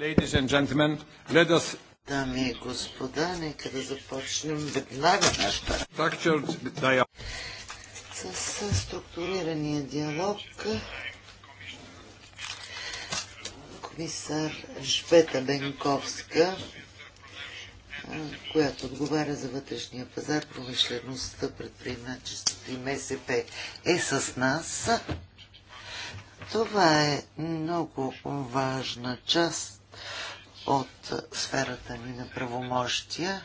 Ladies and gentlemen, let us... Дами и господа, нека да започнем веднага нашата. С, с структурирания диалог комисар Жбета Бенковска, която отговаря за вътрешния пазар, промишлеността, предприемачеството и МСП е с нас. Това е много важна част от сферата ни на правомощия.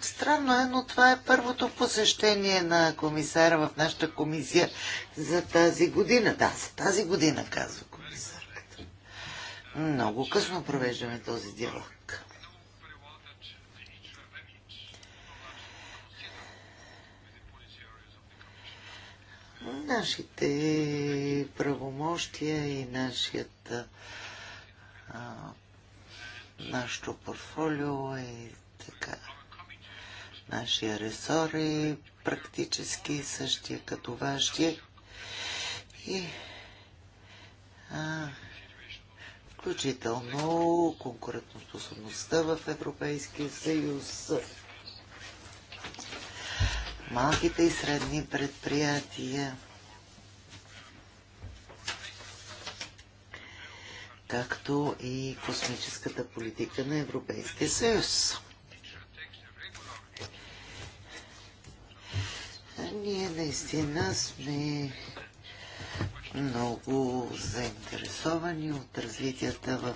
Странно е, но това е първото посещение на комисара в нашата комисия за тази година. Да, за тази година, казва комисарката. Много късно провеждаме този диалог. Нашите правомощия и нашият а, нашето портфолио и така нашия ресор е практически същия като вашия и а, включително конкурентоспособността в Европейския съюз малките и средни предприятия. както и космическата политика на Европейския съюз. Ние наистина сме много заинтересовани от развитията в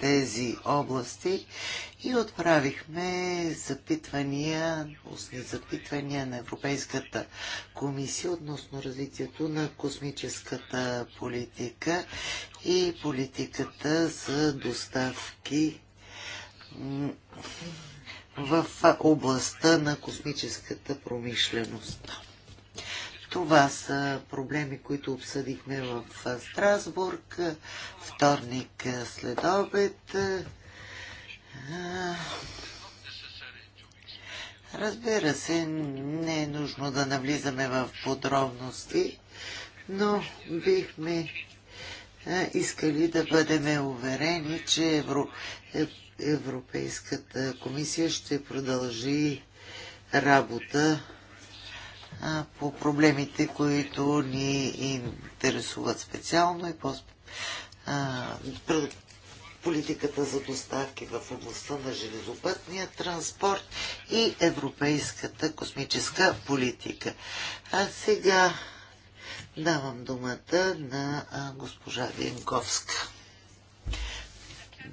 тези области и отправихме запитвания, устни запитвания на Европейската комисия относно развитието на космическата политика и политиката за доставки в областта на космическата промишленост. Това са проблеми, които обсъдихме в Страсбург, вторник след обед. Разбира се, не е нужно да навлизаме в подробности, но бихме искали да бъдем уверени, че Евро... Е, Европейската комисия ще продължи работа по проблемите, които ни интересуват специално и по политиката за доставки в областта на железопътния транспорт и европейската космическа политика. А сега давам думата на госпожа Венковска.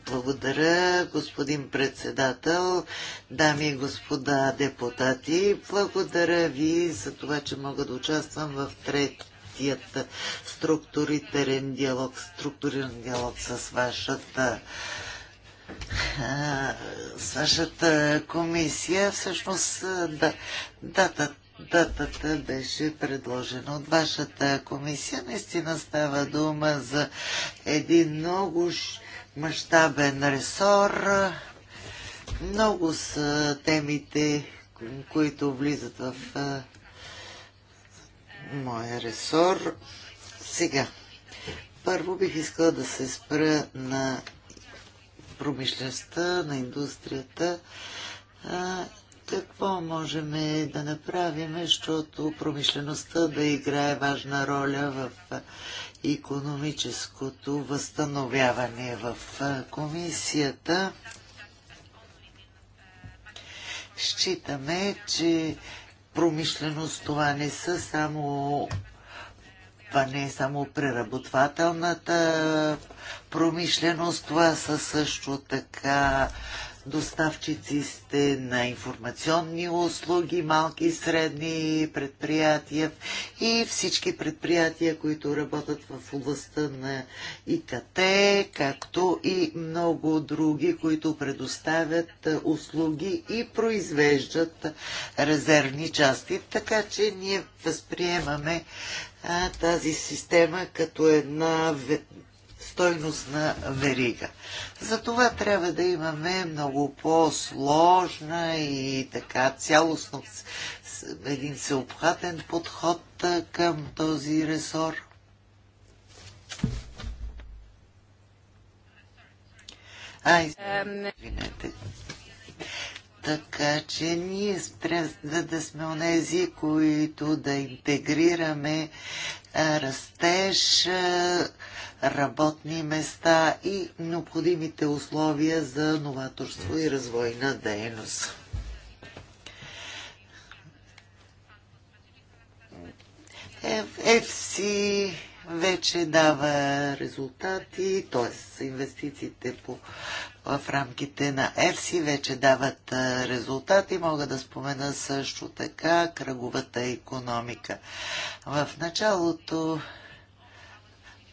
Благодаря, господин председател, дами и господа депутати. Благодаря ви за това, че мога да участвам в третият структуритерен диалог, структуриран диалог с вашата с вашата комисия. Всъщност да, датата Датата беше предложена от вашата комисия. Наистина става дума за един много мащабен ресор. Много са темите, които влизат в моя ресор. Сега, първо бих искала да се спра на промишлеността, на индустрията. какво можем да направим, защото промишлеността да играе важна роля в економическото възстановяване в комисията. Считаме, че промишленост това не са само това не е само преработвателната промишленост, това са също така доставчици сте на информационни услуги, малки и средни предприятия и всички предприятия, които работят в областта на ИКТ, както и много други, които предоставят услуги и произвеждат резервни части. Така че ние възприемаме тази система като една на верига. Затова трябва да имаме много по-сложна и така цялостно един всеобхватен подход към този ресор. Ай, извинете. Така че ние трябва да, да сме онези, които да интегрираме растеж, е, работни места и необходимите условия за новаторство и развой на дейност. Е, ЕФСИ вече дава резултати, т.е. инвестициите по, в рамките на ЕФСИ вече дават резултати. Мога да спомена също така кръговата економика. В началото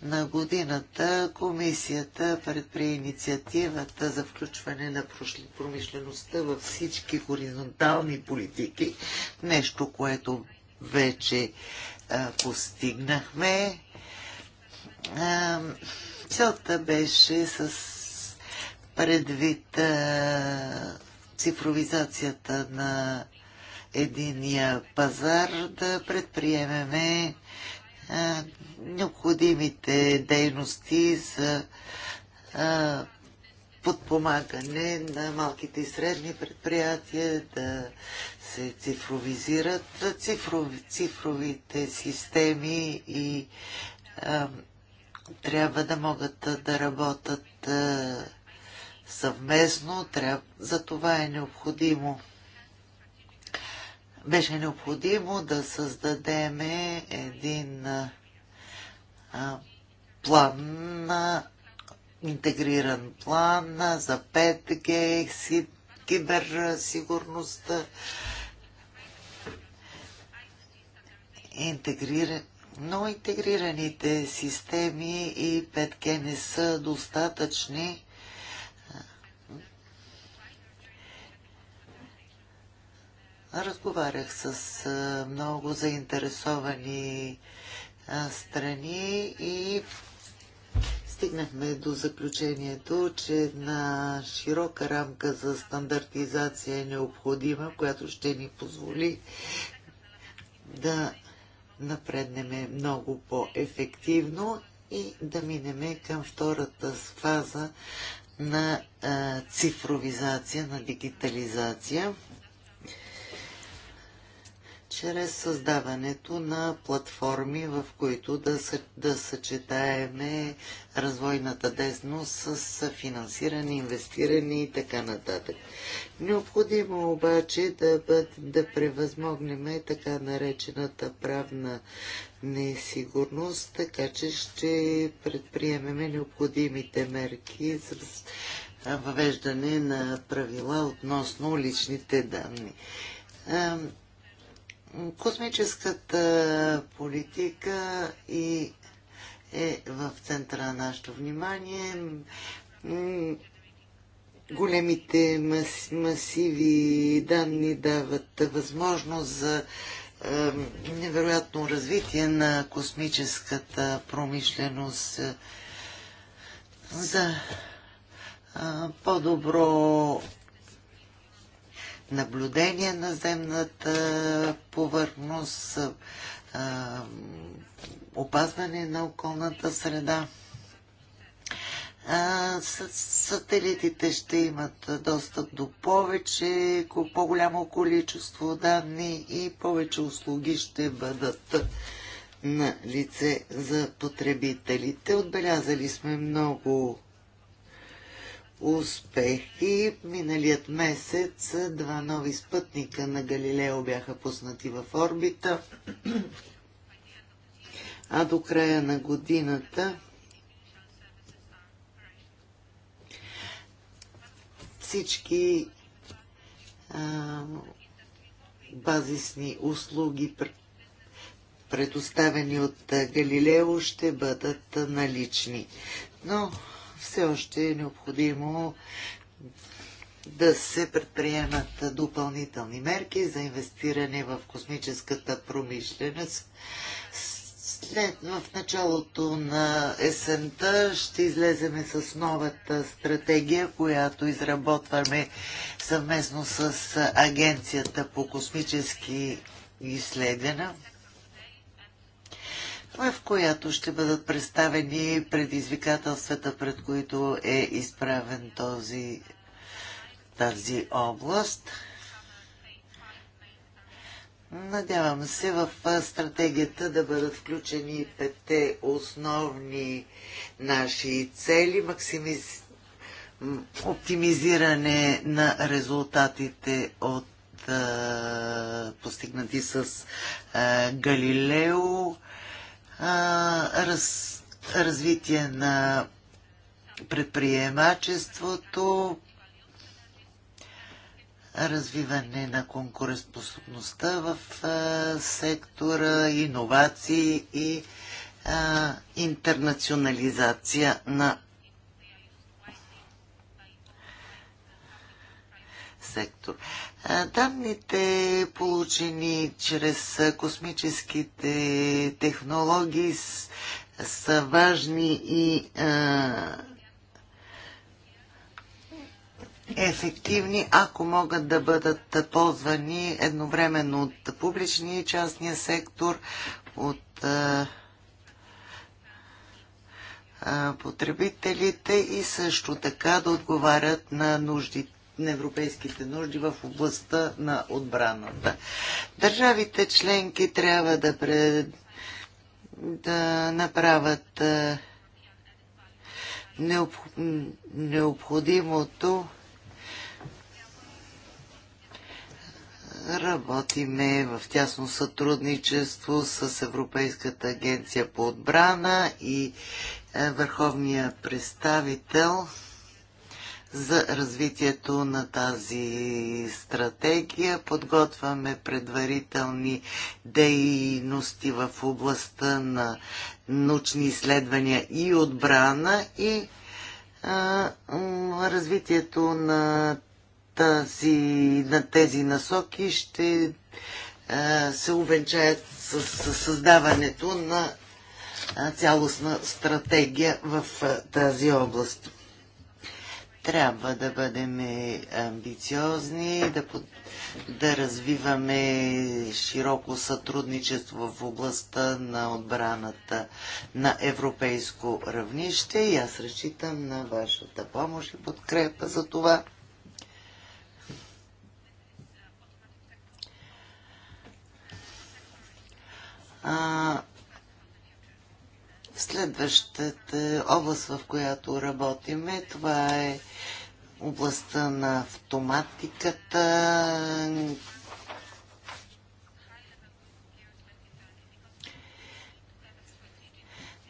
на годината комисията предприе инициативата за включване на промишлеността във всички хоризонтални политики. Нещо, което вече постигнахме целта беше с предвид а, цифровизацията на единия пазар да предприемеме а, необходимите дейности за а, подпомагане на малките и средни предприятия да се цифровизират цифрови, цифровите системи и а, трябва да могат да работят е, съвместно. Трябва, за това е необходимо. Беше необходимо да създадем един е, план, интегриран план за 5G, киберсигурността, интегриран но интегрираните системи и 5G не са достатъчни Разговарях с много заинтересовани страни и стигнахме до заключението, че една широка рамка за стандартизация е необходима, която ще ни позволи да напреднеме много по-ефективно и да минеме към втората фаза на цифровизация, на дигитализация чрез създаването на платформи, в които да, да съчетаеме развойната дейност с финансиране, инвестиране и така нататък. Необходимо обаче да, бъд, да превъзмогнем така наречената правна несигурност, така че ще предприемеме необходимите мерки за въвеждане на правила относно личните данни. Космическата политика и е в центъра на нашето внимание. Големите масиви данни дават възможност за невероятно развитие на космическата промишленост за по-добро наблюдение на земната повърхност, опазване на околната среда. Сателитите ще имат достъп до повече, по-голямо количество данни и повече услуги ще бъдат на лице за потребителите. Отбелязали сме много успехи. Миналият месец два нови спътника на Галилео бяха пуснати в орбита, а до края на годината всички а, базисни услуги, предоставени от Галилео, ще бъдат налични. Но все още е необходимо да се предприемат допълнителни мерки за инвестиране в космическата промишленост. След в началото на есента ще излеземе с новата стратегия, която изработваме съвместно с Агенцията по космически изследвания в която ще бъдат представени предизвикателствата, пред които е изправен този, тази област. Надявам се в стратегията да бъдат включени петте основни наши цели, максимиз... оптимизиране на резултатите от постигнати с Галилео, раз, развитие на предприемачеството, развиване на конкурентоспособността в а, сектора, иновации и а, интернационализация на сектор. Данните, получени чрез космическите технологии, са важни и ефективни, ако могат да бъдат ползвани едновременно от публичния и частния сектор, от потребителите и също така да отговарят на нуждите на европейските нужди в областта на отбраната. Държавите членки трябва да, пред, да направят е, необ, необходимото Работиме в тясно сътрудничество с Европейската агенция по отбрана и е, Върховния представител за развитието на тази стратегия. Подготвяме предварителни дейности в областта на научни изследвания и отбрана и а, развитието на, тази, на тези насоки ще а, се увенчаят с, с създаването на цялостна стратегия в тази област. Трябва да бъдем амбициозни, да, под... да развиваме широко сътрудничество в областта на отбраната на европейско равнище и аз разчитам на вашата помощ и подкрепа за това. А, Следващата област, в която работиме, това е областта на автоматиката,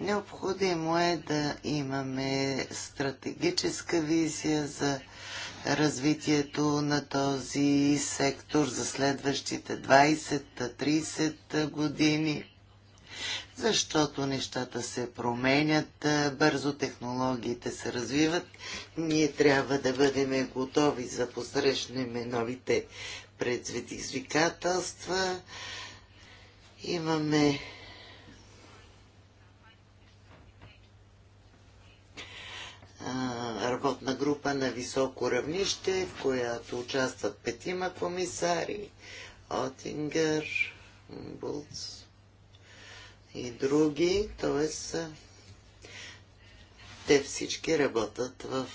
Необходимо е да имаме стратегическа визия за развитието на този сектор за следващите 20-30 години защото нещата се променят, бързо технологиите се развиват. Ние трябва да бъдем готови за посрещнем новите предизвикателства. Имаме работна група на високо равнище, в която участват петима комисари, Отингър, Булц, и други, т.е. те всички работят в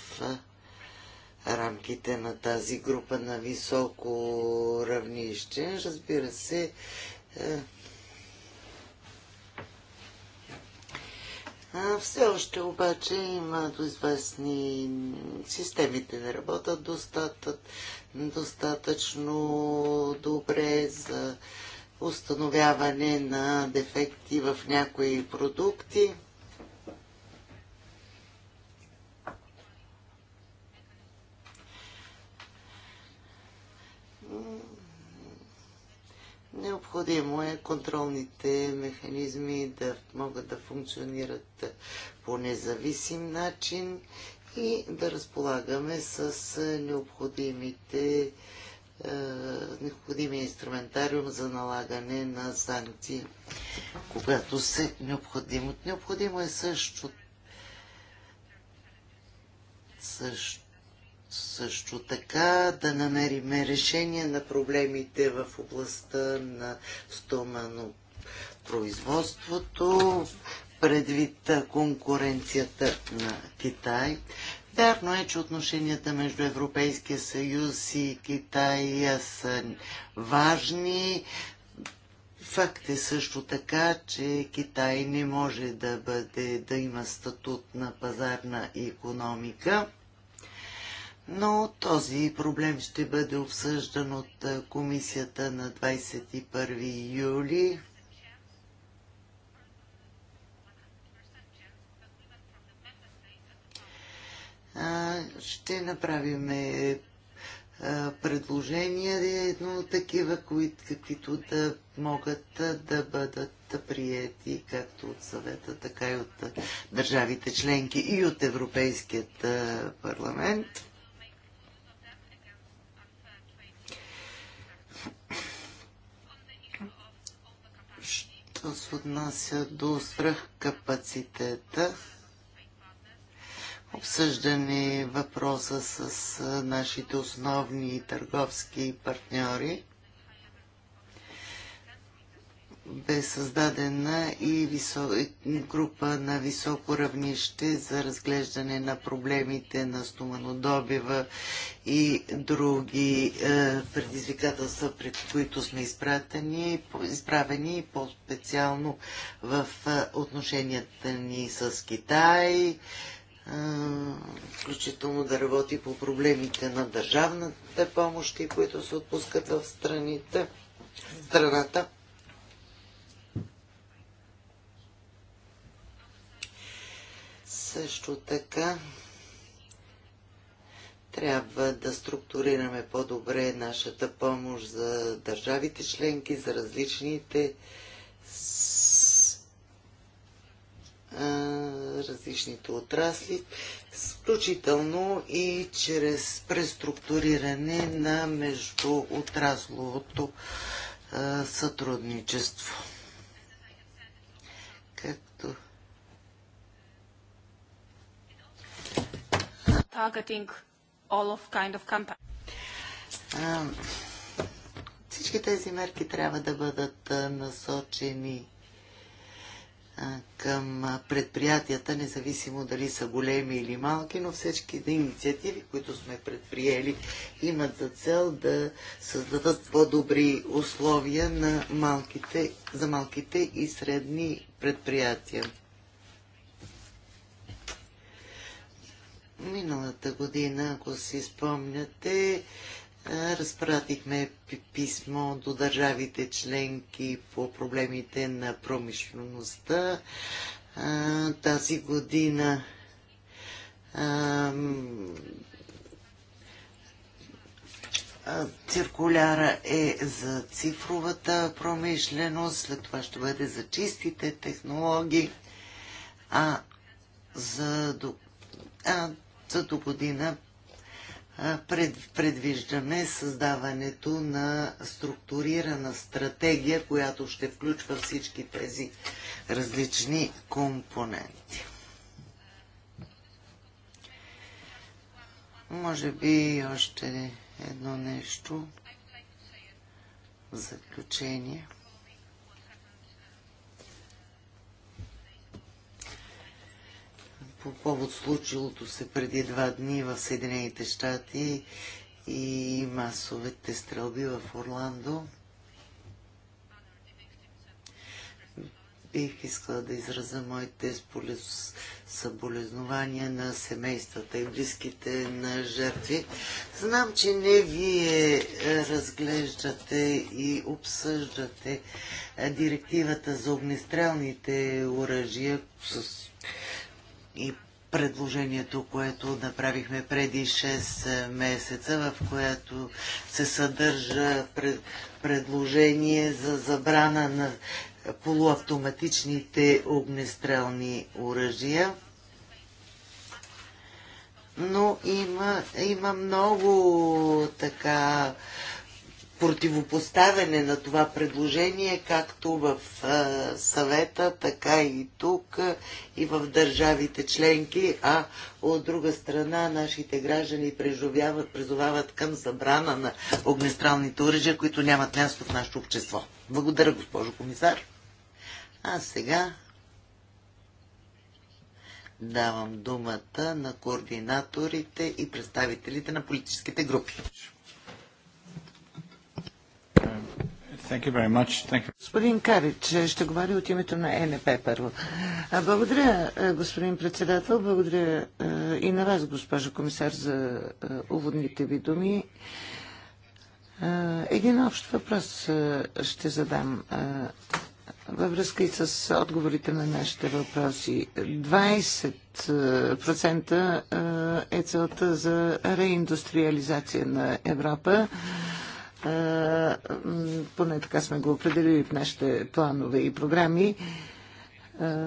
рамките на тази група на високо равнище. Разбира се, Все още обаче има до известни системите не работят достатъчно, достатъчно добре за установяване на дефекти в някои продукти. Необходимо е контролните механизми да могат да функционират по независим начин и да разполагаме с необходимите е, необходимия инструментариум за налагане на санкции, когато се необходимо. Необходимо е също също, също така да намерим решение на проблемите в областта на стомано производството, предвид конкуренцията на Китай. Вярно е, че отношенията между Европейския съюз и Китай са важни. Факт е също така, че Китай не може да, бъде, да има статут на пазарна економика. Но този проблем ще бъде обсъждан от комисията на 21 юли ще направим е, предложения, но такива, каквито да могат да бъдат приети както от съвета, така и от държавите членки и от Европейският парламент. Що се отнася до свръхкапацитета, обсъждане въпроса с нашите основни търговски партньори. Бе създадена и група на високо равнище за разглеждане на проблемите на стоманодобива и други е, предизвикателства, пред които сме изпратени, изправени по-специално в е, отношенията ни с Китай включително да работи по проблемите на държавните помощи, които се отпускат в страните, страната. Също така трябва да структурираме по-добре нашата помощ за държавите членки, за различните различните отрасли, включително и чрез преструктуриране на междуотрасловото сътрудничество. Както targeting all of kind of company. Всички тези мерки трябва да бъдат насочени към предприятията, независимо дали са големи или малки, но всички инициативи, които сме предприели, имат за цел да създадат по-добри условия на малките, за малките и средни предприятия. Миналата година, ако си спомняте, е, разпратихме писмо до държавите членки по проблемите на промишлеността. Е, тази година е, циркуляра е за цифровата промишленост, след това ще бъде за чистите технологии, а за до, а за до година предвиждаме създаването на структурирана стратегия, която ще включва всички тези различни компоненти. Може би още едно нещо в заключение. по повод случилото се преди два дни в Съединените щати и масовите стрелби в Орландо. Бих искала да израза моите съболезнования на семействата и близките на жертви. Знам, че не вие е, разглеждате и обсъждате е, директивата за огнестрелните оръжия, с и предложението, което направихме преди 6 е, месеца, в което се съдържа пред, предложение за забрана на полуавтоматичните огнестрелни оръжия. Но има, има много така противопоставяне на това предложение, както в съвета, така и тук и в държавите членки, а от друга страна нашите граждани преживяват, призовават към забрана на огнестралните оръжия, които нямат място в нашето общество. Благодаря, госпожо комисар. А сега давам думата на координаторите и представителите на политическите групи. Господин Карич ще говори от името на ЕНП първо. Благодаря, господин председател. Благодаря и на вас, госпожо комисар, за уводните ви думи. Един общ въпрос ще задам във връзка и с отговорите на нашите въпроси. 20% е целта за реиндустриализация на Европа поне така сме го определили в нашите планове и програми.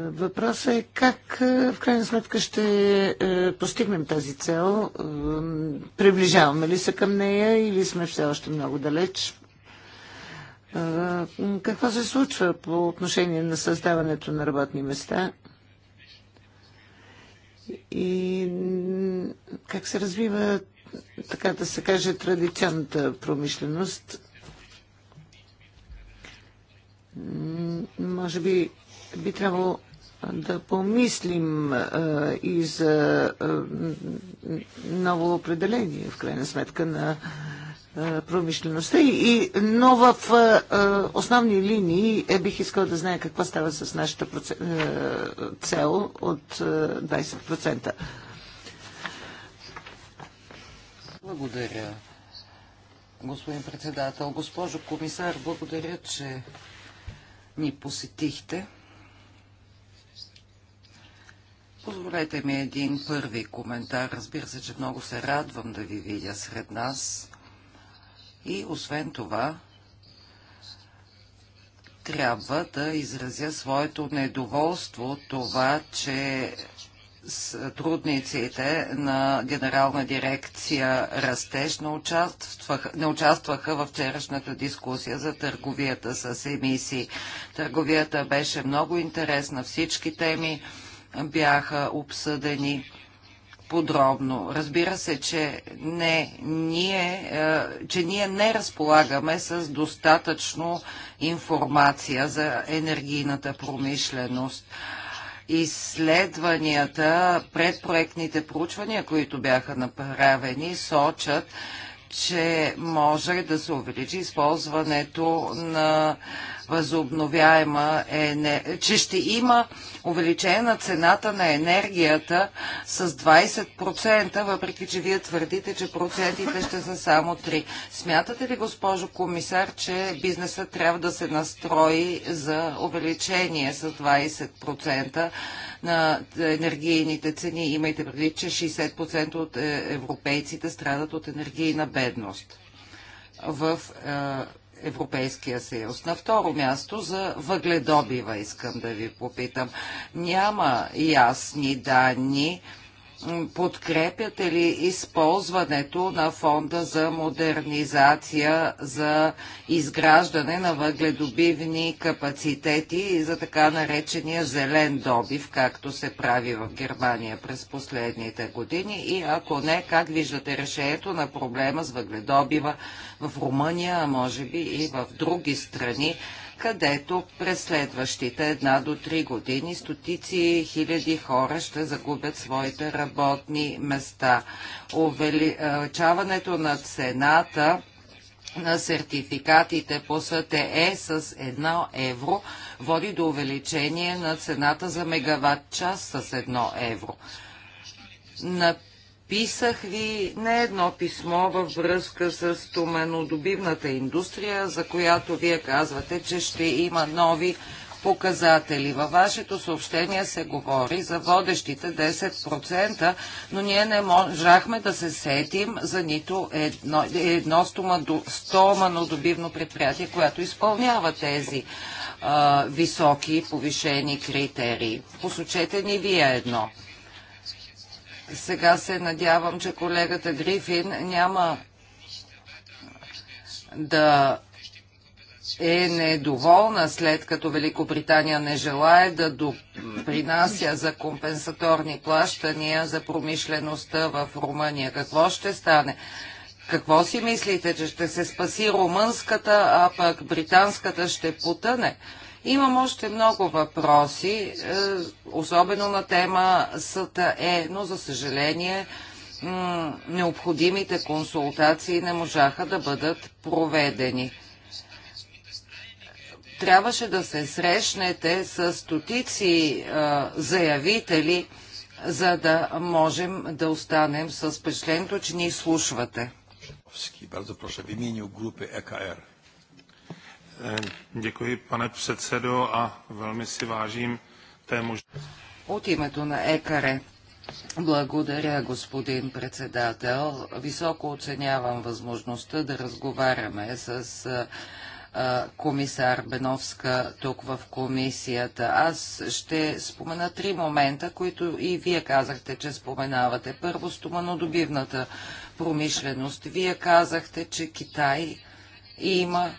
Въпросът е как в крайна сметка ще постигнем тази цел. Приближаваме ли се към нея или сме все още много далеч? Какво се случва по отношение на създаването на работни места? И как се развиват така да се каже, традиционната промишленост. Може би би трябвало да помислим а, и за а, ново определение, в крайна сметка, на а, промишлеността. И, и, но в а, основни линии е, бих искал да знае какво става с нашата а, цел от а, 20%. Благодаря, господин председател. Госпожо комисар, благодаря, че ни посетихте. Позволете ми един първи коментар. Разбира се, че много се радвам да ви видя сред нас. И освен това, трябва да изразя своето недоволство от това, че сътрудниците на Генерална дирекция Растеж не участваха, не участваха в вчерашната дискусия за търговията с емисии. Търговията беше много интересна, всички теми бяха обсъдени подробно. Разбира се, че, не, ние, е, че ние не разполагаме с достатъчно информация за енергийната промишленост изследванията, предпроектните проучвания, които бяха направени, сочат, че може да се увеличи използването на възобновяема енергия, че ще има увеличение на цената на енергията с 20%, въпреки че вие твърдите, че процентите ще са само 3. Смятате ли, госпожо комисар, че бизнесът трябва да се настрои за увеличение с 20% на енергийните цени? Имайте предвид, че 60% от е, европейците страдат от енергийна бедност в е, Европейския съюз. На второ място за въгледобива искам да ви попитам. Няма ясни данни подкрепяте ли използването на фонда за модернизация, за изграждане на въгледобивни капацитети и за така наречения зелен добив, както се прави в Германия през последните години? И ако не, как виждате решението на проблема с въгледобива в Румъния, а може би и в други страни, където през следващите една до три години стотици хиляди хора ще загубят своите работни места. Увеличаването е, на цената на сертификатите по СТЕ с 1 евро води до увеличение на цената за мегаватт час с 1 евро. Например, Писах ви не едно писмо във връзка с туменодобивната индустрия, за която вие казвате, че ще има нови показатели. Във вашето съобщение се говори за водещите 10%, но ние не можахме да се сетим за нито едно, едно стоманодобивно предприятие, което изпълнява тези а, високи повишени критерии. Посочете ни вие едно. Сега се надявам, че колегата Грифин няма да е недоволна след като Великобритания не желая да допринася за компенсаторни плащания за промишлеността в Румъния. Какво ще стане? Какво си мислите, че ще се спаси румънската, а пък британската ще потъне? Имам още много въпроси, е, особено на тема съда е, но за съжаление необходимите консултации не можаха да бъдат проведени. Трябваше да се срещнете с стотици е, заявители, за да можем да останем с впечатлението, че ни слушвате. Бързо, прошу, в имени групи ЕКР. Eh, děkuji, pane předsedo, velmi té možnosti. От името на ЕКАРЕ благодаря, господин председател. Високо оценявам възможността да разговаряме с а, комисар Беновска тук в комисията. Аз ще спомена три момента, които и вие казахте, че споменавате. Първо, стоманодобивната промишленост. Вие казахте, че Китай има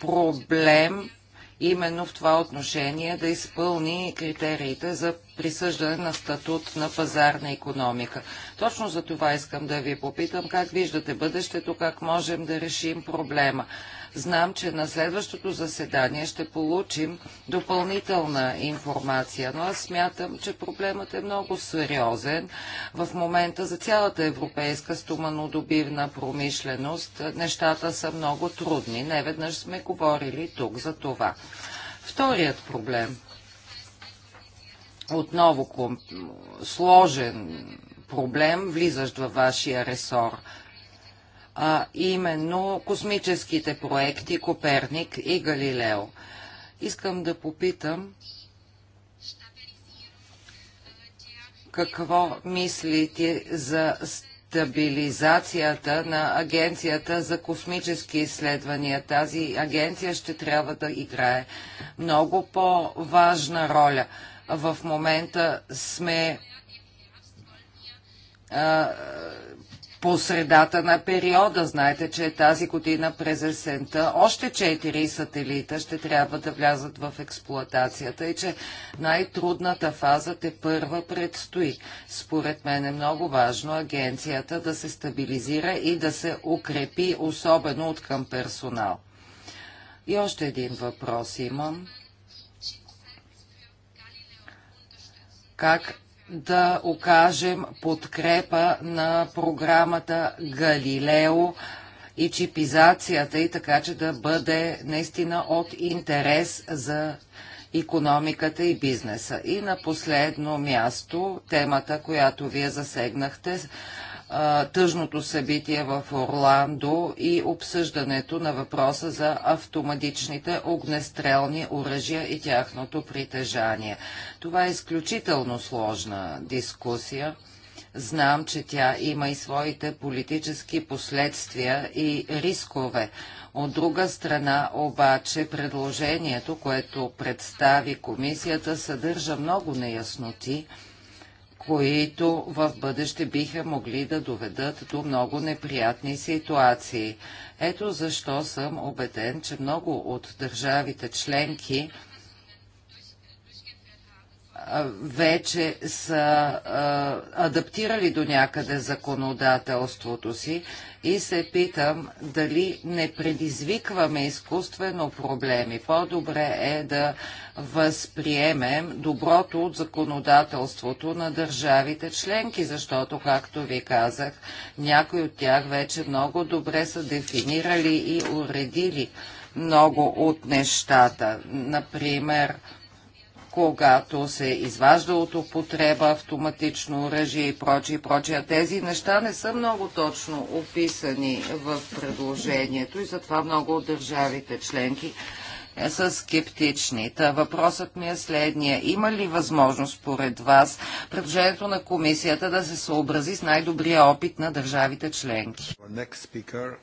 проблем именно в това отношение да изпълни критериите за присъждане на статут на пазарна економика. Точно за това искам да ви попитам как виждате бъдещето, как можем да решим проблема. Знам, че на следващото заседание ще получим допълнителна информация, но аз смятам, че проблемът е много сериозен. В момента за цялата европейска стоманодобивна промишленост нещата са много трудни. Не веднъж сме говорили тук за това. Вторият проблем. Отново сложен проблем, влизащ във вашия ресор – а именно космическите проекти Коперник и Галилео. Искам да попитам какво мислите за стабилизацията на Агенцията за космически изследвания. Тази агенция ще трябва да играе много по-важна роля. В момента сме по средата на периода. Знаете, че тази година през есента още 4 сателита ще трябва да влязат в експлуатацията и че най-трудната фаза те първа предстои. Според мен е много важно агенцията да се стабилизира и да се укрепи, особено от към персонал. И още един въпрос имам. Как да окажем подкрепа на програмата Галилео и чипизацията и така, че да бъде наистина от интерес за економиката и бизнеса. И на последно място темата, която вие засегнахте тъжното събитие в Орландо и обсъждането на въпроса за автоматичните огнестрелни оръжия и тяхното притежание. Това е изключително сложна дискусия. Знам, че тя има и своите политически последствия и рискове. От друга страна обаче предложението, което представи комисията, съдържа много неясноти които в бъдеще биха могли да доведат до много неприятни ситуации. Ето защо съм убеден, че много от държавите членки вече са адаптирали до някъде законодателството си и се питам дали не предизвикваме изкуствено проблеми. По-добре е да възприемем доброто от законодателството на държавите членки, защото, както ви казах, някои от тях вече много добре са дефинирали и уредили много от нещата. Например, когато се изважда от употреба автоматично оръжие и прочие, и прочие. Тези неща не са много точно описани в предложението и затова много от държавите членки са скептични. Та въпросът ми е следния. Има ли възможност според вас предложението на комисията да се съобрази с най-добрия опит на държавите членки? Speaker,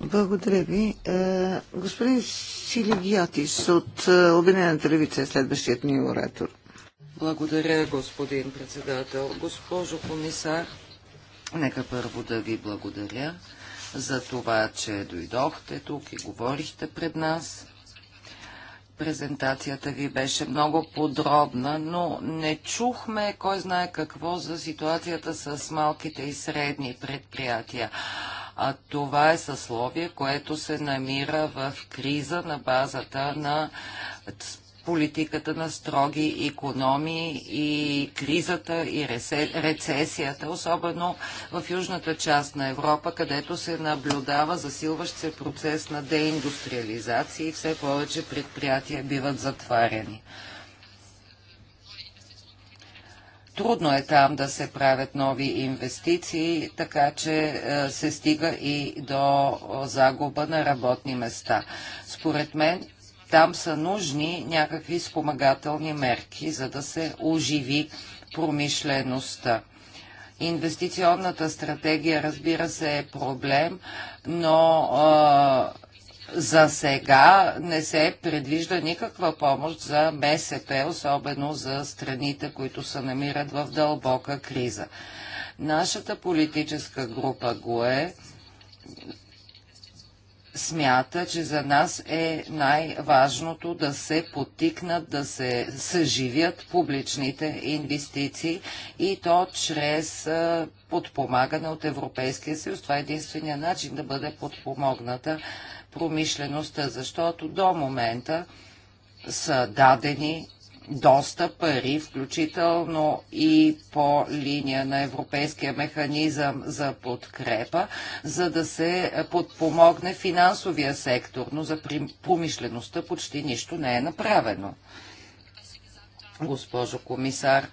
благодаря ви. Е, господин Силигиотис от е, Обединената ревица е следващият ни оратор. Благодаря, господин председател. Госпожо комисар, нека първо да ви благодаря за това, че дойдохте тук и говорихте пред нас. Презентацията ви беше много подробна, но не чухме кой знае какво за ситуацията с малките и средни предприятия а това е съсловие, което се намира в криза на базата на политиката на строги економии и кризата и рецесията, особено в южната част на Европа, където се наблюдава засилващ се процес на деиндустриализация и все повече предприятия биват затваряни. Трудно е там да се правят нови инвестиции, така че е, се стига и до загуба на работни места. Според мен там са нужни някакви спомагателни мерки, за да се оживи промишлеността. Инвестиционната стратегия, разбира се, е проблем, но е, за сега не се предвижда никаква помощ за МСП, особено за страните, които се намират в дълбока криза. Нашата политическа група ГОЕ смята, че за нас е най-важното да се потикнат, да се съживят публичните инвестиции и то чрез подпомагане от Европейския съюз. Това е единствения начин да бъде подпомогната промишлеността, защото до момента са дадени доста пари, включително и по линия на Европейския механизъм за подкрепа, за да се подпомогне финансовия сектор, но за промишлеността почти нищо не е направено. Госпожо комисар,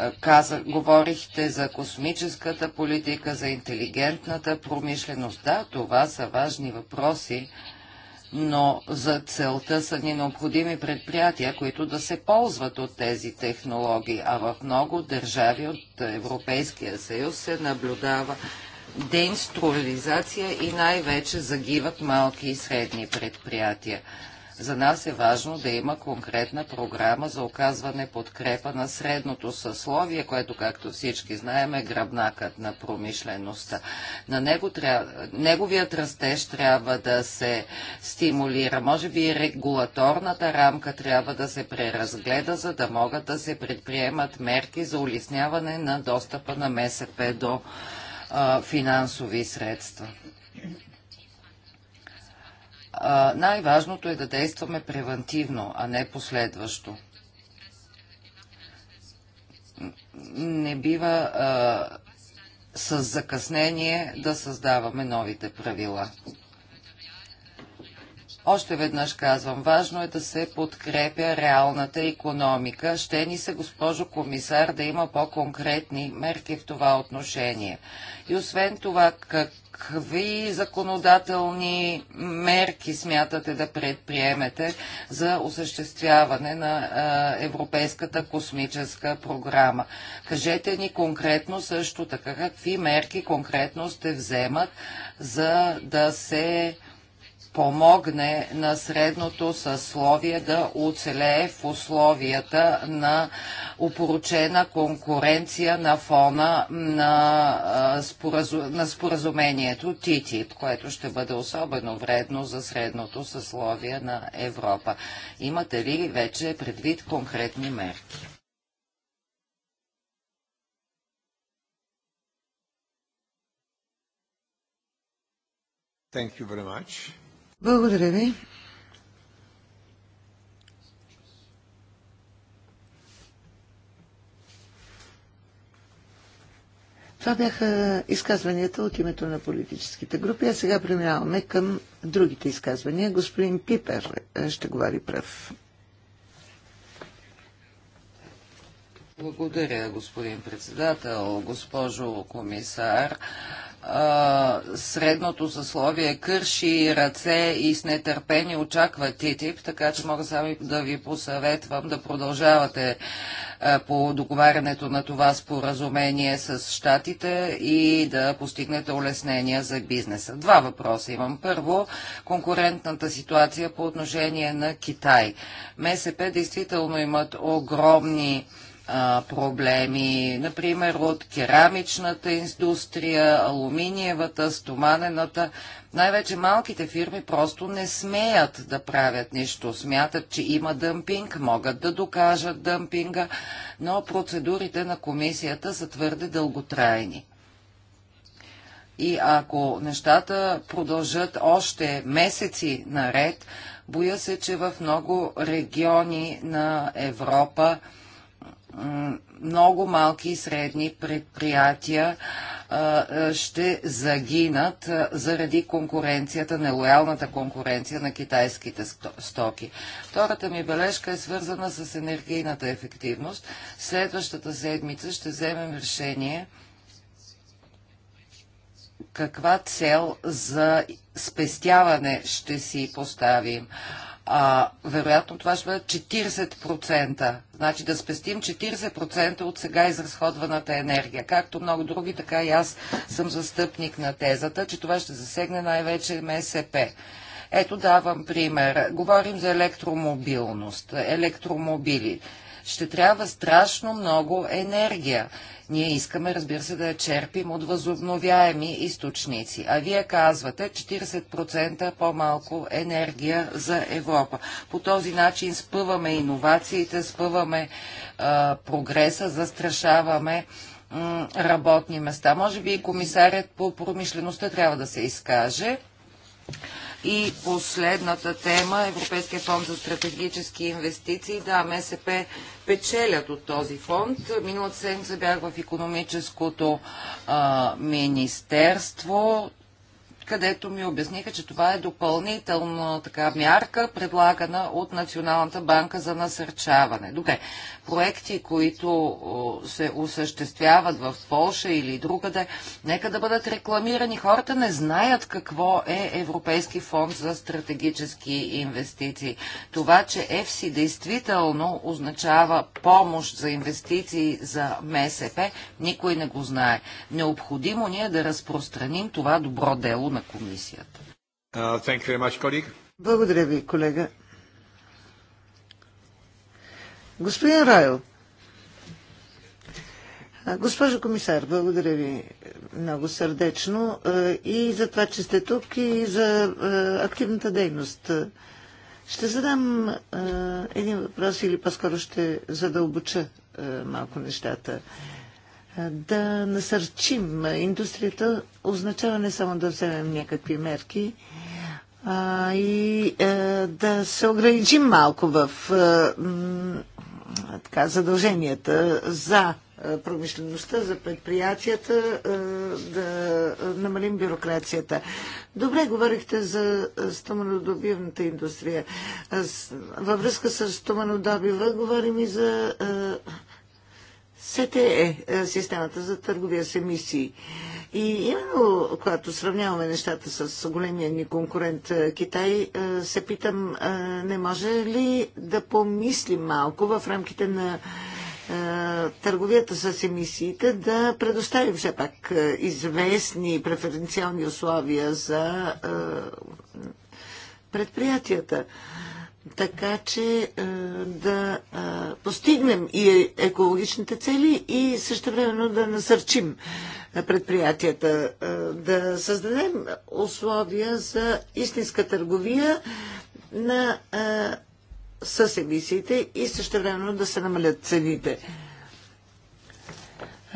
е, каза, говорихте за космическата политика, за интелигентната промишленост. Да, това са важни въпроси, но за целта са ни необходими предприятия, които да се ползват от тези технологии, а в много държави от Европейския съюз се наблюдава деинструализация и най-вече загиват малки и средни предприятия. За нас е важно да има конкретна програма за оказване подкрепа на средното съсловие, което, както всички знаем, е гръбнакът на промишлеността. На него трябва, неговият растеж трябва да се стимулира. Може би и регулаторната рамка трябва да се преразгледа, за да могат да се предприемат мерки за улесняване на достъпа на МСП до а, финансови средства най-важното е да действаме превентивно, а не последващо. Не бива а, с закъснение да създаваме новите правила. Още веднъж казвам, важно е да се подкрепя реалната економика. Ще ни се, госпожо комисар, да има по-конкретни мерки в това отношение. И освен това, как, какви законодателни мерки смятате да предприемете за осъществяване на Европейската космическа програма? Кажете ни конкретно също така какви мерки конкретно сте вземат, за да се помогне на средното съсловие да оцелее в условията на упоручена конкуренция на фона на, споразу... на споразумението ТИТИП, което ще бъде особено вредно за средното съсловие на Европа. Имате ли вече предвид конкретни мерки? Thank you very much. Благодаря ви. Това бяха изказванията от името на политическите групи, а сега преминаваме към другите изказвания. Господин Пипер е, ще говори прав. Благодаря, господин председател, госпожо комисар средното съсловие кърши ръце и с нетърпение очаква ТИТИП, така че мога само да ви посъветвам да продължавате по договарянето на това споразумение с щатите и да постигнете улеснения за бизнеса. Два въпроса имам. Първо, конкурентната ситуация по отношение на Китай. МСП действително имат огромни а, проблеми, например от керамичната индустрия, алуминиевата, стоманената. Най-вече малките фирми просто не смеят да правят нищо. Смятат, че има дъмпинг, могат да докажат дъмпинга, но процедурите на комисията са твърде дълготрайни. И ако нещата продължат още месеци наред, боя се, че в много региони на Европа много малки и средни предприятия ще загинат заради конкуренцията, нелоялната конкуренция на китайските стоки. Втората ми бележка е свързана с енергийната ефективност. Следващата седмица ще вземем решение каква цел за спестяване ще си поставим а, вероятно това ще бъде 40%. Значи да спестим 40% от сега изразходваната енергия. Както много други, така и аз съм застъпник на тезата, че това ще засегне най-вече МСП. Ето давам пример. Говорим за електромобилност, електромобили ще трябва страшно много енергия. Ние искаме, разбира се, да я черпим от възобновяеми източници. А вие казвате 40% по-малко енергия за Европа. По този начин спъваме иновациите, спъваме а, прогреса, застрашаваме м, работни места. Може би и комисарят по промишлеността трябва да се изкаже. И последната тема – Европейския фонд за стратегически инвестиции. Да, МСП печелят от този фонд. Миналата седмица бях в економическото а, министерство където ми обясниха, че това е допълнителна така мярка, предлагана от Националната банка за насърчаване. Добре, проекти, които се осъществяват в Польша или другаде, нека да бъдат рекламирани. Хората не знаят какво е Европейски фонд за стратегически инвестиции. Това, че ЕФСИ действително означава помощ за инвестиции за МСП, никой не го знае. Необходимо ни е да разпространим това добро дело на комисията. Uh, much, Благодаря ви, колега. Господин Райл, Госпожо комисар, благодаря ви много сърдечно и за това, че сте тук и за активната дейност. Ще задам един въпрос или по-скоро ще задълбоча малко нещата да насърчим индустрията, означава не само да вземем някакви мерки, а и а, е, да се ограничим малко в а, е, м, така, задълженията за е, промишлеността, за предприятията, да намалим бюрокрацията. Добре говорихте за стоманодобивната индустрия. Във връзка с стоманодобива говорим и за СТЕ, е, системата за търговия с емисии. И именно, когато сравняваме нещата с големия ни конкурент е, Китай, е, се питам, не може ли да помислим малко в рамките на търговията с емисиите да предоставим все пак известни преференциални условия за предприятията така че е, да е, постигнем и екологичните цели и също времено да насърчим предприятията, е, да създадем условия за истинска търговия на, с емисиите и също времено да се намалят цените.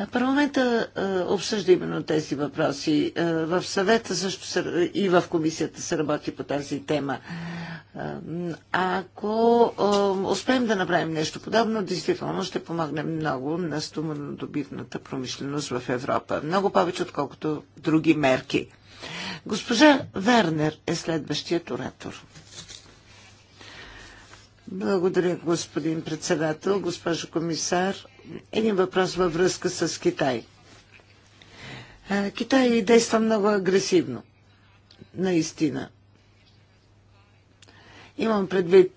Парламента е, обсъжда именно тези въпроси. Е, в съвета също се, и в комисията се работи по тази тема. Е, ако успеем да направим нещо подобно, действително ще помогнем много на стоманодобивната промишленост в Европа. Много повече, отколкото други мерки. Госпожа Вернер е следващият оратор. Благодаря, господин председател, госпожо комисар един въпрос във връзка с Китай. Китай действа много агресивно. Наистина. Имам предвид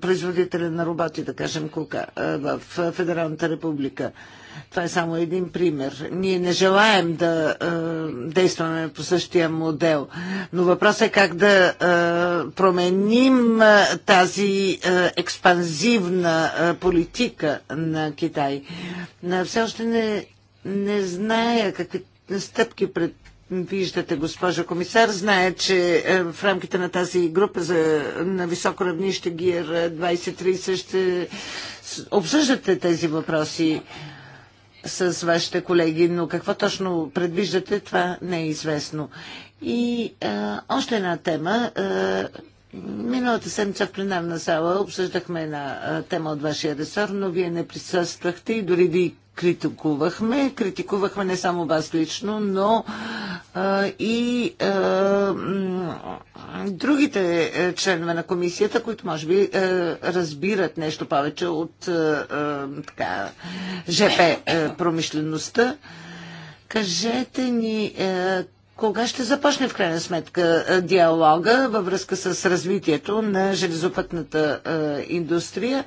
производителя на роботи, да кажем, кука, в Федералната република. Това е само един пример. Ние не желаем да е, действаме по същия модел, но въпросът е как да е, променим е, тази е, експанзивна е, политика на Китай. Но все още не, не зная какви стъпки пред Виждате, госпожа комисар, знае, че е, в рамките на тази група за, на високо равнище ГИР 2030 ще обсъждате тези въпроси с вашите колеги, но какво точно предвиждате, това не е известно. И а, още една тема. А, Миналата седмица в пленарна зала обсъждахме една тема от вашия ресор, но вие не присъствахте и дори ви критикувахме. Критикувахме не само вас лично, но а, и а, другите членове на комисията, които може би а, разбират нещо повече от а, а, така, ЖП а, промишлеността. Кажете ни кога ще започне в крайна сметка е, диалога във връзка с развитието на железопътната е, индустрия? Е,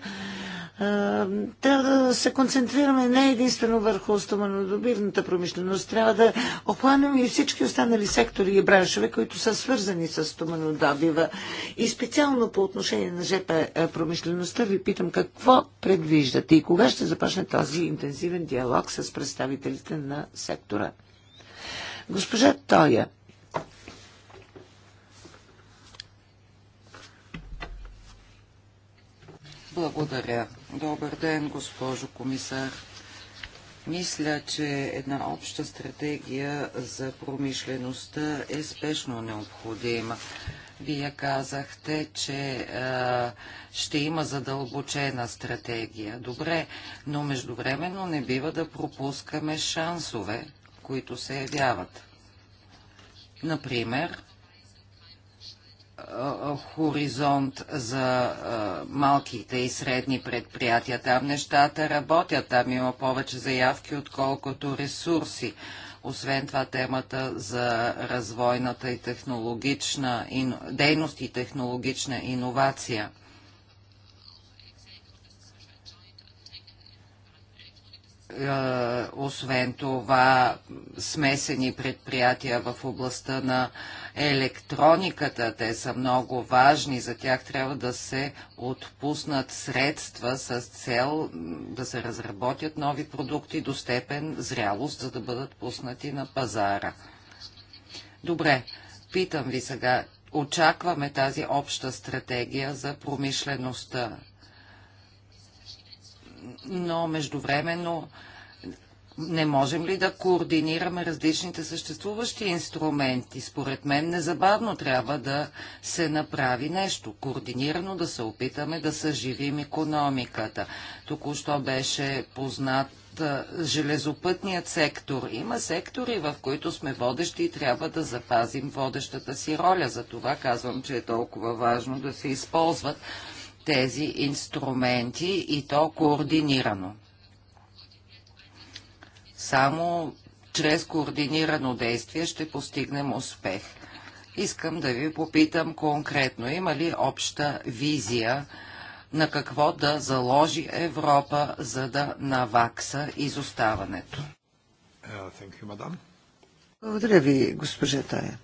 трябва да се концентрираме не единствено върху стоманодобивната промишленост. Трябва да обхванем и всички останали сектори и браншове, които са свързани с стоманодобива. И специално по отношение на ЖП промишлеността ви питам какво предвиждате и кога ще започне този интензивен диалог с представителите на сектора. Госпожа Тоя. Благодаря. Добър ден, госпожо комисар. Мисля, че една обща стратегия за промишлеността е спешно необходима. Вие казахте, че а, ще има задълбочена стратегия. Добре, но междувременно не бива да пропускаме шансове, които се явяват. Например, хоризонт за малките и средни предприятия. Там нещата работят, там има повече заявки, отколкото ресурси. Освен това темата за развойната и технологична дейност и технологична иновация. Е, освен това смесени предприятия в областта на електрониката. Те са много важни. За тях трябва да се отпуснат средства с цел да се разработят нови продукти до степен зрялост, за да бъдат пуснати на пазара. Добре, питам ви сега. Очакваме тази обща стратегия за промишлеността но междувременно не можем ли да координираме различните съществуващи инструменти? Според мен незабавно трябва да се направи нещо. Координирано да се опитаме да съживим економиката. Току-що беше познат железопътният сектор. Има сектори, в които сме водещи и трябва да запазим водещата си роля. За това казвам, че е толкова важно да се използват тези инструменти и то координирано. Само чрез координирано действие ще постигнем успех. Искам да ви попитам конкретно, има ли обща визия на какво да заложи Европа, за да навакса изоставането? Uh, Благодаря ви, госпожа Тая.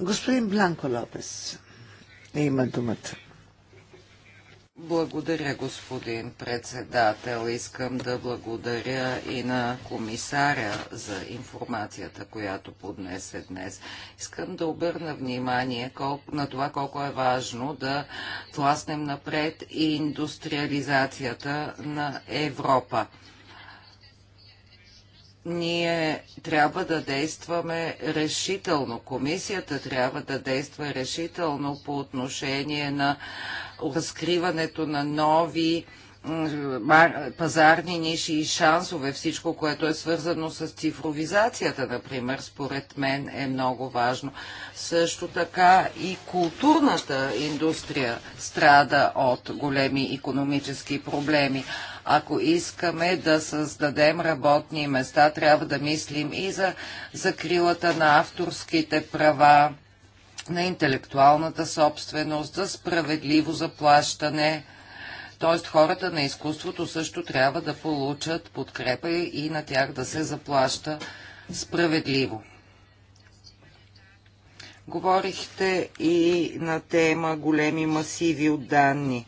Господин Бланко Лопес има думата. Благодаря, господин председател. Искам да благодаря и на комисаря за информацията, която поднесе днес. Искам да обърна внимание на това колко е важно да тласнем напред и индустриализацията на Европа ние трябва да действаме решително. Комисията трябва да действа решително по отношение на разкриването на нови пазарни ниши и шансове, всичко, което е свързано с цифровизацията, например, според мен е много важно. Също така и културната индустрия страда от големи економически проблеми. Ако искаме да създадем работни места, трябва да мислим и за закрилата на авторските права, на интелектуалната собственост, за справедливо заплащане. Т.е. хората на изкуството също трябва да получат подкрепа и на тях да се заплаща справедливо. Говорихте и на тема големи масиви от данни.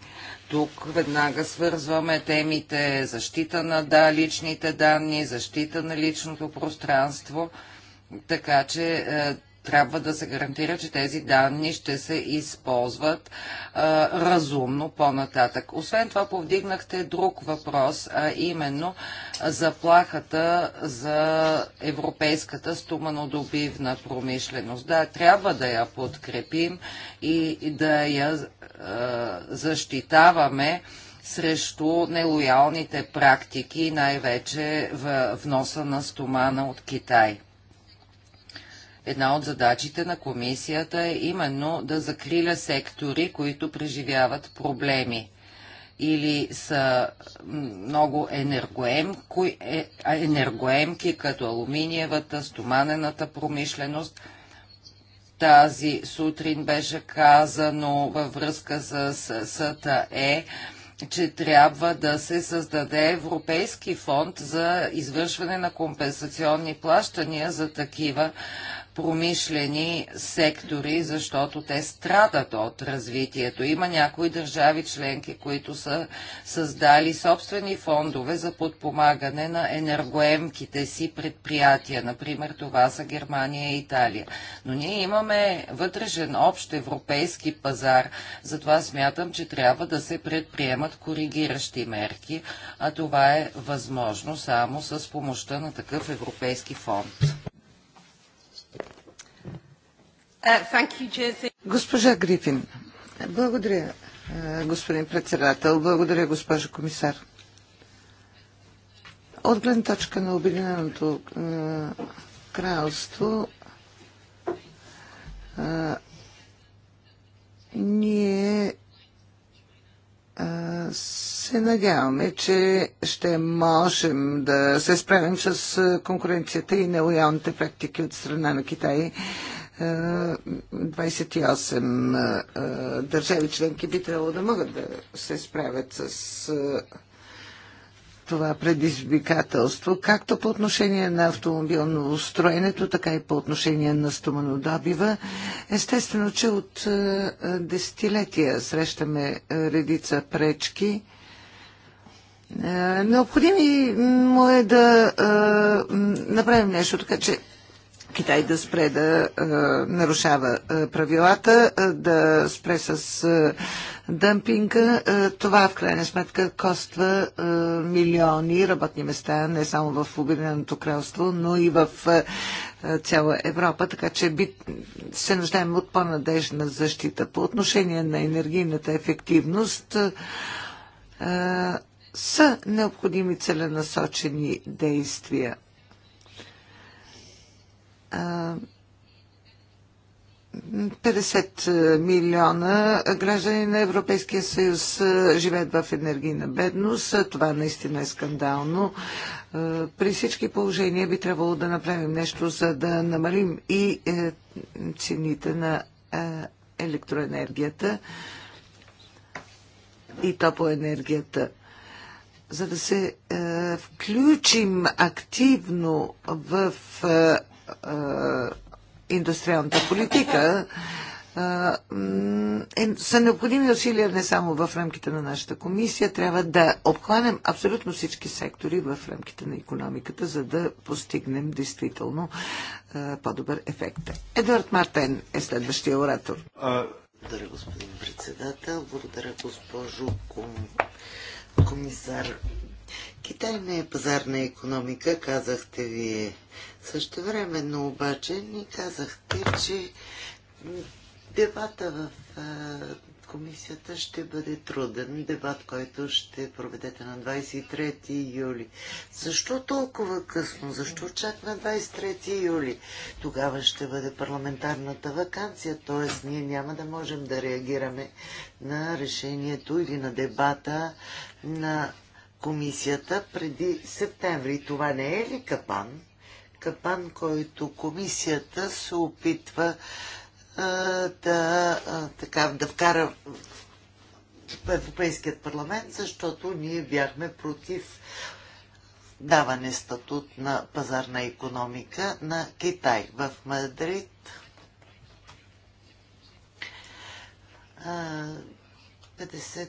Тук веднага свързваме темите защита на да, личните данни, защита на личното пространство, така че е, трябва да се гарантира, че тези данни ще се използват а, разумно по-нататък. Освен това повдигнахте друг въпрос, а именно заплахата за европейската стоманодобивна промишленост. Да, трябва да я подкрепим и да я а, защитаваме срещу нелоялните практики, най-вече в вноса на стомана от Китай. Една от задачите на комисията е именно да закриля сектори, които преживяват проблеми или са много енергоемки, е, енергоемки като алуминиевата, стоманената промишленост. Тази сутрин беше казано във връзка с СТЕ, че трябва да се създаде Европейски фонд за извършване на компенсационни плащания за такива промишлени сектори, защото те страдат от развитието. Има някои държави членки, които са създали собствени фондове за подпомагане на енергоемките си предприятия. Например, това са Германия и Италия. Но ние имаме вътрешен общ европейски пазар, затова смятам, че трябва да се предприемат коригиращи мерки, а това е възможно само с помощта на такъв европейски фонд. Uh, госпожа Грифин, благодаря, uh, господин председател, благодаря, госпожа комисар. От гледна точка на Обединеното uh, кралство, ние се надяваме, че ще можем да се справим с конкуренцията и нелоялните практики от страна на Китай 28 държави членки би трябвало да могат да се справят с това предизвикателство, както по отношение на автомобилно устроенето, така и по отношение на стоманодобива. Естествено, че от десетилетия срещаме редица пречки. Необходимо му е да направим нещо, така че Китай да спре да а, нарушава а, правилата, а, да спре с а, дъмпинга. А, това в крайна сметка коства а, милиони работни места, не само в Обединеното кралство, но и в а, цяла Европа, така че би, се нуждаем от по-надежна защита. По отношение на енергийната ефективност, а, са необходими целенасочени действия. 50 милиона граждани на Европейския съюз живеят в енергийна бедност. Това наистина е скандално. При всички положения би трябвало да направим нещо, за да намалим и е, цените на е, електроенергията и топлоенергията за да се е, включим активно в е, индустриалната политика е, са необходими усилия не само в рамките на нашата комисия. Трябва да обхванем абсолютно всички сектори в рамките на економиката, за да постигнем действително е, по-добър ефект. Едуард Мартен е следващия оратор. Благодаря, господин председател. Благодаря, госпожо ком... комисар. Китай не е пазарна економика, казахте вие също времено обаче ни казахте, че дебата в комисията ще бъде труден. Дебат, който ще проведете на 23 юли. Защо толкова късно? Защо чак на 23 юли? Тогава ще бъде парламентарната вакансия, т.е. ние няма да можем да реагираме на решението или на дебата на комисията преди септември. Това не е ли капан? капан, който комисията се опитва да, така, да вкара в Европейският парламент, защото ние бяхме против даване статут на пазарна економика на Китай в Мадрид. А, 50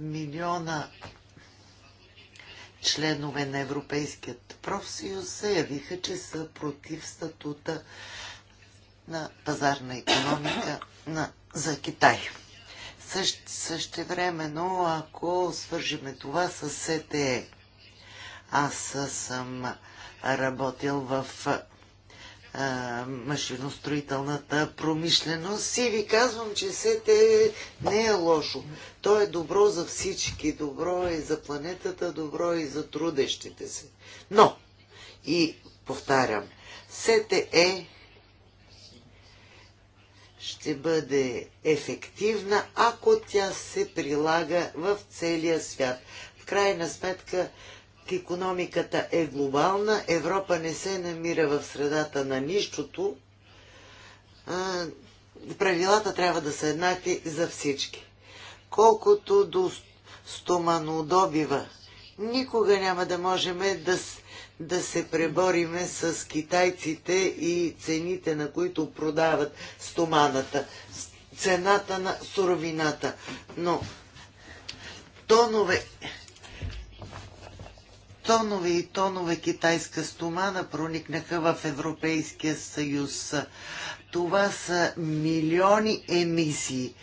милиона членове на Европейският профсъюз заявиха, че са против статута на пазарна економика на, за Китай. Същ, но ако свържиме това с СТЕ, аз съм работил в машиностроителната промишленост и ви казвам, че сете не е лошо. То е добро за всички, добро е и за планетата, добро е и за трудещите се. Но, и повтарям, сете е ще бъде ефективна, ако тя се прилага в целия свят. В крайна сметка, економиката е глобална, Европа не се намира в средата на нищото. правилата трябва да са еднакви за всички. Колкото до стоманодобива, никога няма да можем да, да се пребориме с китайците и цените, на които продават стоманата, цената на суровината. Но тонове тонове и тонове китайска стомана проникнаха в Европейския съюз. Това са милиони емисии.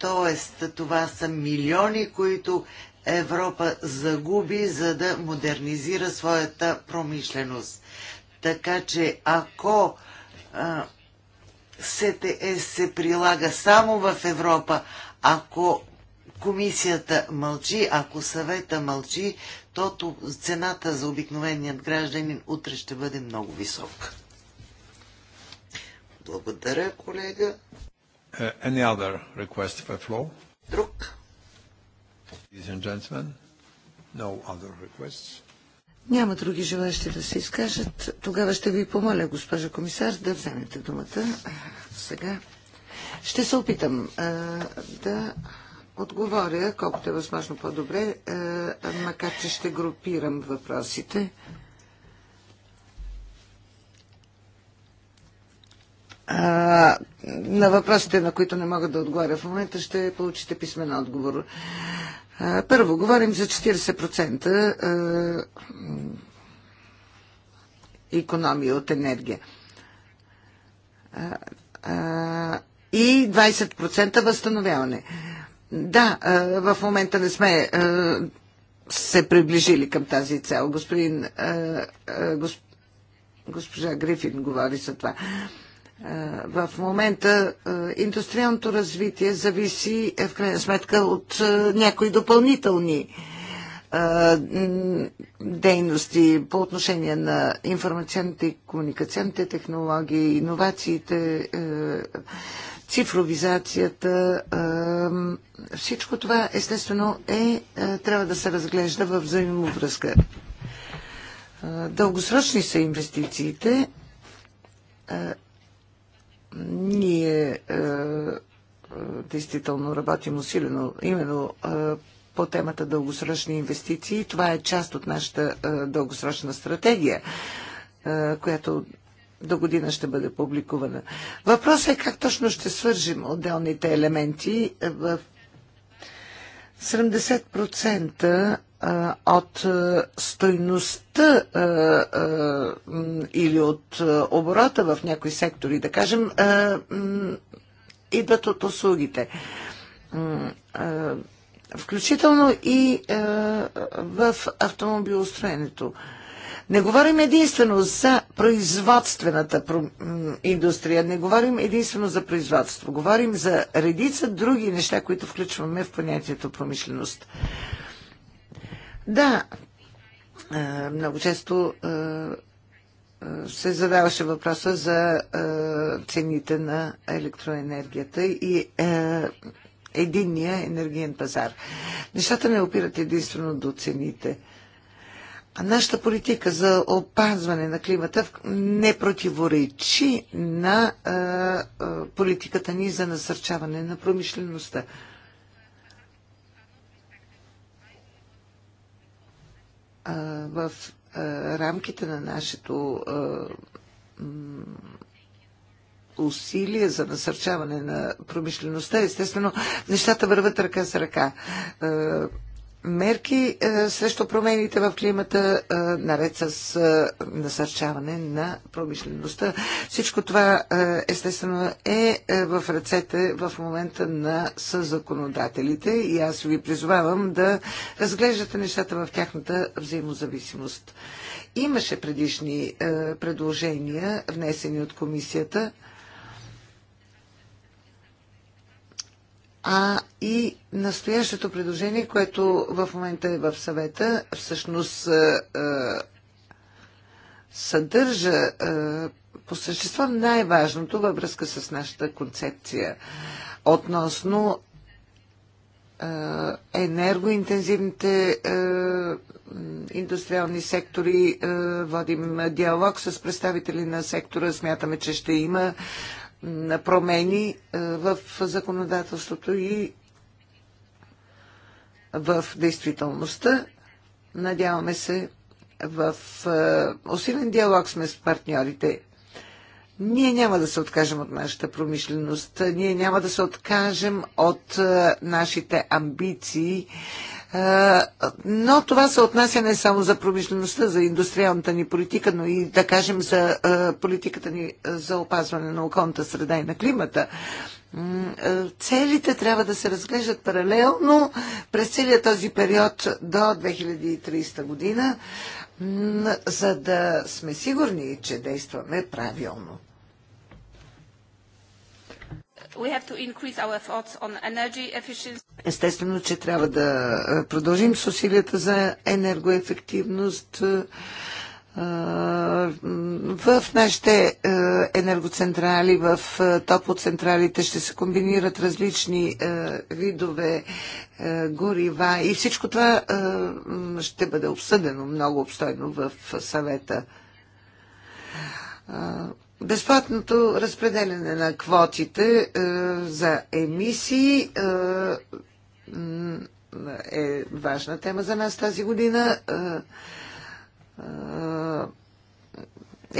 т.е. това са милиони, които Европа загуби, за да модернизира своята промишленост. Така че, ако а, СТС се прилага само в Европа, ако комисията мълчи, ако съвета мълчи, защото цената за обикновеният гражданин утре ще бъде много висока. Благодаря, колега. Uh, any other request for floor? Друг? Ladies and gentlemen, no other requests. Няма други желащи да се изкажат. Тогава ще ви помоля, госпожа комисар, да вземете думата сега. Ще се опитам а, да отговоря колкото е възможно по-добре, е, макар че ще групирам въпросите. А, на въпросите, на които не мога да отговоря в момента, ще получите писмен отговор. А, първо, говорим за 40% економия от енергия. А, а, и 20% възстановяване. А, да, в момента не сме се приближили към тази цел. Господин, госпожа Грифин говори за това. В момента индустриалното развитие зависи е, в крайна сметка от някои допълнителни дейности по отношение на информационните и комуникационните технологии, иновациите, цифровизацията, всичко това естествено е, трябва да се разглежда в взаимовръзка. Дългосрочни са инвестициите. Ние действително работим усилено именно по темата дългосрочни инвестиции. Това е част от нашата дългосрочна стратегия, която до година ще бъде публикувана. Въпросът е как точно ще свържим отделните елементи е, в 70% от е, стойността е, или от оборота в някои сектори, да кажем, идват от услугите. Включително и в автомобилостроенето. Не говорим единствено за производствената индустрия, не говорим единствено за производство. Говорим за редица други неща, които включваме в понятието промишленост. Да, много често се задаваше въпроса за цените на електроенергията и единния енергиен пазар. Нещата не опират единствено до цените – нашата политика за опазване на климата не противоречи на политиката ни за насърчаване на промишлеността. в рамките на нашето усилие за насърчаване на промишлеността, естествено, нещата върват ръка с ръка мерки е, срещу промените в климата, е, наред с е, насърчаване на промишлеността. Всичко това естествено е в ръцете в момента на съзаконодателите и аз ви призовавам да разглеждате нещата в тяхната взаимозависимост. Имаше предишни предложения, внесени от комисията. а и настоящето предложение, което в момента е в съвета, всъщност е, е, съдържа е, по същество най-важното във връзка с нашата концепция относно енергоинтензивните индустриални сектори. Водим диалог с представители на сектора. Смятаме, че ще има на промени е, в законодателството и в действителността. Надяваме се в е, усилен диалог сме с партньорите. Ние няма да се откажем от нашата промишленост, ние няма да се откажем от е, нашите амбиции е, но това се отнася не само за промишлеността, за индустриалната ни политика, но и да кажем за е, политиката ни за опазване на околната среда и на климата. Е, целите трябва да се разглеждат паралелно през целият този период до 2030 година, за да сме сигурни, че действаме правилно. Естествено, че трябва да продължим с усилията за енергоефективност в нашите енергоцентрали, в топоцентралите ще се комбинират различни видове горива и всичко това ще бъде обсъдено много обстойно в съвета. Безплатното разпределяне на квотите е, за емисии е, е важна тема за нас тази година. Е,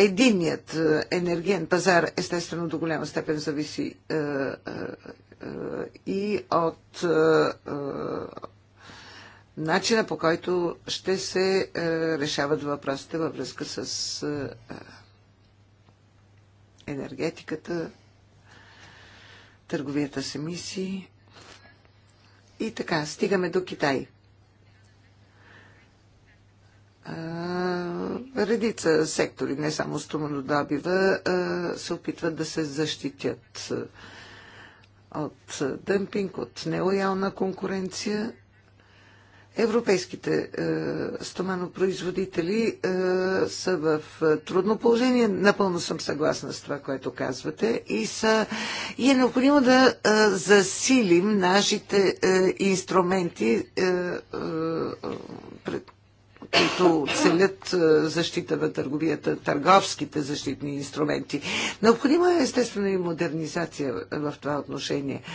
е, единият енергиен пазар естествено до голяма степен зависи е, и от начина по който ще се решават въпросите във връзка с енергетиката, търговията с емисии. И така, стигаме до Китай. редица сектори, не само стоманодобива, се опитват да се защитят от дъмпинг, от нелоялна конкуренция. Европейските е, стоманопроизводители е, са в е, трудно положение. Напълно съм съгласна с това, което казвате. И, са, и е необходимо да е, засилим нашите е, инструменти, е, е, пред, които целят е, защита на търговията, търговските защитни инструменти. Необходима е естествено и модернизация в това отношение. Е,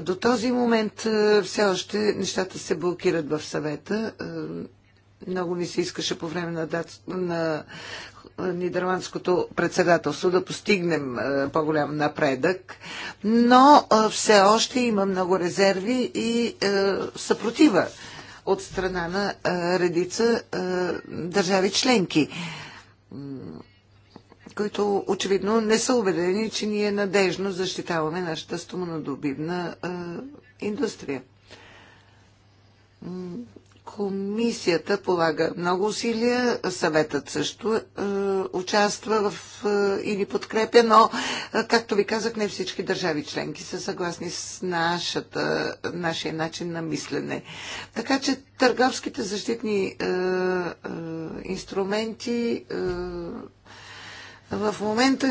до този момент е, все още нещата се блокират в съвета. Е, много ми се искаше по време на, дат, на е, нидерландското председателство да постигнем по-голям напредък, но все още има много резерви и съпротива от страна на редица държави членки които очевидно не са убедени, че ние надежно защитаваме нашата стоманодобивна индустрия. Комисията полага много усилия, съветът също е, участва в е, или подкрепя, но, е, както ви казах, не всички държави членки са съгласни с нашата, нашия начин на мислене. Така че търговските защитни е, е, инструменти. Е, в момента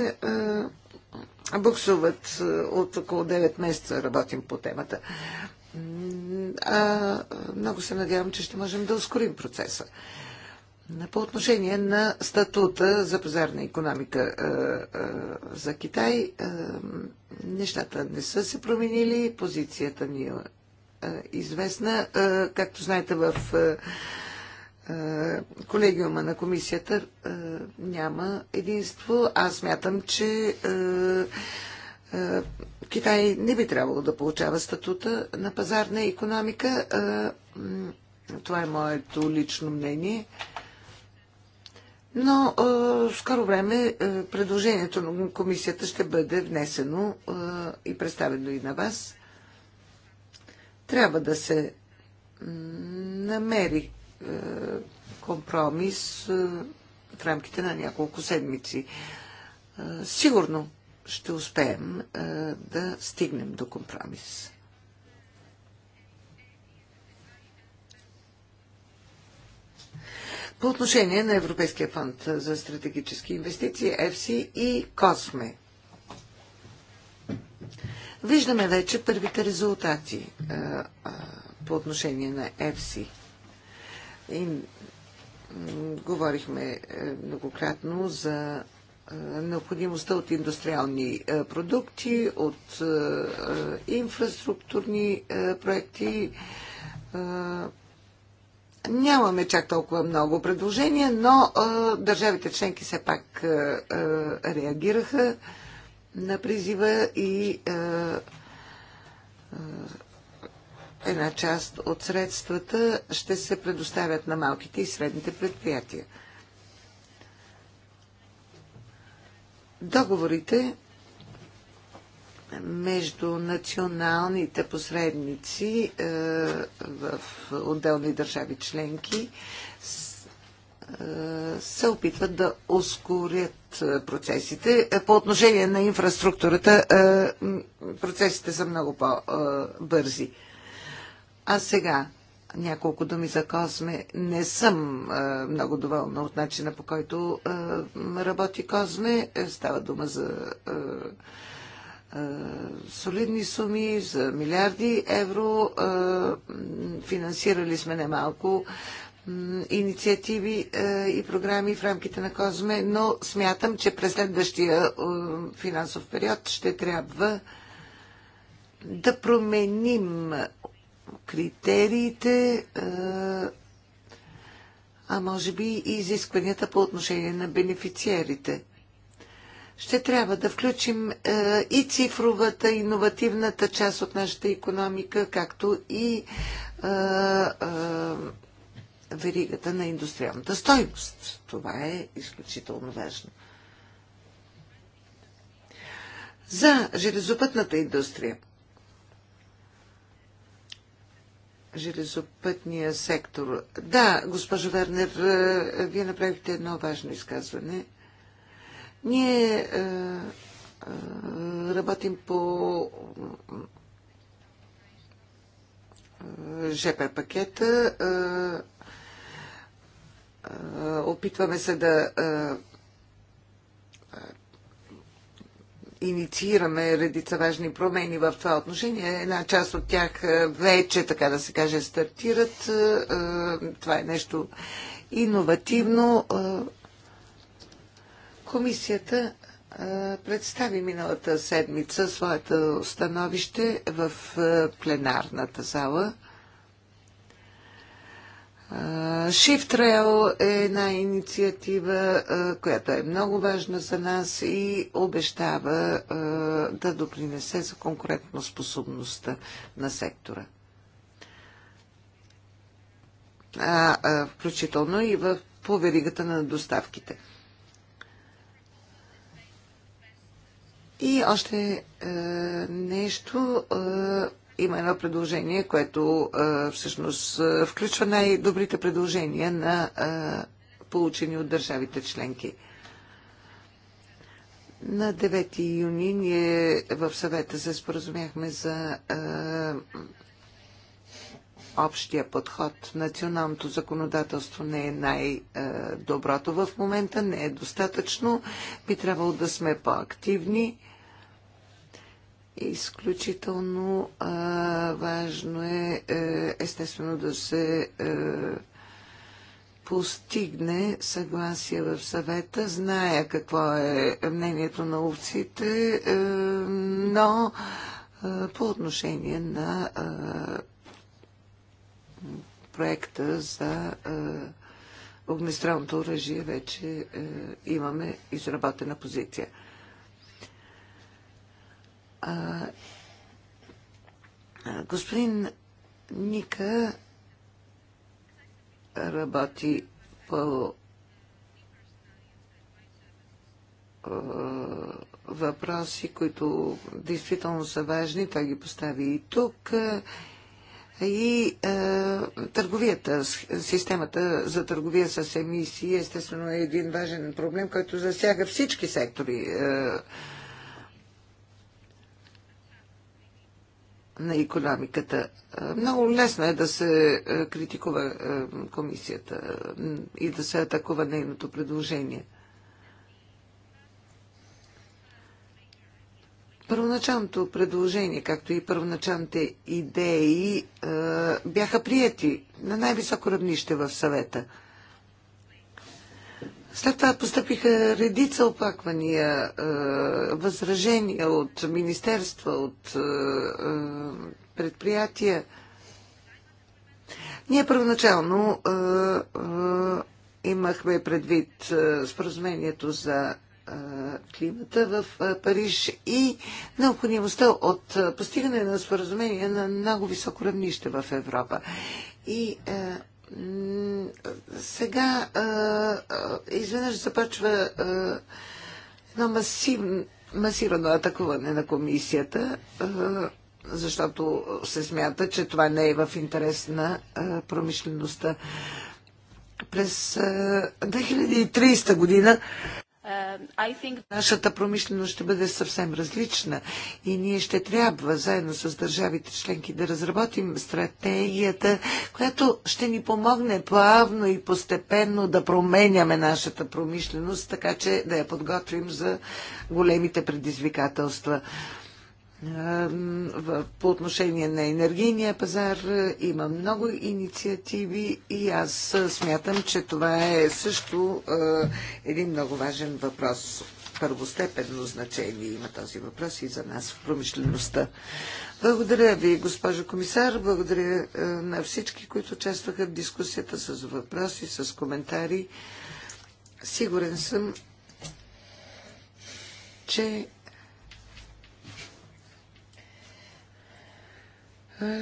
е, буксуват е, от около 9 месеца работим по темата. А, много се надявам, че ще можем да ускорим процеса. По отношение на статута за пазарна економика е, за Китай, нещата не са се променили, позицията ни е известна. Както знаете, в колегиума на комисията няма единство. Аз мятам, че е, е, Китай не би трябвало да получава статута на пазарна економика. Е, това е моето лично мнение. Но е, скоро време е, предложението на комисията ще бъде внесено е, и представено и на вас. Трябва да се намери е, компромис е, в рамките на няколко седмици. Сигурно ще успеем да стигнем до компромис. По отношение на Европейския фонд за стратегически инвестиции, ЕФСИ и КОСМЕ. Виждаме вече първите резултати по отношение на ЕФСИ говорихме е, многократно за е, необходимостта от индустриални е, продукти, от инфраструктурни проекти. Нямаме чак толкова много предложения, но държавите членки все пак реагираха на призива и една част от средствата ще се предоставят на малките и средните предприятия. Договорите между националните посредници е, в отделни държави членки е, се опитват да ускорят е, процесите. По отношение на инфраструктурата процесите са много по-бързи. А сега няколко думи за Козме. Не съм а, много доволна от начина по който а, работи Козме. Става дума за а, а, солидни суми, за милиарди евро. А, финансирали сме немалко инициативи и програми в рамките на Козме, но смятам, че през следващия финансов период ще трябва да променим критериите, е, а може би и изискванията по отношение на бенефициерите. Ще трябва да включим е, и цифровата, иновативната част от нашата економика, както и е, веригата на индустриалната стойност. Това е изключително важно. За железопътната индустрия – железопътния сектор. Да, госпожо Вернер, е, е, вие направихте едно важно изказване. Ние е, е, работим по е, ЖП пакета. Е, опитваме се да инициираме редица важни промени в това отношение. Една част от тях е, вече, така да се каже, стартират. Е, е, това е нещо иновативно. Комисията представи миналата седмица своето становище в пленарната зала. Shift Rail е една инициатива, която е много важна за нас и обещава да допринесе за конкурентно способността на сектора. А, включително и в, поверигата на доставките. И още нещо има едно предложение, което всъщност включва най-добрите предложения на получени от държавите членки. На 9 юни ние в съвета се споразумяхме за общия подход. Националното законодателство не е най-доброто в момента, не е достатъчно. Би трябвало да сме по-активни Изключително а, важно е, е, естествено, да се е, постигне съгласие в съвета. Зная какво е мнението на овците, е, но е, по отношение на е, проекта за е, огнестрелното оръжие вече е, имаме изработена позиция. А, господин Ника работи по въпроси, които действително са важни. Той ги постави и тук. И е, търговията, системата за търговия с емисии, естествено е един важен проблем, който засяга всички сектори. Е, на економиката. Е, много лесно е да се е, критикува е, комисията и да се атакува нейното предложение. Първоначалното предложение, както и първоначалните идеи, бяха прияти на най-високо равнище в съвета – след това постъпиха редица оплаквания, възражения от министерства, от предприятия. Ние първоначално имахме предвид споразумението за климата в Париж и необходимостта от постигане на споразумение на много високо равнище в Европа. И сега изведнъж започва едно масив, масирано атакуване на комисията, защото се смята, че това не е в интерес на промишлеността. През 2030 година Um, нашата промишленост ще бъде съвсем различна и ние ще трябва заедно с държавите членки да разработим стратегията, която ще ни помогне плавно и постепенно да променяме нашата промишленост, така че да я подготвим за големите предизвикателства. По отношение на енергийния пазар е, има много инициативи и аз е, смятам, че това е също е, един много важен въпрос. Първостепенно значение има този въпрос и за нас в промишлеността. Благодаря ви, госпожо комисар. Благодаря на всички, които участваха в дискусията с въпроси, с коментари. Сигурен съм, че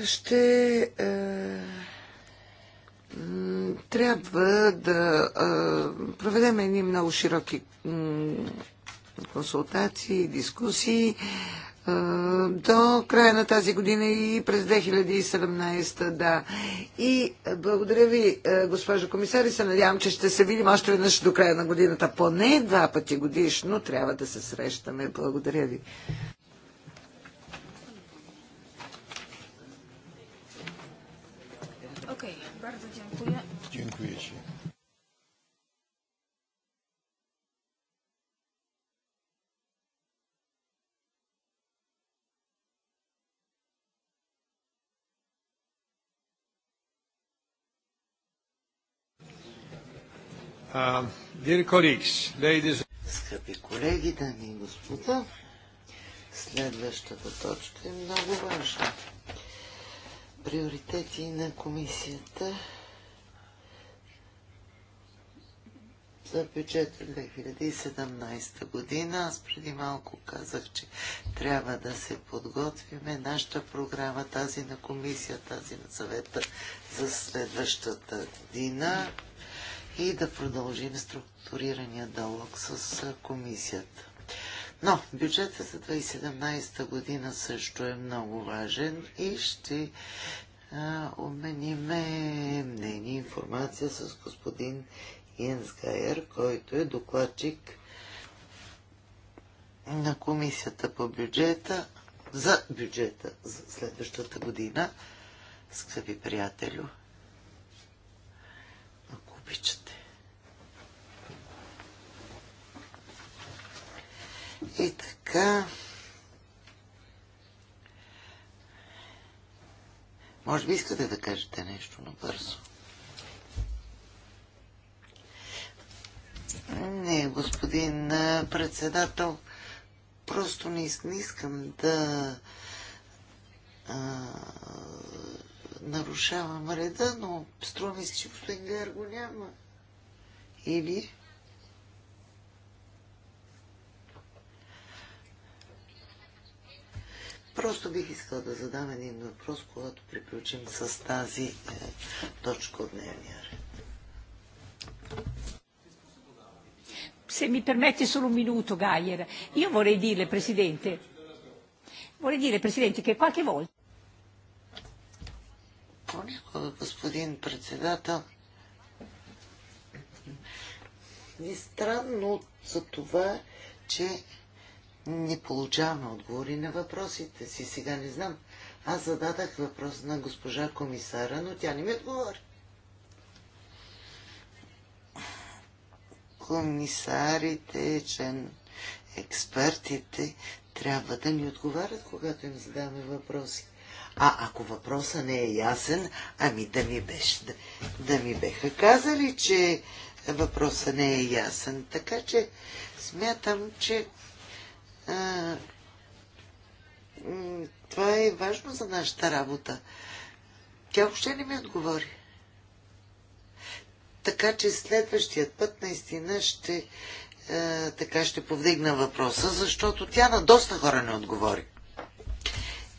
Ще е, трябва да е, проведем едни много широки консултации, дискусии е, до края на тази година и през 2017, да. И благодаря ви, госпожо комисар, и се надявам, че ще се видим още веднъж до края на годината. Поне два пъти годишно трябва да се срещаме. Благодаря ви. Uh, Скъпи колеги, дами и господа, следващата точка е много важна. Приоритети на комисията за бюджета 2017 година. Аз преди малко казах, че трябва да се подготвиме нашата програма, тази на комисия, тази на съвета за следващата година и да продължим структурирания диалог с комисията. Но бюджетът за 2017 година също е много важен и ще а, обмениме мнение, информация с господин Йенс Гайер, който е докладчик на комисията по бюджета за бюджета за следващата година. Скъпи приятелю, обичате. И така. Може би искате да кажете нещо набързо. Не, господин председател, просто не, искам да а, нарушавам реда, но струва ми се, че господин Гер го няма. Или... Просто бих искала да задам един въпрос, когато приключим с тази е, точка от дневния ред. Se mi permette solo un minuto, Gaier, io vorrei dire, Presidente, vorrei dire, Presidente, che qualche volta... Понякога, господин председател, ни е странно за това, че не получаваме отговори на въпросите си. Сега не знам. Аз зададах въпрос на госпожа комисара, но тя не ми отговори. Комисарите, член експертите трябва да ни отговарят, когато им задаваме въпроси. А ако въпроса не е ясен, ами да ми, беше, да, да ми беха казали, че въпроса не е ясен. Така че смятам, че а, това е важно за нашата работа. Тя още не ми отговори. Така че следващият път наистина ще е, така ще повдигна въпроса, защото тя на доста хора не отговори.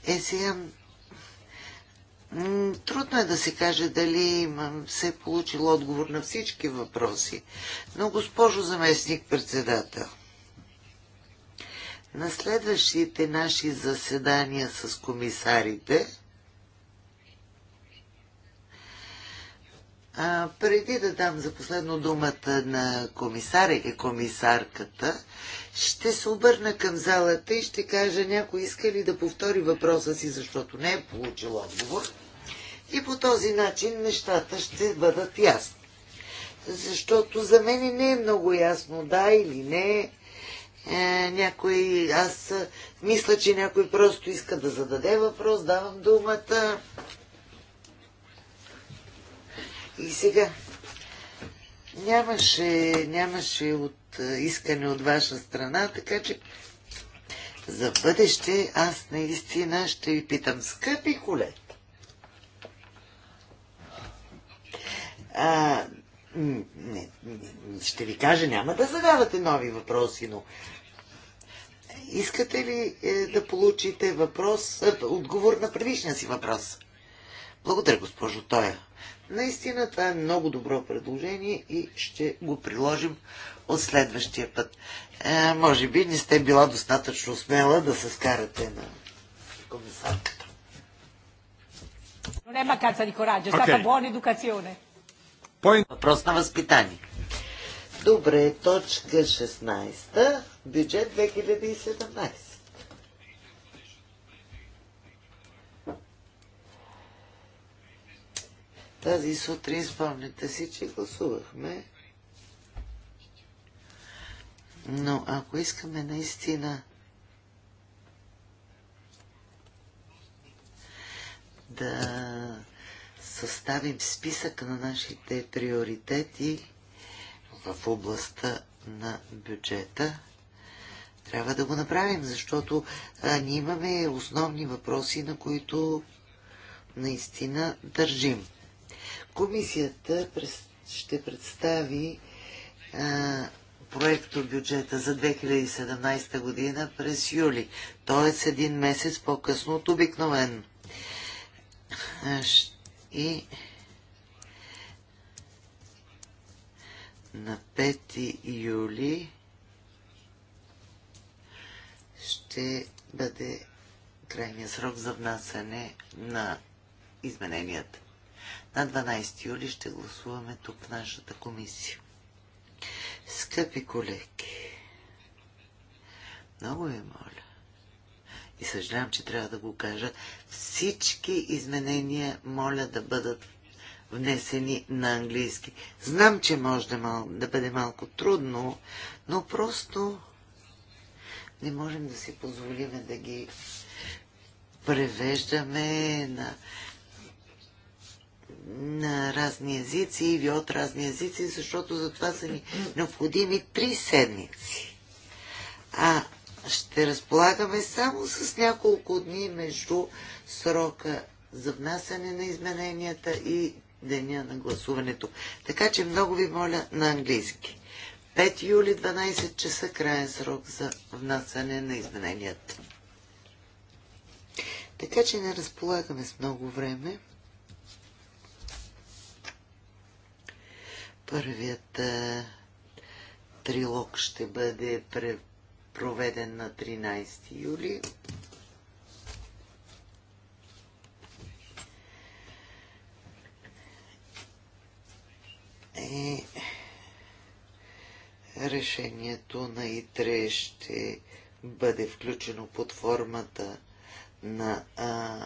Е, сега Трудно е да се каже дали имам, се е получил отговор на всички въпроси. Но, госпожо заместник председател, на следващите наши заседания с комисарите А, преди да дам за последно думата на комисаря или комисарката, ще се обърна към залата и ще кажа някой иска ли да повтори въпроса си, защото не е получил отговор. И по този начин нещата ще бъдат ясни. Защото за мен не е много ясно да или не. Е, някой, аз мисля, че някой просто иска да зададе въпрос, давам думата. И сега, нямаше, нямаше от, искане от ваша страна, така че за бъдеще аз наистина ще ви питам, скъпи колет. А, не, не, ще ви кажа, няма да задавате нови въпроси, но искате ли е, да получите въпрос, е, отговор на предишния си въпрос? Благодаря, госпожо Тоя. Наистина това е много добро предложение и ще го приложим от следващия път. Е, може би не сте била достатъчно смела да се скарате на комисарката. Non Въпрос на възпитание. Добре, точка 16, бюджет 2017. Тази сутрин спомняте си, че гласувахме. Но ако искаме наистина да съставим списък на нашите приоритети в областта на бюджета, трябва да го направим, защото а, ние имаме основни въпроси, на които наистина държим. Комисията ще представи а, проекто бюджета за 2017 година през юли, т.е. един месец по-късно от обикновен. И на 5 юли ще бъде крайния срок за внасяне на измененията на 12 юли ще гласуваме тук в нашата комисия. Скъпи колеги, много ви моля, и съжалявам, че трябва да го кажа, всички изменения моля да бъдат внесени на английски. Знам, че може да, мал, да бъде малко трудно, но просто не можем да си позволим да ги превеждаме на на разни езици или от разни езици, защото за това са ни необходими три седмици. А ще разполагаме само с няколко дни между срока за внасяне на измененията и деня на гласуването. Така че много ви моля на английски. 5 юли 12 часа крайен срок за внасяне на измененията. Така че не разполагаме с много време. Първият е, трилог ще бъде проведен на 13 юли. И е, решението на ИТРЕ ще бъде включено под формата на а,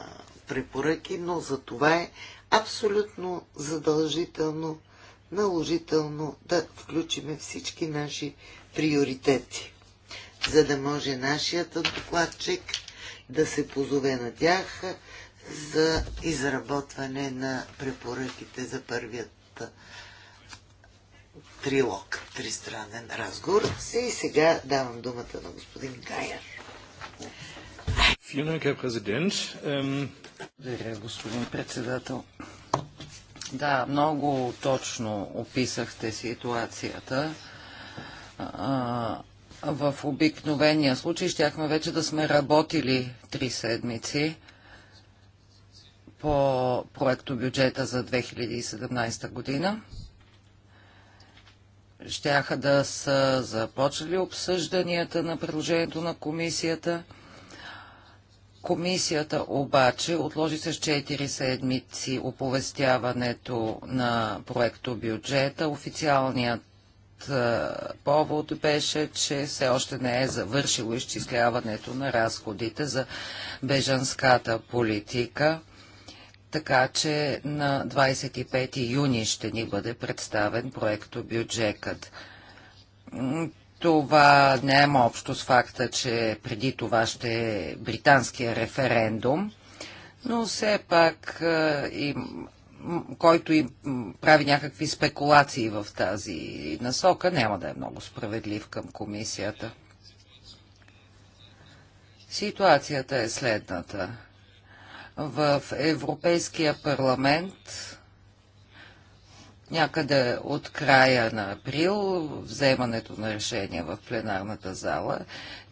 препоръки, но за това е абсолютно задължително наложително да включиме всички наши приоритети, за да може нашият докладчик да се позове на тях за изработване на препоръките за първият трилог, тристранен разговор. И сега давам думата на господин Гайер. Благодаря, господин председател. Да, много точно описахте ситуацията. в обикновения случай щяхме вече да сме работили три седмици по проекто бюджета за 2017 година. Щяха да са започнали обсъжданията на предложението на комисията – Комисията обаче отложи с 4 седмици оповестяването на проекто бюджета. Официалният е, повод беше, че все още не е завършило изчисляването на разходите за бежанската политика, така че на 25 юни ще ни бъде представен проекто бюджетът това няма е общо с факта, че преди това ще е британския референдум, но все пак и, който им прави някакви спекулации в тази насока, няма да е много справедлив към комисията. Ситуацията е следната. В Европейския парламент някъде от края на април, вземането на решение в пленарната зала.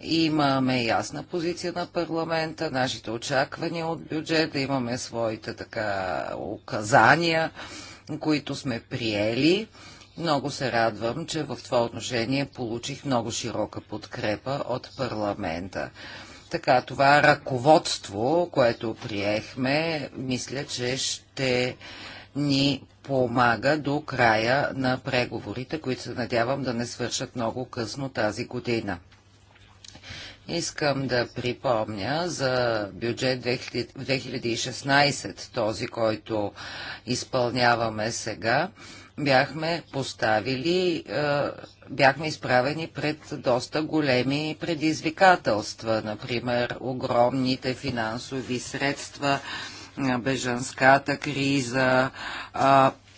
Имаме ясна позиция на парламента, нашите очаквания от бюджета, имаме своите така указания, които сме приели. Много се радвам, че в това отношение получих много широка подкрепа от парламента. Така, това ръководство, което приехме, мисля, че ще ни помага до края на преговорите, които се надявам да не свършат много късно тази година. Искам да припомня за бюджет 2016, този, който изпълняваме сега, бяхме поставили, е, бяхме изправени пред доста големи предизвикателства, например огромните финансови средства, е, бежанската криза,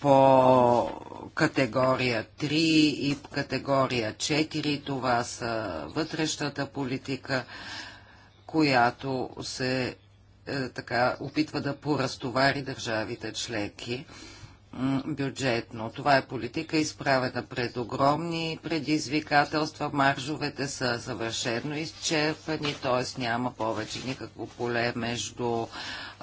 по категория 3 и категория 4. Това са вътрешната политика, която се е, така опитва да поразтовари държавите членки бюджетно. Това е политика изправена пред огромни предизвикателства. Маржовете са съвършено изчерпани, т.е. няма повече никакво поле между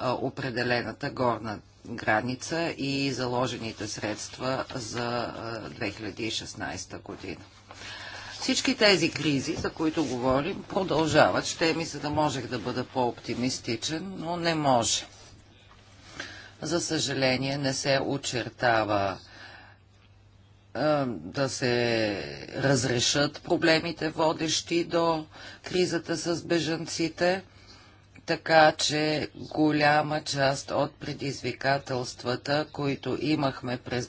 определената горна граница и заложените средства за 2016 година. Всички тези кризи, за които говорим, продължават. Ще ми се да можех да бъда по-оптимистичен, но не може за съжаление не се очертава да се разрешат проблемите, водещи до кризата с бежанците, така че голяма част от предизвикателствата, които имахме през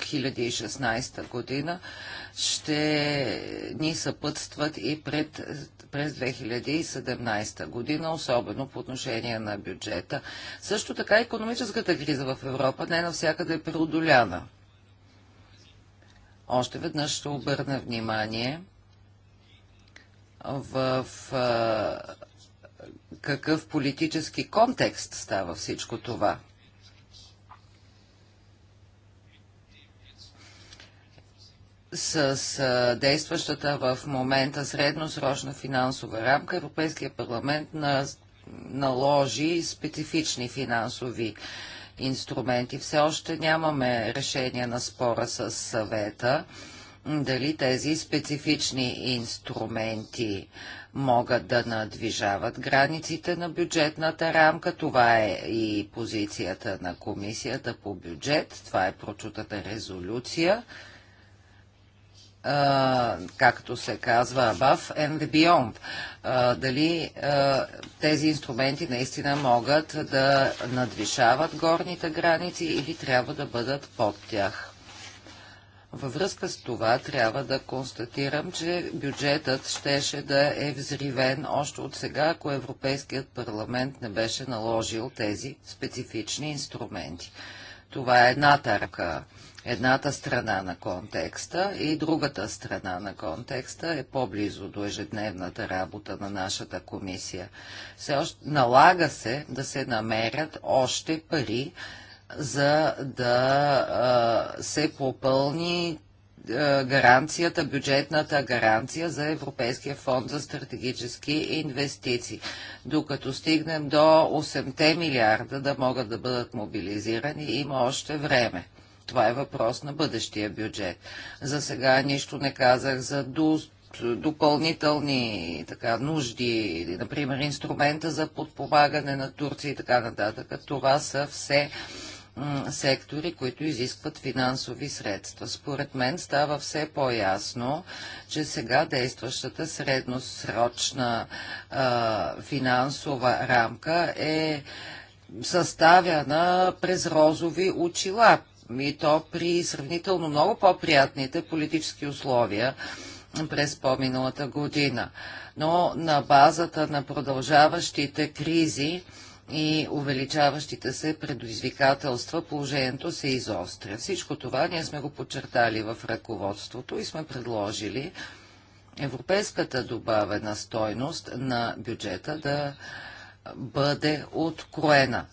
2016 година, ще ни съпътстват и пред през 2017 година, особено по отношение на бюджета. Също така економическата криза в Европа не е навсякъде е преодоляна. Още веднъж ще обърна внимание в какъв политически контекст става всичко това. с действащата в момента средносрочна финансова рамка Европейския парламент на, наложи специфични финансови инструменти. Все още нямаме решение на спора с съвета дали тези специфични инструменти могат да надвижават границите на бюджетната рамка. Това е и позицията на комисията по бюджет. Това е прочутата резолюция както се казва, above and beyond. Дали тези инструменти наистина могат да надвишават горните граници или трябва да бъдат под тях. Във връзка с това трябва да констатирам, че бюджетът щеше да е взривен още от сега, ако Европейският парламент не беше наложил тези специфични инструменти. Това е едната ръка. Едната страна на контекста и другата страна на контекста е по-близо до ежедневната работа на нашата комисия. Все още, налага се да се намерят още пари, за да а, се попълни гаранцията, бюджетната гаранция за Европейския фонд за стратегически инвестиции. Докато стигнем до 8 милиарда да могат да бъдат мобилизирани, има още време. Това е въпрос на бъдещия бюджет. За сега нищо не казах за ДУСТ, допълнителни така, нужди, например, инструмента за подпомагане на Турция и така нататък. Това са все сектори, които изискват финансови средства. Според мен става все по-ясно, че сега действащата средносрочна а, финансова рамка е съставяна през розови очила и то при сравнително много по-приятните политически условия през по-миналата година. Но на базата на продължаващите кризи и увеличаващите се предизвикателства, положението се изостря. Всичко това ние сме го подчертали в ръководството и сме предложили европейската добавена стойност на бюджета да бъде откроена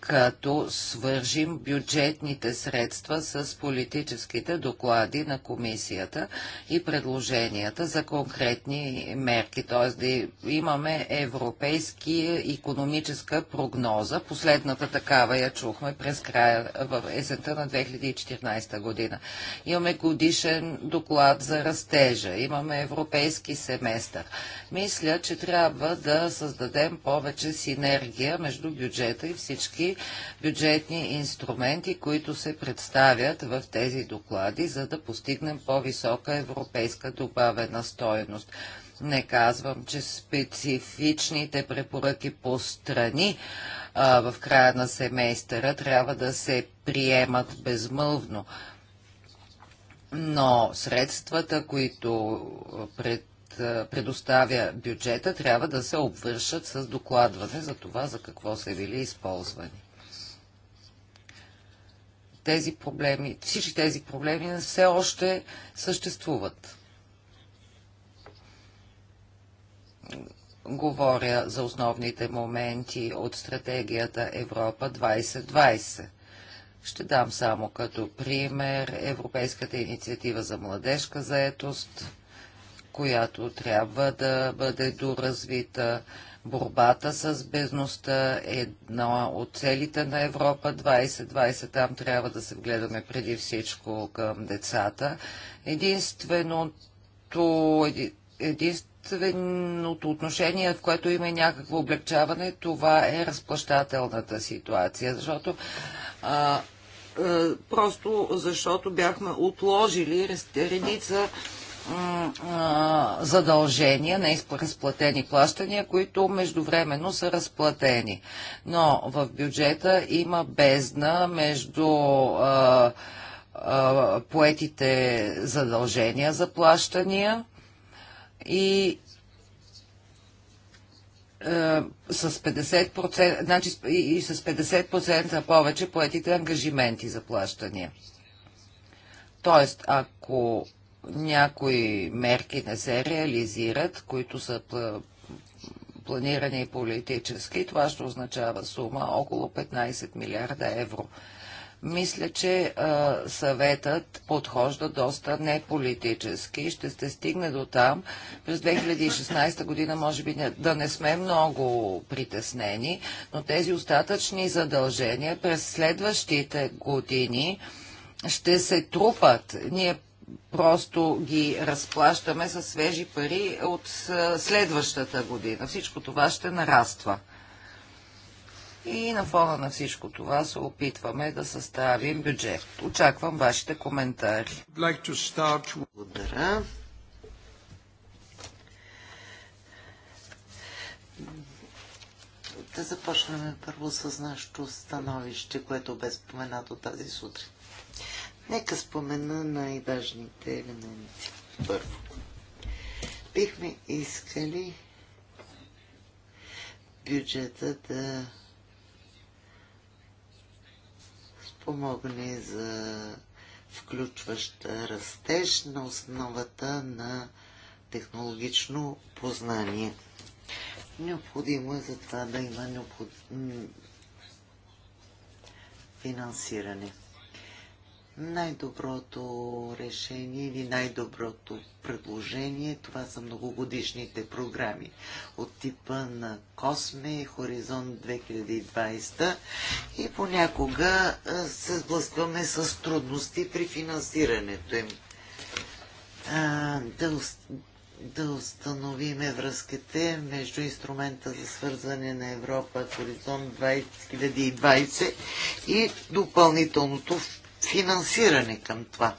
като свържим бюджетните средства с политическите доклади на комисията и предложенията за конкретни мерки, т.е. да имаме европейски економическа прогноза. Последната такава я чухме през края в есента на 2014 година. Имаме годишен доклад за растежа, имаме европейски семестър. Мисля, че трябва да създадем повече синергия между бюджета и всички бюджетни инструменти, които се представят в тези доклади, за да постигнем по-висока европейска добавена стоеност. Не казвам, че специфичните препоръки по страни а, в края на семестъра трябва да се приемат безмълвно. Но средствата, които пред предоставя бюджета, трябва да се обвършат с докладване за това, за какво са били използвани тези проблеми, всички тези проблеми все още съществуват. Говоря за основните моменти от стратегията Европа 2020. Ще дам само като пример Европейската инициатива за младежка заетост, която трябва да бъде доразвита, Борбата с бедността е една от целите на Европа 2020. Там трябва да се гледаме преди всичко към децата. Единственото, единственото отношение, в което има някакво облегчаване, това е разплащателната ситуация. Защото а, а, просто защото бяхме отложили редица задължения, не разплатени плащания, които междувременно са разплатени. Но в бюджета има бездна между поетите задължения за плащания и с 50%, значи и с 50% повече поетите ангажименти за плащания. Тоест, ако някои мерки не се реализират, които са планирани политически. Това ще означава сума около 15 милиарда евро. Мисля, че а, съветът подхожда доста неполитически. Ще се стигне до там. През 2016 година може би не, да не сме много притеснени, но тези остатъчни задължения през следващите години ще се трупат. Ние просто ги разплащаме с свежи пари от следващата година. Всичко това ще нараства. И на фона на всичко това се опитваме да съставим бюджет. Очаквам вашите коментари. Благодаря. Да започнем първо с нашето становище, което бе споменато тази сутрин. Нека спомена най-важните елементи. Първо, бихме искали бюджета да спомогне за включваща растеж на основата на технологично познание. Необходимо е за това да има необход... финансиране най-доброто решение или най-доброто предложение. Това са многогодишните програми от типа на Косме и Хоризонт 2020 и понякога се сблъскваме с трудности при финансирането им. А, да, да установиме връзките между инструмента за свързване на Европа Хоризонт 2020 и допълнителното финансиране към това.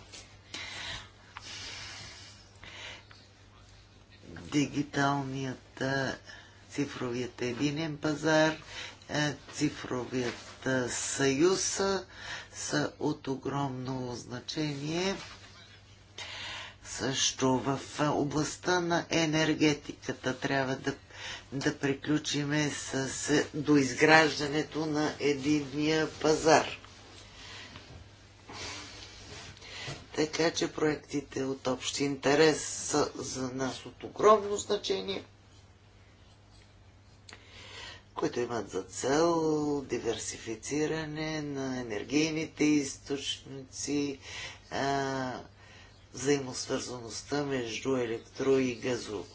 Дигиталният цифровият единен пазар, е, цифровият съюз са от огромно значение също в областта на енергетиката трябва да, да приключиме с, с доизграждането на единния пазар. Така че проектите от общ интерес са за нас от огромно значение, които имат за цел диверсифициране на енергийните източници, а, взаимосвързаността между електро и газово.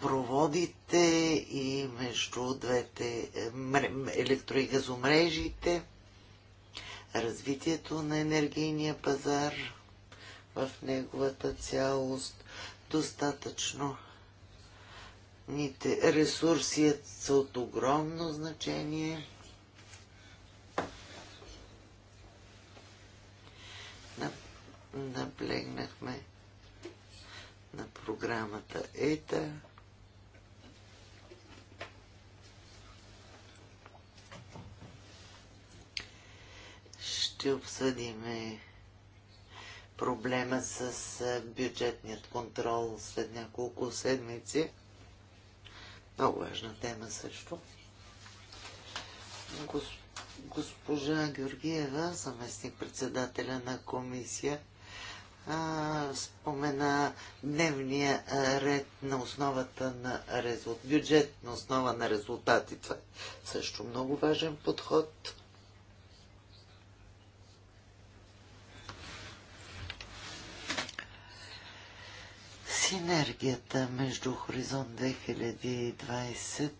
проводите и между двете електро- и газомрежите развитието на енергийния пазар в неговата цялост, достатъчно ните ресурси са от огромно значение. Наблегнахме на програмата ЕТА. ще обсъдим проблема с бюджетният контрол след няколко седмици. Много важна тема също. Госпожа Георгиева, заместник председателя на комисия, спомена дневния ред на основата на резултат, бюджет на основа на резултати. Това е също много важен подход. Синергията между Хоризонт 2020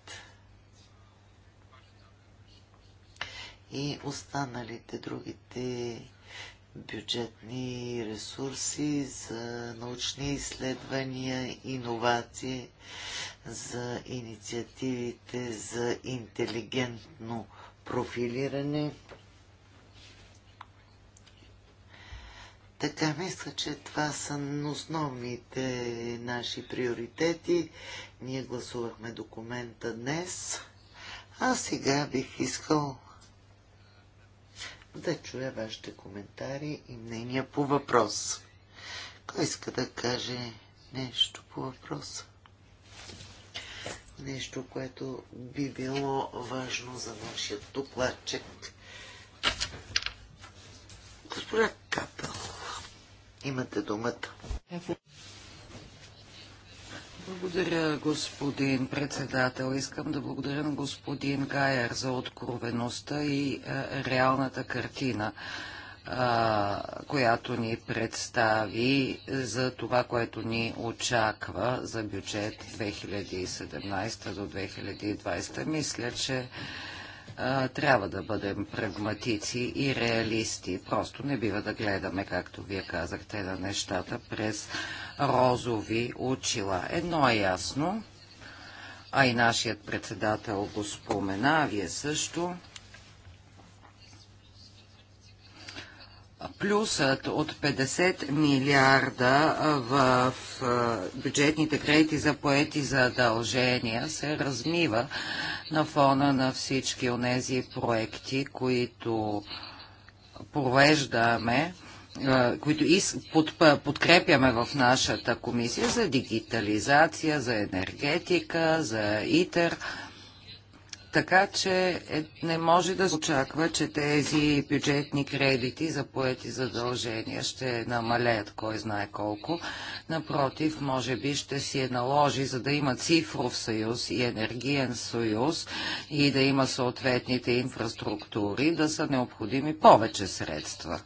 и останалите другите бюджетни ресурси за научни изследвания, иновации, за инициативите за интелигентно профилиране – Така мисля, че това са основните наши приоритети. Ние гласувахме документа днес, а сега бих искал да чуя вашите коментари и мнения по въпрос. Кой иска да каже нещо по въпрос? Нещо, което би било важно за нашия докладчик. Госпожа Капел. Имате думата. Благодаря, господин председател. Искам да благодаря на господин Гайер за откровеността и е, реалната картина, е, която ни представи за това, което ни очаква за бюджет 2017 до 2020. Мисля, че а, трябва да бъдем прагматици и реалисти. Просто не бива да гледаме, както вие казахте, на нещата през розови очила. Едно е ясно, а и нашият председател го спомена, вие също плюсът от 50 милиарда в бюджетните кредити за поети задължения се размива на фона на всички онези проекти, които провеждаме, които подкрепяме в нашата комисия за дигитализация, за енергетика, за ИТЕР. Така че е, не може да се очаква, че тези бюджетни кредити за поети задължения ще намалеят кой знае колко. Напротив, може би ще си е наложи, за да има цифров съюз и енергиен съюз и да има съответните инфраструктури, да са необходими повече средства.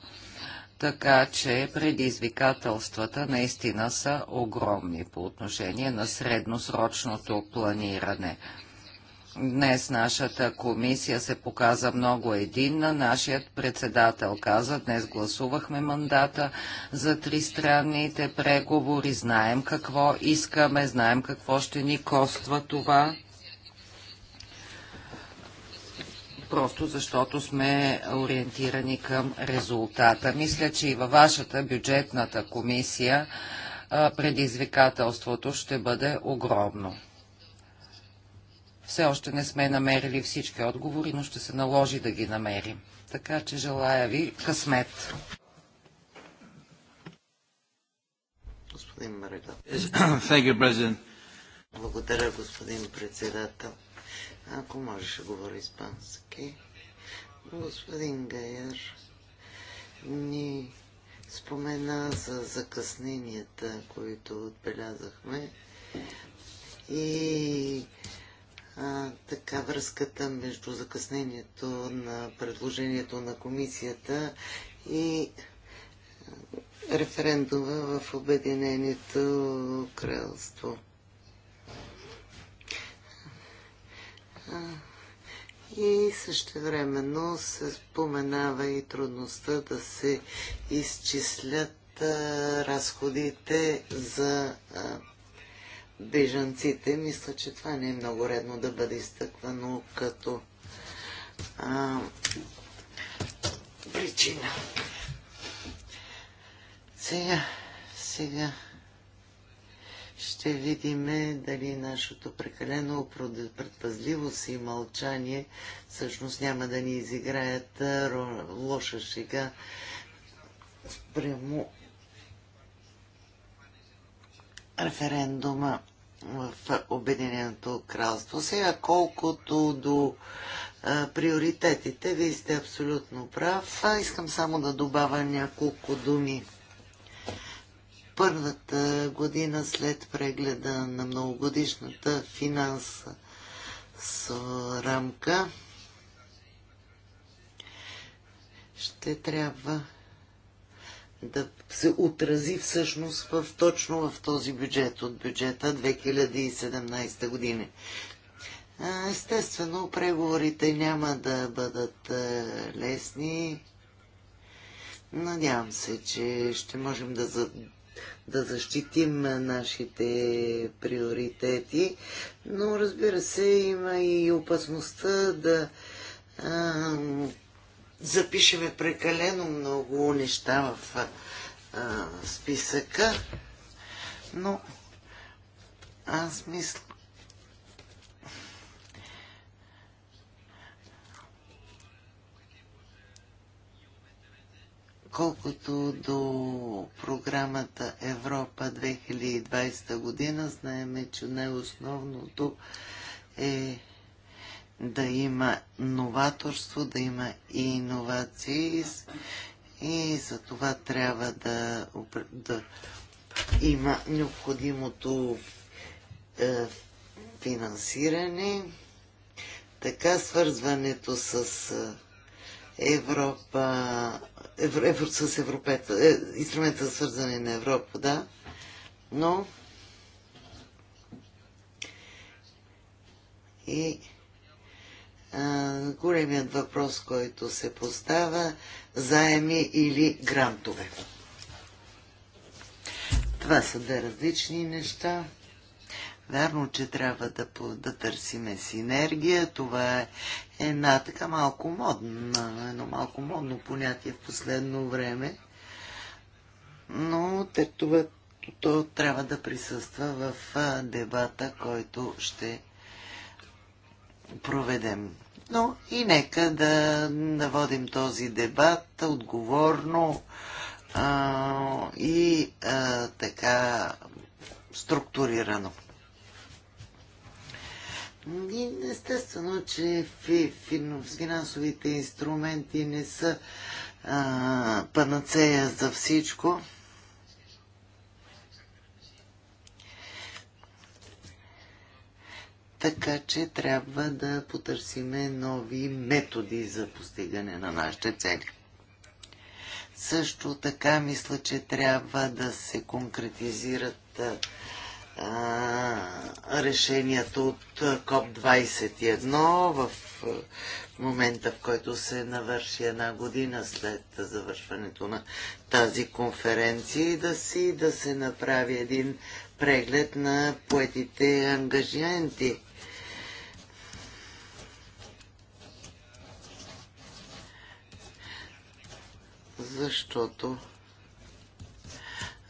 Така че предизвикателствата наистина са огромни по отношение на средносрочното планиране. Днес нашата комисия се показа много единна. Нашият председател каза, днес гласувахме мандата за тристранните преговори. Знаем какво искаме, знаем какво ще ни коства това. просто защото сме ориентирани към резултата. Мисля, че и във вашата бюджетната комисия предизвикателството ще бъде огромно. Все още не сме намерили всички отговори, но ще се наложи да ги намерим. Така че желая ви късмет. Господин Марида. Благодаря, господин председател. Ако можеш да говори испански. Господин Гайер ни спомена за закъсненията, които отбелязахме и така връзката между закъснението на предложението на комисията и референдума в Обединението кралство. И също времено се споменава и трудността да се изчислят разходите за бежанците, мисля, че това не е много редно да бъде изтъквано като а, причина. Сега, сега ще видиме дали нашето прекалено предпазливост и мълчание всъщност няма да ни изиграят лоша шега прямо референдума в Обединеното кралство. Сега колкото до приоритетите, вие сте абсолютно прав. искам само да добавя няколко думи. Първата година след прегледа на многогодишната финанса с рамка ще трябва да се отрази всъщност в, точно в този бюджет от бюджета 2017 година. Естествено, преговорите няма да бъдат лесни. Надявам се, че ще можем да, за, да защитим нашите приоритети, но разбира се, има и опасността да запишеме прекалено много неща в а, списъка, но аз мисля, Колкото до програмата Европа 2020 година, знаеме, че най-основното е да има новаторство, да има и иновации и за това трябва да, да има необходимото е, финансиране. Така свързването с е, Европа, евро, евро, с Европета, е, инструмента за свързване на Европа, да, но и големият въпрос, който се поставя заеми или грантове. Това са две различни неща. Вярно, че трябва да, да търсиме синергия. Това е една така малко модна, едно малко модно понятие в последно време. Но те, това, то трябва да присъства в дебата, който ще проведем. Но и нека да, да водим този дебат отговорно а, и а, така структурирано. И естествено, че финансовите инструменти не са а, панацея за всичко. Така че трябва да потърсиме нови методи за постигане на нашите цели. Също така мисля, че трябва да се конкретизират а, решенията от КОП-21 в момента, в който се навърши една година след завършването на тази конференция и да, си, да се направи един преглед на поетите ангажименти. защото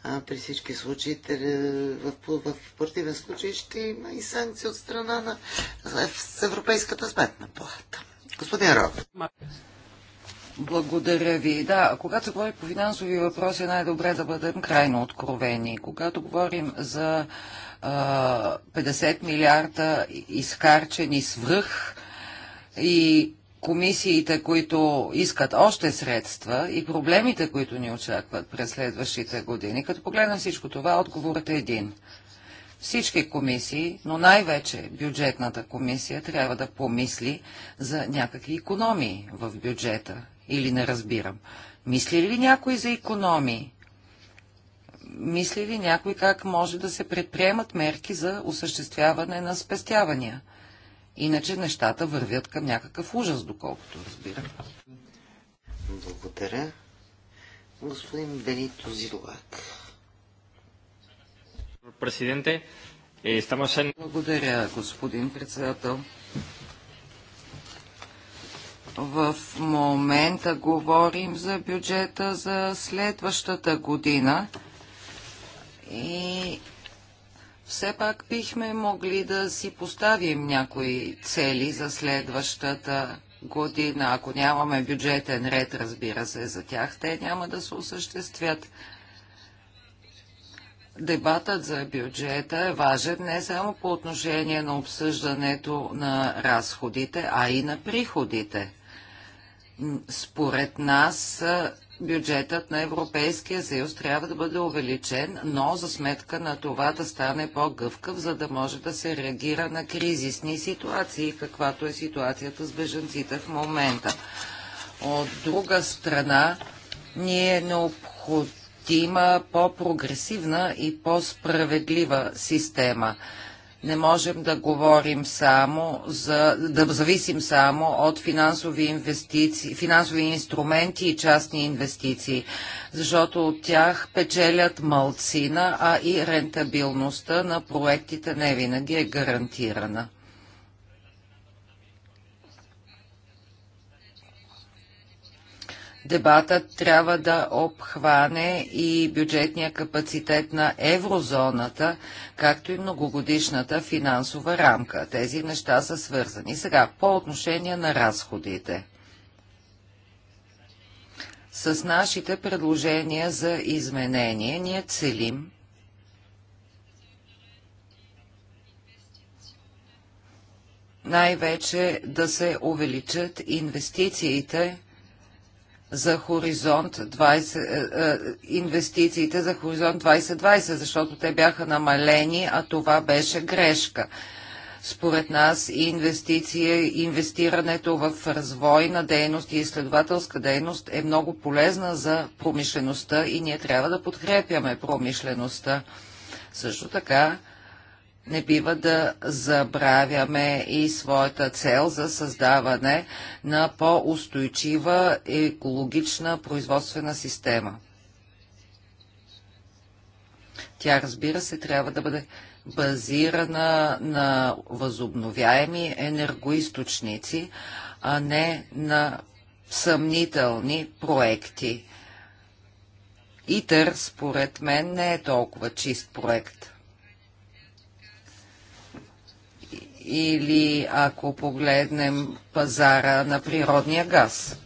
а, при всички случаи в, в, в противен случай ще има и санкции от страна на Европейската сметна палата. Господин Роб. Благодаря ви. Да, когато се говори по финансови въпроси, е най-добре да бъдем крайно откровени. Когато говорим за а, 50 милиарда изхарчени свръх и комисиите, които искат още средства и проблемите, които ни очакват през следващите години. Като погледнем всичко това, отговорът е един. Всички комисии, но най-вече бюджетната комисия, трябва да помисли за някакви економии в бюджета. Или не разбирам. Мисли ли някой за економии? Мисли ли някой как може да се предприемат мерки за осъществяване на спестявания? Иначе нещата вървят към някакъв ужас, доколкото разбира. Благодаря. Господин Бенито Зилак. Президенте, е, благодаря, господин председател. В момента говорим за бюджета за следващата година и все пак бихме могли да си поставим някои цели за следващата година. Ако нямаме бюджетен ред, разбира се, за тях те няма да се осъществят. Дебатът за бюджета е важен не само по отношение на обсъждането на разходите, а и на приходите. Според нас бюджетът на Европейския съюз трябва да бъде увеличен, но за сметка на това да стане по-гъвкав, за да може да се реагира на кризисни ситуации, каквато е ситуацията с беженците в момента. От друга страна, ние е необходима по-прогресивна и по-справедлива система – не можем да говорим само за, да зависим само от финансови инвестиции, финансови инструменти и частни инвестиции, защото от тях печелят малцина, а и рентабилността на проектите не винаги е гарантирана. Дебатът трябва да обхване и бюджетния капацитет на еврозоната, както и многогодишната финансова рамка. Тези неща са свързани. Сега, по отношение на разходите. С нашите предложения за изменение ние целим най-вече да се увеличат инвестициите за хоризонт 20, е, е, инвестициите за хоризонт 2020, защото те бяха намалени, а това беше грешка. Според нас инвестиция, инвестирането в развойна дейност и изследователска дейност е много полезна за промишлеността и ние трябва да подкрепяме промишлеността. Също така не бива да забравяме и своята цел за създаване на по-устойчива екологична производствена система. Тя, разбира се, трябва да бъде базирана на възобновяеми енергоисточници, а не на съмнителни проекти. ИТЕР, според мен, не е толкова чист проект. или ако погледнем пазара на природния газ.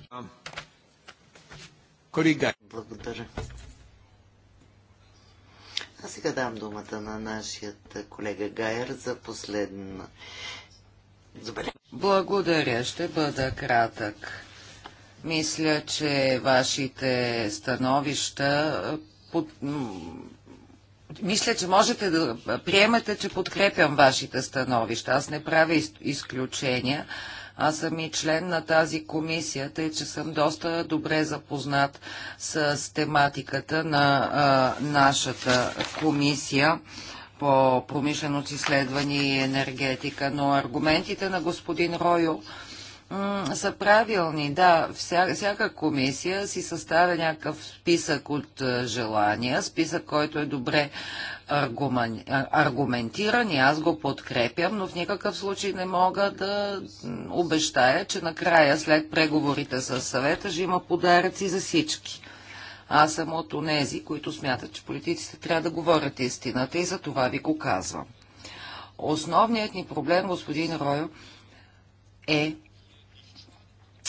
Благодаря. А сега дам думата на нашия колега Гайер за последна забележка. Благодаря, ще бъда кратък. Мисля, че вашите становища мисля, че можете да приемете, че подкрепям вашите становища. Аз не правя изключения. Аз съм и член на тази комисия, тъй че съм доста добре запознат с тематиката на а, нашата комисия по промишленост, изследване и енергетика. Но аргументите на господин Ройо са правилни. Да, вся, всяка комисия си съставя някакъв списък от е, желания, списък, който е добре аргумен, аргументиран и аз го подкрепям, но в никакъв случай не мога да обещая, че накрая след преговорите с съвета ще има подаръци за всички. Аз съм от онези, които смятат, че политиците трябва да говорят истината и за това ви го казвам. Основният ни проблем, господин Ройо, е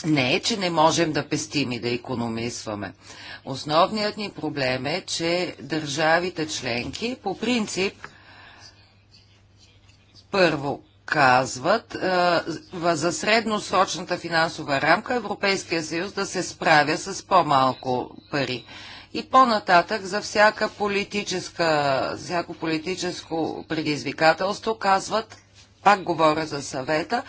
не е, че не можем да пестим и да економисваме. Основният ни проблем е, че държавите членки по принцип първо казват а, за средносрочната финансова рамка Европейския съюз да се справя с по-малко пари. И по-нататък за всяка политическа, всяко политическо предизвикателство казват, пак говоря за съвета,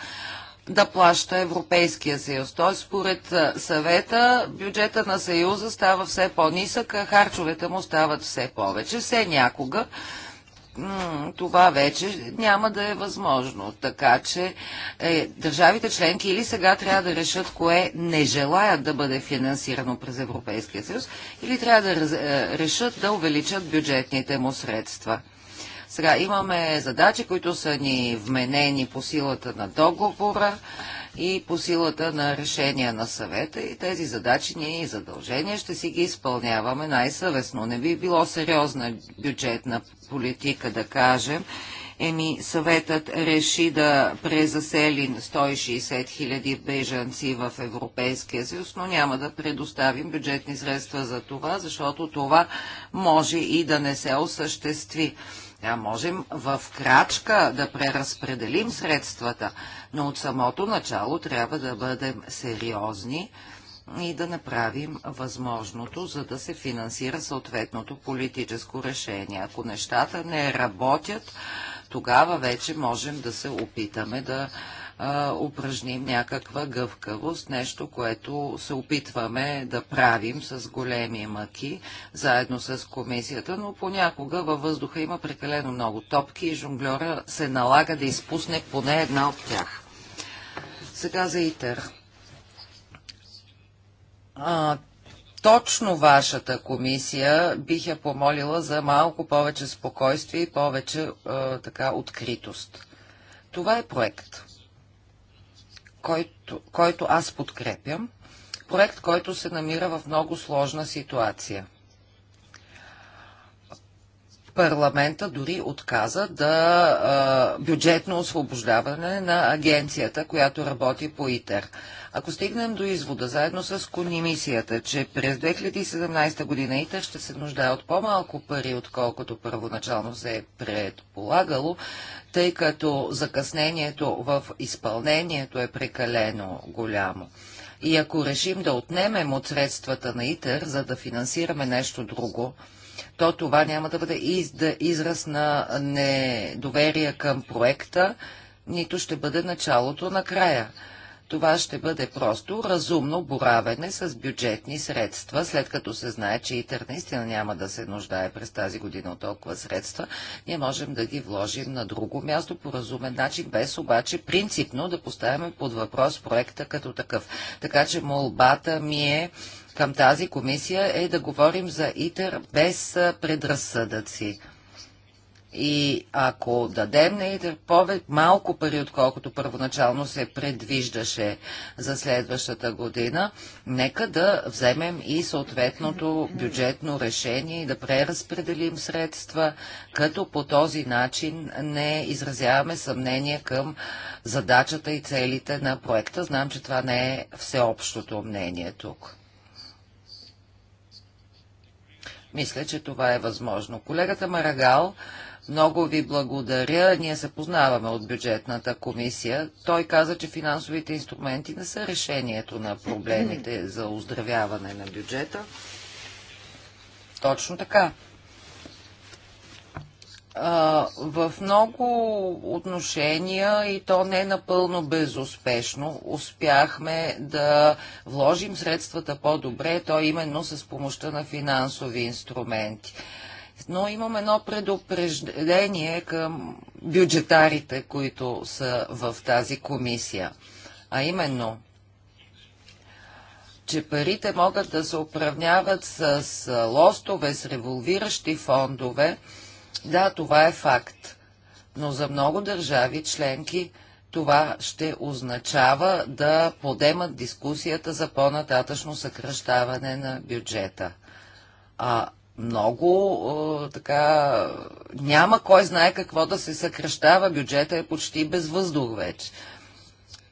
да плаща Европейския съюз. Т.е. според съвета бюджета на съюза става все по-нисък, а харчовете му стават все повече. Все някога това вече няма да е възможно. Така че е, държавите членки или сега трябва да решат кое не желаят да бъде финансирано през Европейския съюз, или трябва да е, решат да увеличат бюджетните му средства. Сега имаме задачи, които са ни вменени по силата на договора и по силата на решения на съвета и тези задачи ние и задължения ще си ги изпълняваме най-съвестно. Не би било сериозна бюджетна политика да кажем. Еми, съветът реши да презасели 160 000 бежанци в Европейския съюз, но няма да предоставим бюджетни средства за това, защото това може и да не се осъществи. Сега можем в крачка да преразпределим средствата, но от самото начало трябва да бъдем сериозни и да направим възможното, за да се финансира съответното политическо решение. Ако нещата не работят, тогава вече можем да се опитаме да а, упражним някаква гъвкавост, нещо, което се опитваме да правим с големи мъки, заедно с комисията, но понякога във въздуха има прекалено много топки и жонглера се налага да изпусне поне една от тях. Сега за ИТЕР. А, точно вашата комисия бих я помолила за малко повече спокойствие и повече а, така откритост. Това е проект който, който аз подкрепям, проект, който се намира в много сложна ситуация парламента дори отказа да а, бюджетно освобождаване на агенцията, която работи по ИТЕР. Ако стигнем до извода, заедно с комисията, че през 2017 година ИТЕР ще се нуждае от по-малко пари, отколкото първоначално се е предполагало, тъй като закъснението в изпълнението е прекалено голямо. И ако решим да отнемем от средствата на ИТЕР, за да финансираме нещо друго, то това няма да бъде израз на недоверие към проекта, нито ще бъде началото на края. Това ще бъде просто разумно боравене с бюджетни средства, след като се знае, че ИТЕР наистина няма да се нуждае през тази година от толкова средства. Ние можем да ги вложим на друго място по разумен начин, без обаче принципно да поставяме под въпрос проекта като такъв. Така че молбата ми е към тази комисия е да говорим за ИТЕР без предразсъдъци. И ако дадем на ИТЕР пове, малко пари, отколкото първоначално се предвиждаше за следващата година, нека да вземем и съответното бюджетно решение и да преразпределим средства, като по този начин не изразяваме съмнение към задачата и целите на проекта. Знам, че това не е всеобщото мнение тук. Мисля, че това е възможно. Колегата Марагал, много ви благодаря. Ние се познаваме от бюджетната комисия. Той каза, че финансовите инструменти не са решението на проблемите за оздравяване на бюджета. Точно така в много отношения и то не напълно безуспешно успяхме да вложим средствата по-добре, то именно с помощта на финансови инструменти. Но имам едно предупреждение към бюджетарите, които са в тази комисия. А именно, че парите могат да се управляват с лостове, с револвиращи фондове, да, това е факт. Но за много държави членки това ще означава да подемат дискусията за по-нататъчно съкръщаване на бюджета. А много така няма кой знае какво да се съкръщава. Бюджета е почти без въздух вече.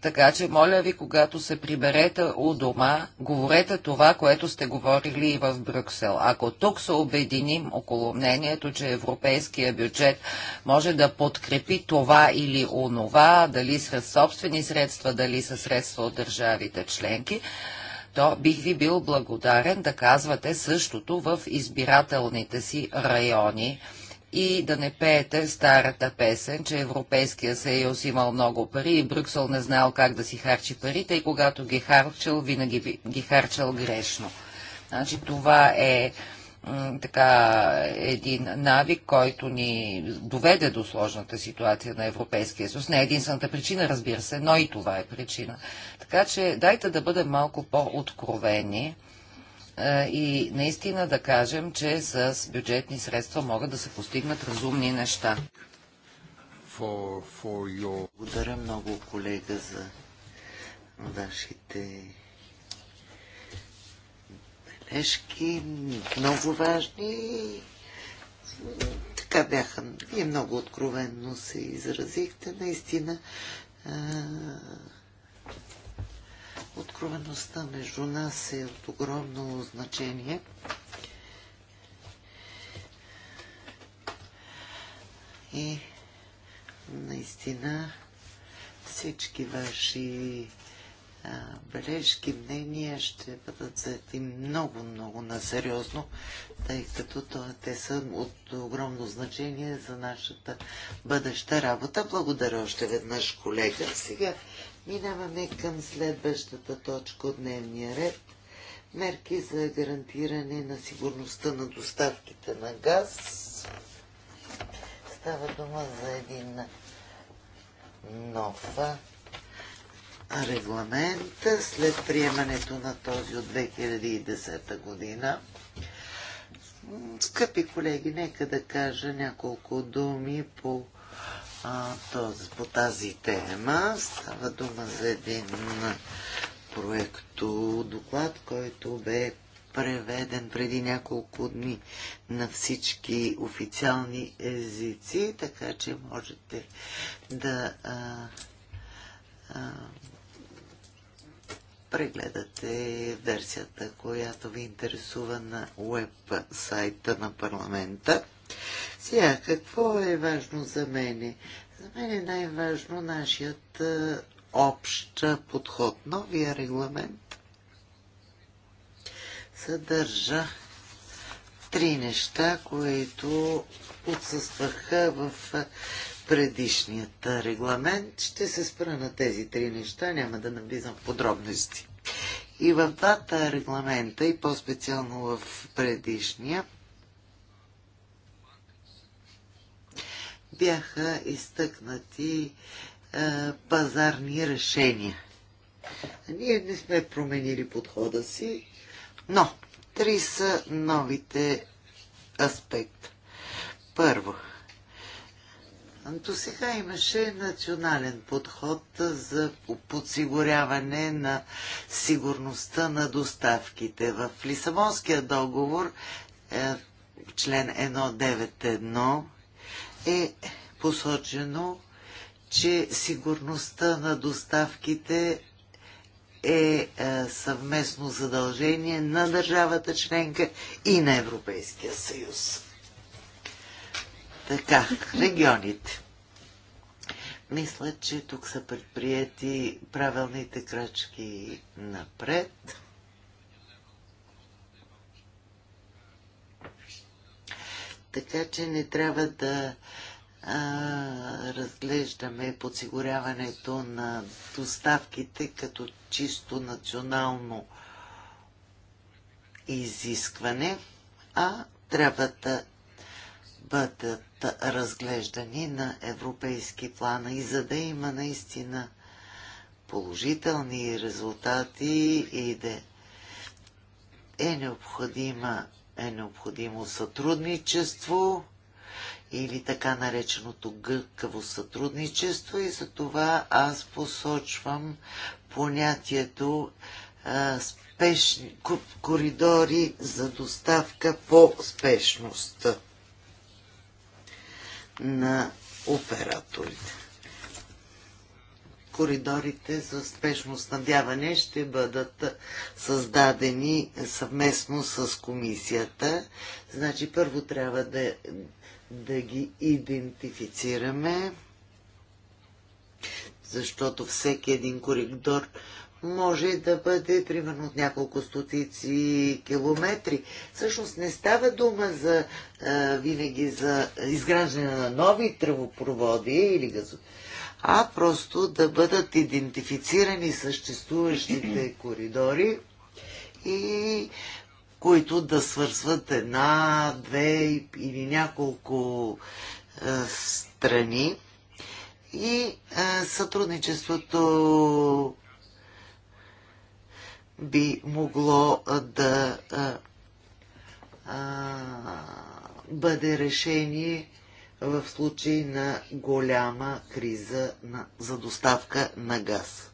Така че, моля ви, когато се приберете у дома, говорете това, което сте говорили и в Брюксел. Ако тук се обединим около мнението, че европейския бюджет може да подкрепи това или онова, дали с собствени средства, дали с средства от държавите членки, то бих ви бил благодарен да казвате същото в избирателните си райони и да не пеете старата песен, че Европейския съюз имал много пари и Брюксел не знал как да си харчи парите и когато ги харчал, винаги ги харчал грешно. Значи това е така един навик, който ни доведе до сложната ситуация на Европейския съюз. Не е единствената причина, разбира се, но и това е причина. Така че дайте да бъдем малко по-откровени е, и наистина да кажем, че с бюджетни средства могат да се постигнат разумни неща. For, for your... Благодаря много, колега, за вашите бележки, много важни. Така бяха. Вие много откровенно се изразихте. Наистина е, Откровеността между нас е от огромно значение. И наистина всички ваши бележки, мнения ще бъдат взети много, много насериозно, тъй като те са от огромно значение за нашата бъдеща работа. Благодаря още веднъж, колега. Сега Минаваме към следващата точка от дневния ред. Мерки за гарантиране на сигурността на доставките на газ. Става дума за един нов регламент след приемането на този от 2010 година. Скъпи колеги, нека да кажа няколко думи по а, този, по тази тема. Става дума за един проекто доклад, който бе преведен преди няколко дни на всички официални езици, така че можете да а, а, прегледате версията, която ви интересува на веб сайта на парламента. Сега, какво е важно за мене? За мен е най-важно нашият е, общ подход. Новия регламент съдържа три неща, които отсъстваха в е, предишният регламент. Ще се спра на тези три неща, няма да навлизам в подробности. И в двата регламента, и по-специално в предишния, бяха изтъкнати е, пазарни решения. Ние не сме променили подхода си, но три са новите аспекта. Първо, до сега имаше национален подход за подсигуряване на сигурността на доставките. В Лисабонския договор, е, член е посочено, че сигурността на доставките е, е съвместно задължение на държавата членка и на Европейския съюз. Така, регионите. Мисля, че тук са предприяти правилните крачки напред. Така че не трябва да а, разглеждаме подсигуряването на доставките като чисто национално изискване, а трябва да бъдат разглеждани на европейски плана и за да има наистина положителни резултати и да е необходима е необходимо сътрудничество или така нареченото гъвкаво сътрудничество и за това аз посочвам понятието а, спешни, коридори за доставка по спешност на операторите коридорите за спешно снабдяване ще бъдат създадени съвместно с комисията. Значи първо трябва да, да ги идентифицираме, защото всеки един коридор може да бъде примерно от няколко стотици километри. Всъщност не става дума за а, винаги за изграждане на нови тръвопроводи или газопроводи, а просто да бъдат идентифицирани съществуващите коридори и които да свързват една, две или няколко е, страни. И е, сътрудничеството би могло е, да е, е, бъде решение в случай на голяма криза на, за доставка на газ.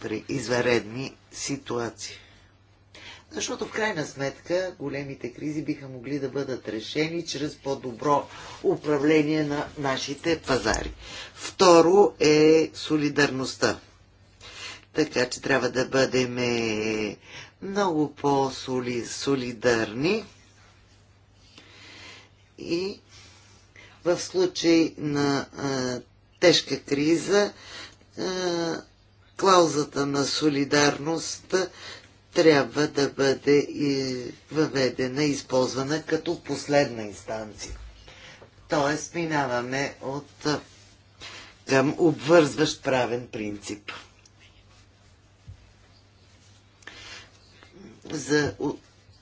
При изваредни ситуации. Защото в крайна сметка големите кризи биха могли да бъдат решени чрез по-добро управление на нашите пазари. Второ е солидарността. Така че трябва да бъдем много по-солидарни. -соли и в случай на а, тежка криза а, клаузата на солидарност трябва да бъде и въведена и използвана като последна инстанция. Тоест минаваме от към обвързващ правен принцип. За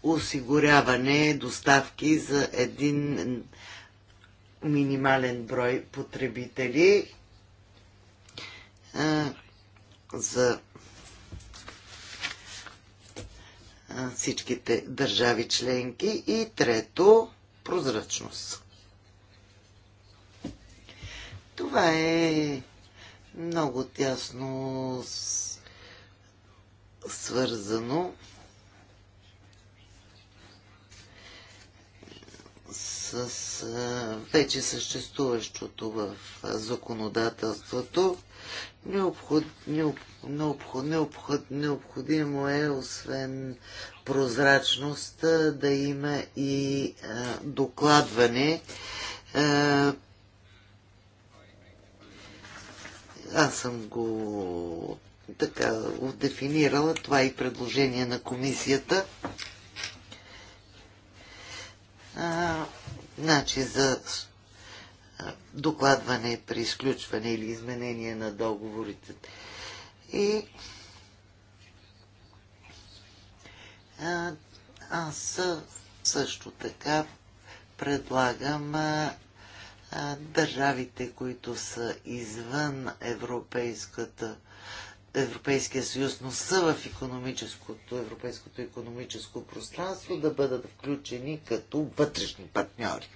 осигуряване доставки за един минимален брой потребители за всичките държави членки и трето прозрачност. Това е много тясно свързано с вече съществуващото в законодателството. Необход, необход, необход, необходимо е, освен прозрачност, да има и докладване аз съм го така дефинирала. Това е и предложение на комисията. А, Значи за докладване при изключване или изменение на договорите. И а, аз също така предлагам а, а, държавите, които са извън Европейската Европейския съюз, но са в економическото, европейското економическо пространство, да бъдат включени като вътрешни партньори.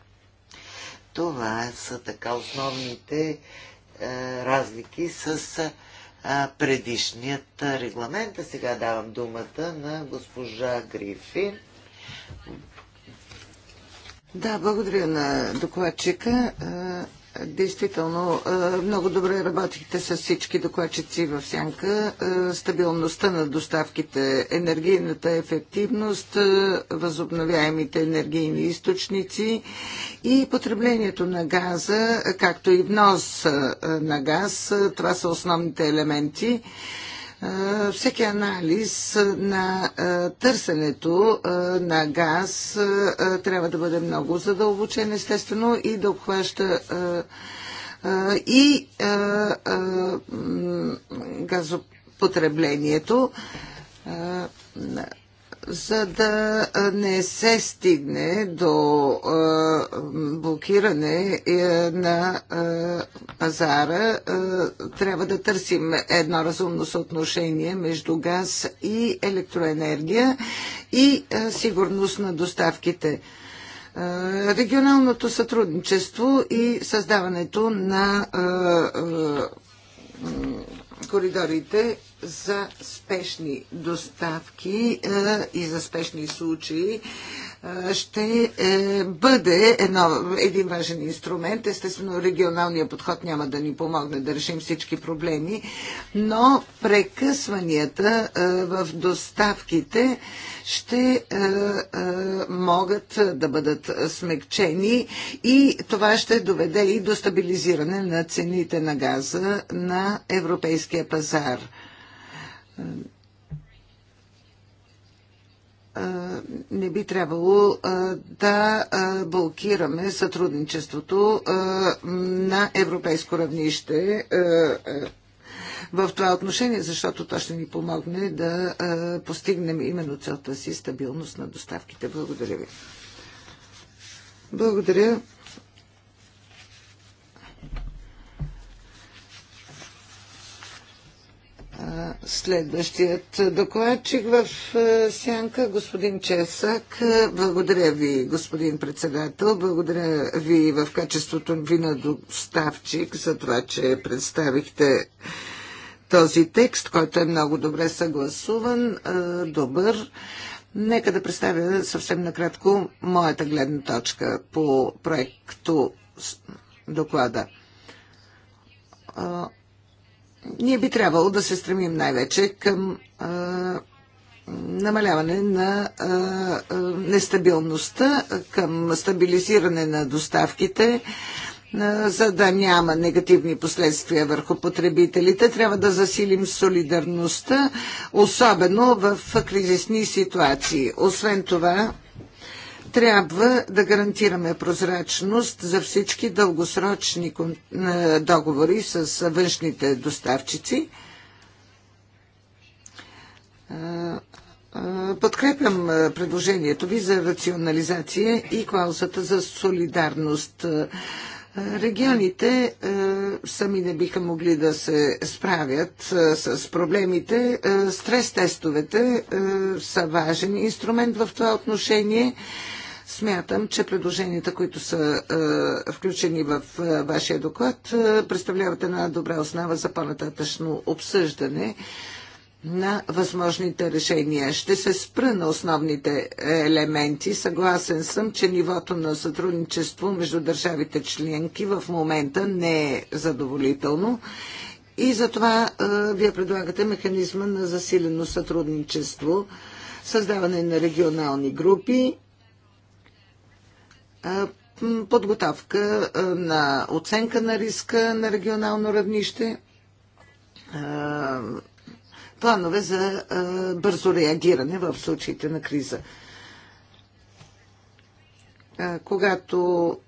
Това са така основните е, разлики с е, предишният регламент. А сега давам думата на госпожа Грифи. Да, благодаря на докладчика. Е, Действително, е, много добре работихте с всички докладчици в сянка. Е, стабилността на доставките, енергийната ефективност, е, възобновяемите енергийни източници и потреблението на газа, както и внос на газ. Това са основните елементи всеки анализ на търсенето на газ трябва да бъде много задълбочен, естествено, и да обхваща и газопотреблението за да не се стигне до блокиране е, на пазара, трябва да търсим едно разумно съотношение между газ и електроенергия и сигурност на доставките регионалното сътрудничество и създаването на коридорите за спешни доставки е, и за спешни случаи е, ще е, бъде едно, един важен инструмент. Естествено, регионалният подход няма да ни помогне да решим всички проблеми, но прекъсванията в доставките ще могат да бъдат смекчени и това ще доведе и до стабилизиране на цените на газа на европейския пазар не би трябвало да блокираме сътрудничеството на европейско равнище в това отношение, защото то ще ни помогне да постигнем именно целта си стабилност на доставките. Благодаря ви. Благодаря. Следващият докладчик в сянка, господин Чесак. Благодаря ви, господин председател. Благодаря ви в качеството ви на доставчик за това, че представихте този текст, който е много добре съгласуван, добър. Нека да представя съвсем накратко моята гледна точка по проекто доклада ние би трябвало да се стремим най-вече към а, намаляване на а, а, нестабилността, към стабилизиране на доставките, а, за да няма негативни последствия върху потребителите. Трябва да засилим солидарността, особено в кризисни ситуации. Освен това, трябва да гарантираме прозрачност за всички дългосрочни договори с външните доставчици. Подкрепям предложението ви за рационализация и клаусата за солидарност. Регионите сами не биха могли да се справят с проблемите. Стрес-тестовете са важен инструмент в това отношение. Смятам, че предложенията, които са е, включени в е, вашия доклад, е, представляват една добра основа за по-нататъчно обсъждане на възможните решения. Ще се спра на основните елементи. Съгласен съм, че нивото на сътрудничество между държавите членки в момента не е задоволително и затова е, вие предлагате механизма на засилено сътрудничество, създаване на регионални групи подготовка на оценка на риска на регионално равнище, планове за бързо реагиране в случаите на криза. Когато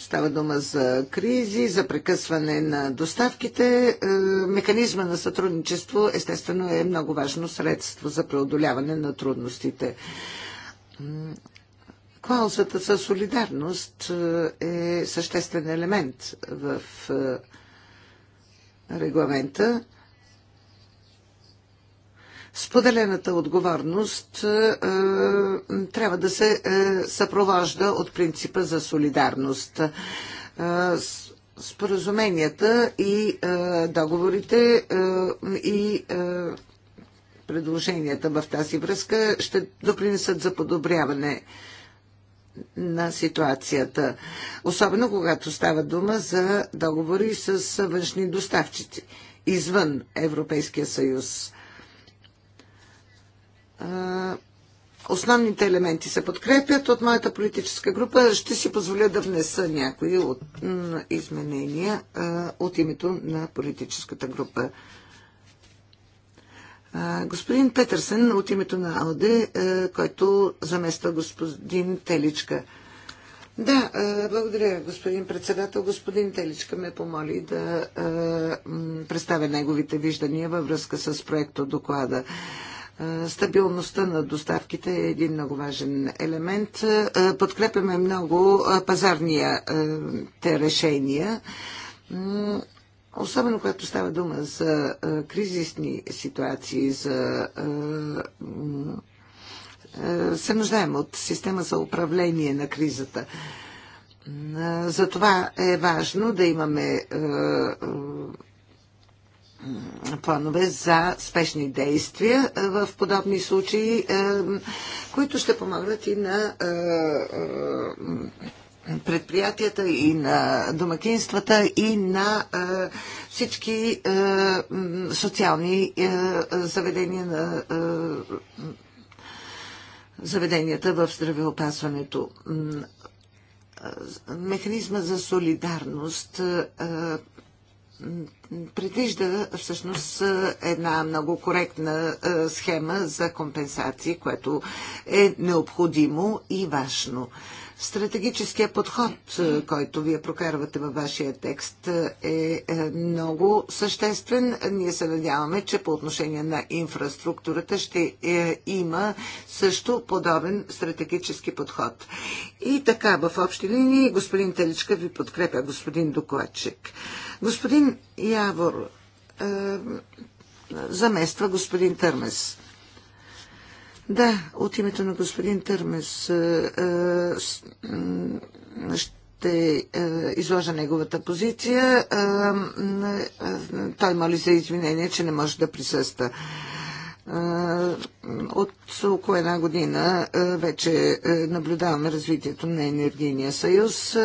Става дума за кризи, за прекъсване на доставките. Механизма на сътрудничество, естествено, е много важно средство за преодоляване на трудностите. Клаузата за солидарност е, е съществен елемент в е, регламента. Споделената отговорност е, е, трябва да се е, съпровожда от принципа за солидарност. Е, споразуменията и е, договорите е, и е, предложенията в тази връзка ще допринесат за подобряване на ситуацията. Особено когато става дума за договори с външни доставчици извън Европейския съюз. Основните елементи се подкрепят от моята политическа група. Ще си позволя да внеса някои от изменения от името на политическата група Господин Петърсен от името на АЛДЕ, е, който замества господин Теличка. Да, е, благодаря, господин председател. Господин Теличка ме помоли да е, представя неговите виждания във връзка с проекта доклада. Стабилността на доставките е един много важен елемент. Подкрепяме много пазарните решения Особено когато става дума за кризисни ситуации, за се нуждаем от система за управление на кризата. Затова е важно да имаме планове за спешни действия в подобни случаи, които ще помогнат и на предприятията, и на домакинствата, и на всички социални заведения на заведенията в здравеопазването. Механизма за солидарност предвижда всъщност една много коректна схема за компенсации, което е необходимо и важно. Стратегическия подход, е, който вие прокарвате във вашия текст, е, е много съществен. Ние се надяваме, че по отношение на инфраструктурата ще е, има също подобен стратегически подход. И така, в общи линии, господин Теличка ви подкрепя, господин докладчик. Господин Явор замества господин Търмес. Да, от името на господин Търмес е, е, ще е, изложа неговата позиция. Той моли за извинение, че не може да присъства. От около една година вече наблюдаваме развитието на енергийния съюз.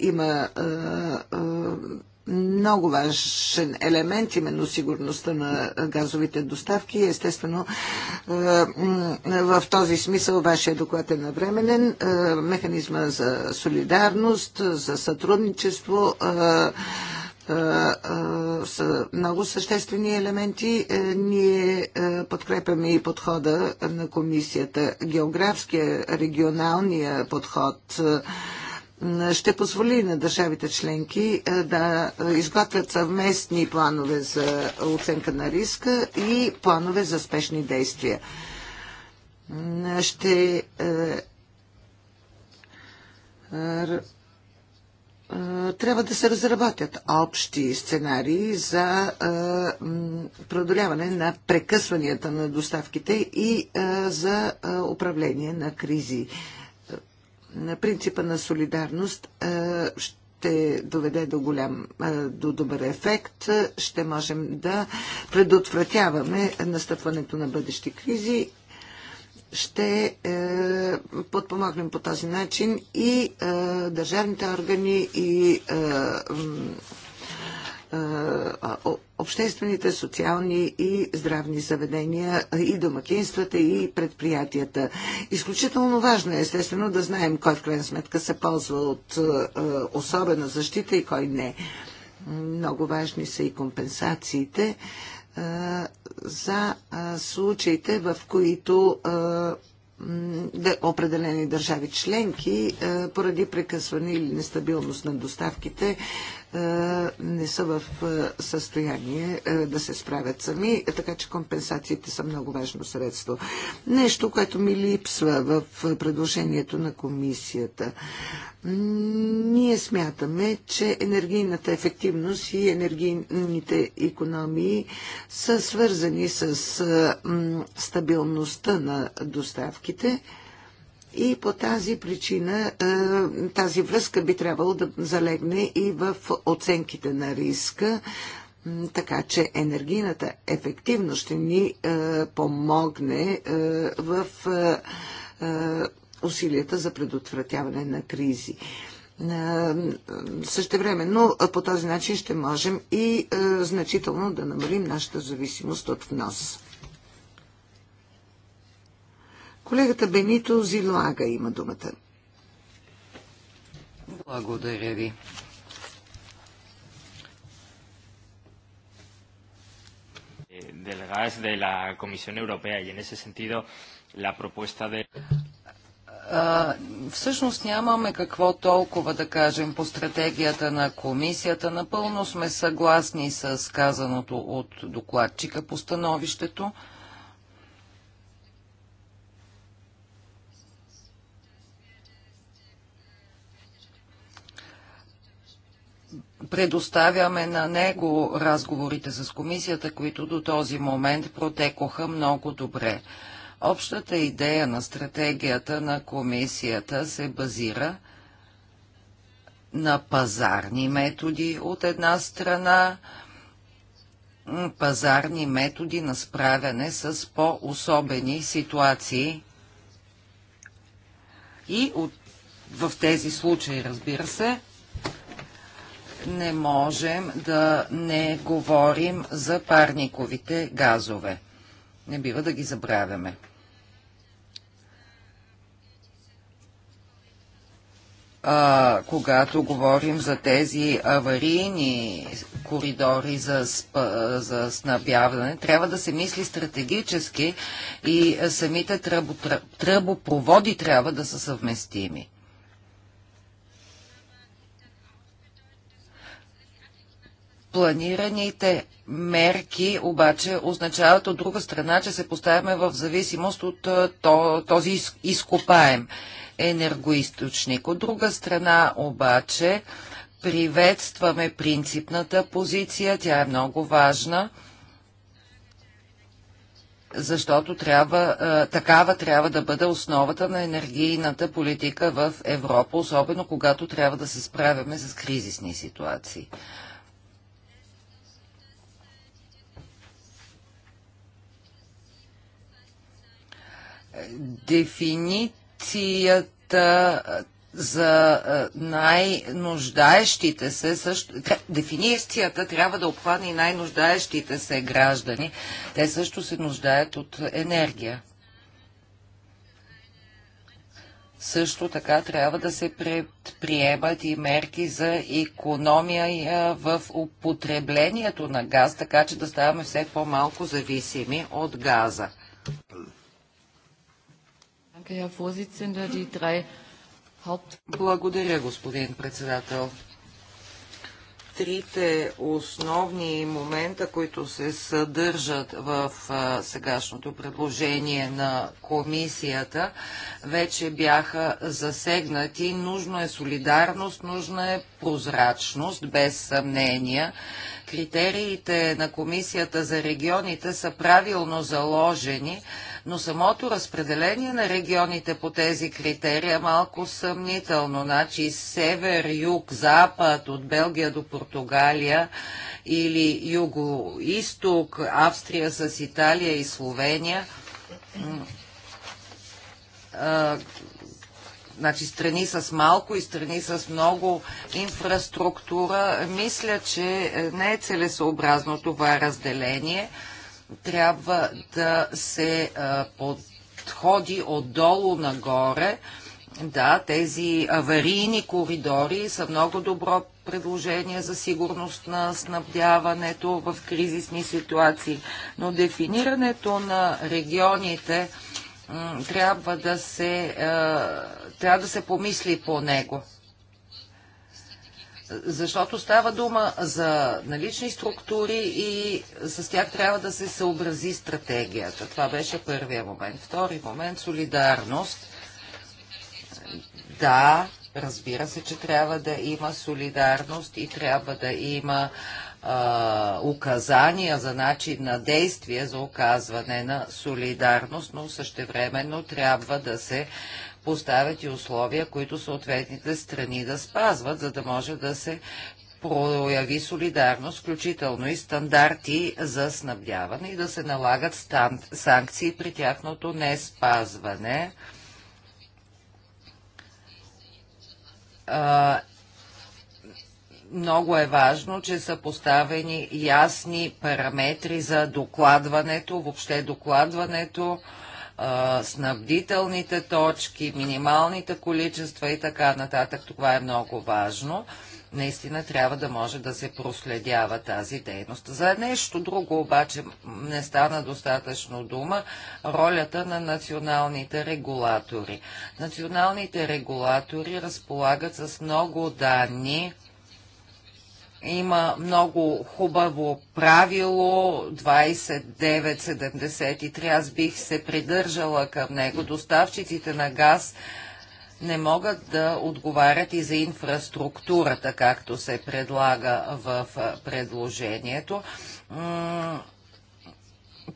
Има много важен елемент, именно сигурността на газовите доставки. Естествено, е, в този смисъл вашия доклад е навременен. Е, механизма за солидарност, за сътрудничество е, са много съществени елементи. Ние подкрепяме и подхода на комисията. Географския, регионалния подход – ще позволи на държавите членки е, да е, изготвят съвместни планове за оценка на риска и планове за спешни действия. Ще е, трябва да се разработят общи сценарии за продоляване на прекъсванията на доставките и за управление на кризи принципа на солидарност ще доведе до голям, до добър ефект. Ще можем да предотвратяваме настъпването на бъдещи кризи. Ще е, подпомогнем по този начин и е, държавните органи, и е, е, обществените, социални и здравни заведения, и домакинствата, и предприятията. Изключително важно е, естествено, да знаем кой в крайна сметка се ползва от е, е, особена защита и кой не. Много важни са и компенсациите за случаите, в които определени държави членки поради прекъсване или нестабилност на доставките е, не са в е, състояние е, да се справят сами, така че компенсациите са много важно средство. Нещо, което ми липсва в предложението на комисията. Ние смятаме, че енергийната ефективност и енергийните економии са свързани с стабилността на доставките и по тази причина е, тази връзка би трябвало да залегне и в оценките на риска, така че енергийната ефективност ще ни е, помогне е, в усилията за предотвратяване на кризи. но по този начин ще можем и значително да намалим нашата зависимост от внос. Колегата Бенито Зилага има думата. Благодаря ви. Е, delegadas de la Comisión Europea y en ese sentido la propuesta de всъщност нямаме какво толкова да кажем по стратегията на комисията. Напълно сме съгласни с казаното от докладчика по становището. предоставяме на него разговорите с комисията, които до този момент протекоха много добре. Общата идея на стратегията на комисията се базира на пазарни методи от една страна, пазарни методи на справяне с по-особени ситуации и от, в тези случаи, разбира се, не можем да не говорим за парниковите газове. Не бива да ги забравяме. а, когато говорим за тези аварийни коридори за, спа, за снабяване, трябва да се мисли стратегически и самите тръбопроводи трябва да са съвместими. Планираните мерки обаче означават от друга страна, че се поставяме в зависимост от този изкопаем енергоисточник. От друга страна обаче приветстваме принципната позиция, тя е много важна, защото трябва, такава трябва да бъде основата на енергийната политика в Европа, особено когато трябва да се справяме с кризисни ситуации. Дефиницията за най-нуждаещите се също... Дефиницията трябва да обхване и най-нуждаещите се граждани. Те също се нуждаят от енергия. Също така трябва да се предприемат и мерки за економия в употреблението на газ, така че да ставаме все по-малко зависими от газа. Благодаря, господин председател. Трите основни момента, които се съдържат в сегашното предложение на комисията, вече бяха засегнати. Нужно е солидарност, нужна е прозрачност, без съмнения критериите на Комисията за регионите са правилно заложени, но самото разпределение на регионите по тези критерия е малко съмнително. Значи север, юг, запад, от Белгия до Португалия или юго-исток, Австрия с Италия и Словения значи страни с малко и страни с много инфраструктура. Мисля, че не е целесообразно това разделение трябва да се подходи отдолу нагоре. Да, тези аварийни коридори са много добро предложение за сигурност на снабдяването в кризисни ситуации, но дефинирането на регионите трябва да се, трябва да се помисли по него защото става дума за налични структури и с тях трябва да се съобрази стратегията. Това беше първия момент. Втори момент – солидарност. Да, разбира се, че трябва да има солидарност и трябва да има а, указания за начин на действие за оказване на солидарност, но същевременно трябва да се поставят и условия, които съответните страни да спазват, за да може да се прояви солидарност, включително и стандарти за снабдяване и да се налагат стан... санкции при тяхното не спазване. много е важно, че са поставени ясни параметри за докладването, въобще докладването снабдителните точки, минималните количества и така нататък. Това е много важно. Наистина трябва да може да се проследява тази дейност. За нещо друго обаче не стана достатъчно дума ролята на националните регулатори. Националните регулатори разполагат с много данни, има много хубаво правило 2973. Аз бих се придържала към него. Доставчиците на газ не могат да отговарят и за инфраструктурата, както се предлага в предложението.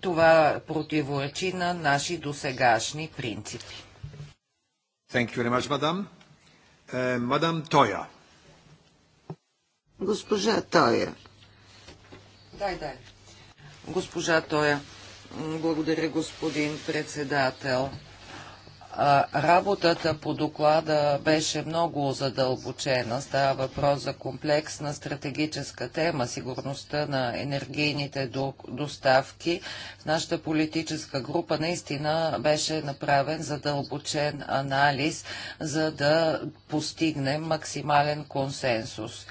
Това противоречи на наши досегашни принципи. Thank you very much, madam. Uh, madam Toya. Госпожа Тоя. Дай, дай. Госпожа Тоя. Благодаря, господин председател. Работата по доклада беше много задълбочена. Става въпрос за комплексна стратегическа тема сигурността на енергийните доставки. В нашата политическа група наистина беше направен задълбочен анализ, за да постигнем максимален консенсус.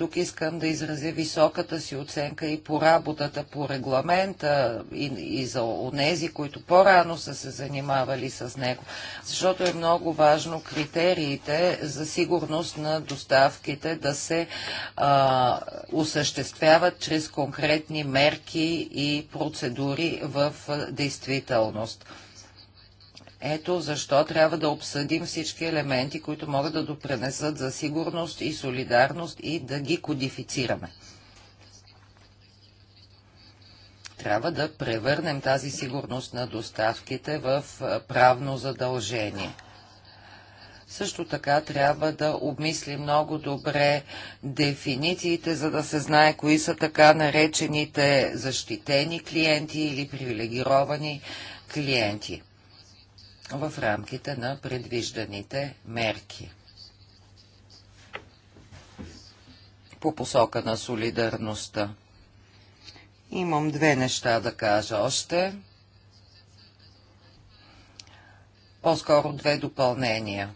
Тук искам да изразя високата си оценка и по работата по регламента и, и за онези, които по-рано са се занимавали с него, защото е много важно критериите за сигурност на доставките да се а, осъществяват чрез конкретни мерки и процедури в действителност. Ето защо трябва да обсъдим всички елементи, които могат да допренесат за сигурност и солидарност и да ги кодифицираме. Трябва да превърнем тази сигурност на доставките в правно задължение. Също така трябва да обмисли много добре дефинициите, за да се знае кои са така наречените защитени клиенти или привилегировани клиенти в рамките на предвижданите мерки. По посока на солидарността. Имам две неща да кажа още. По-скоро две допълнения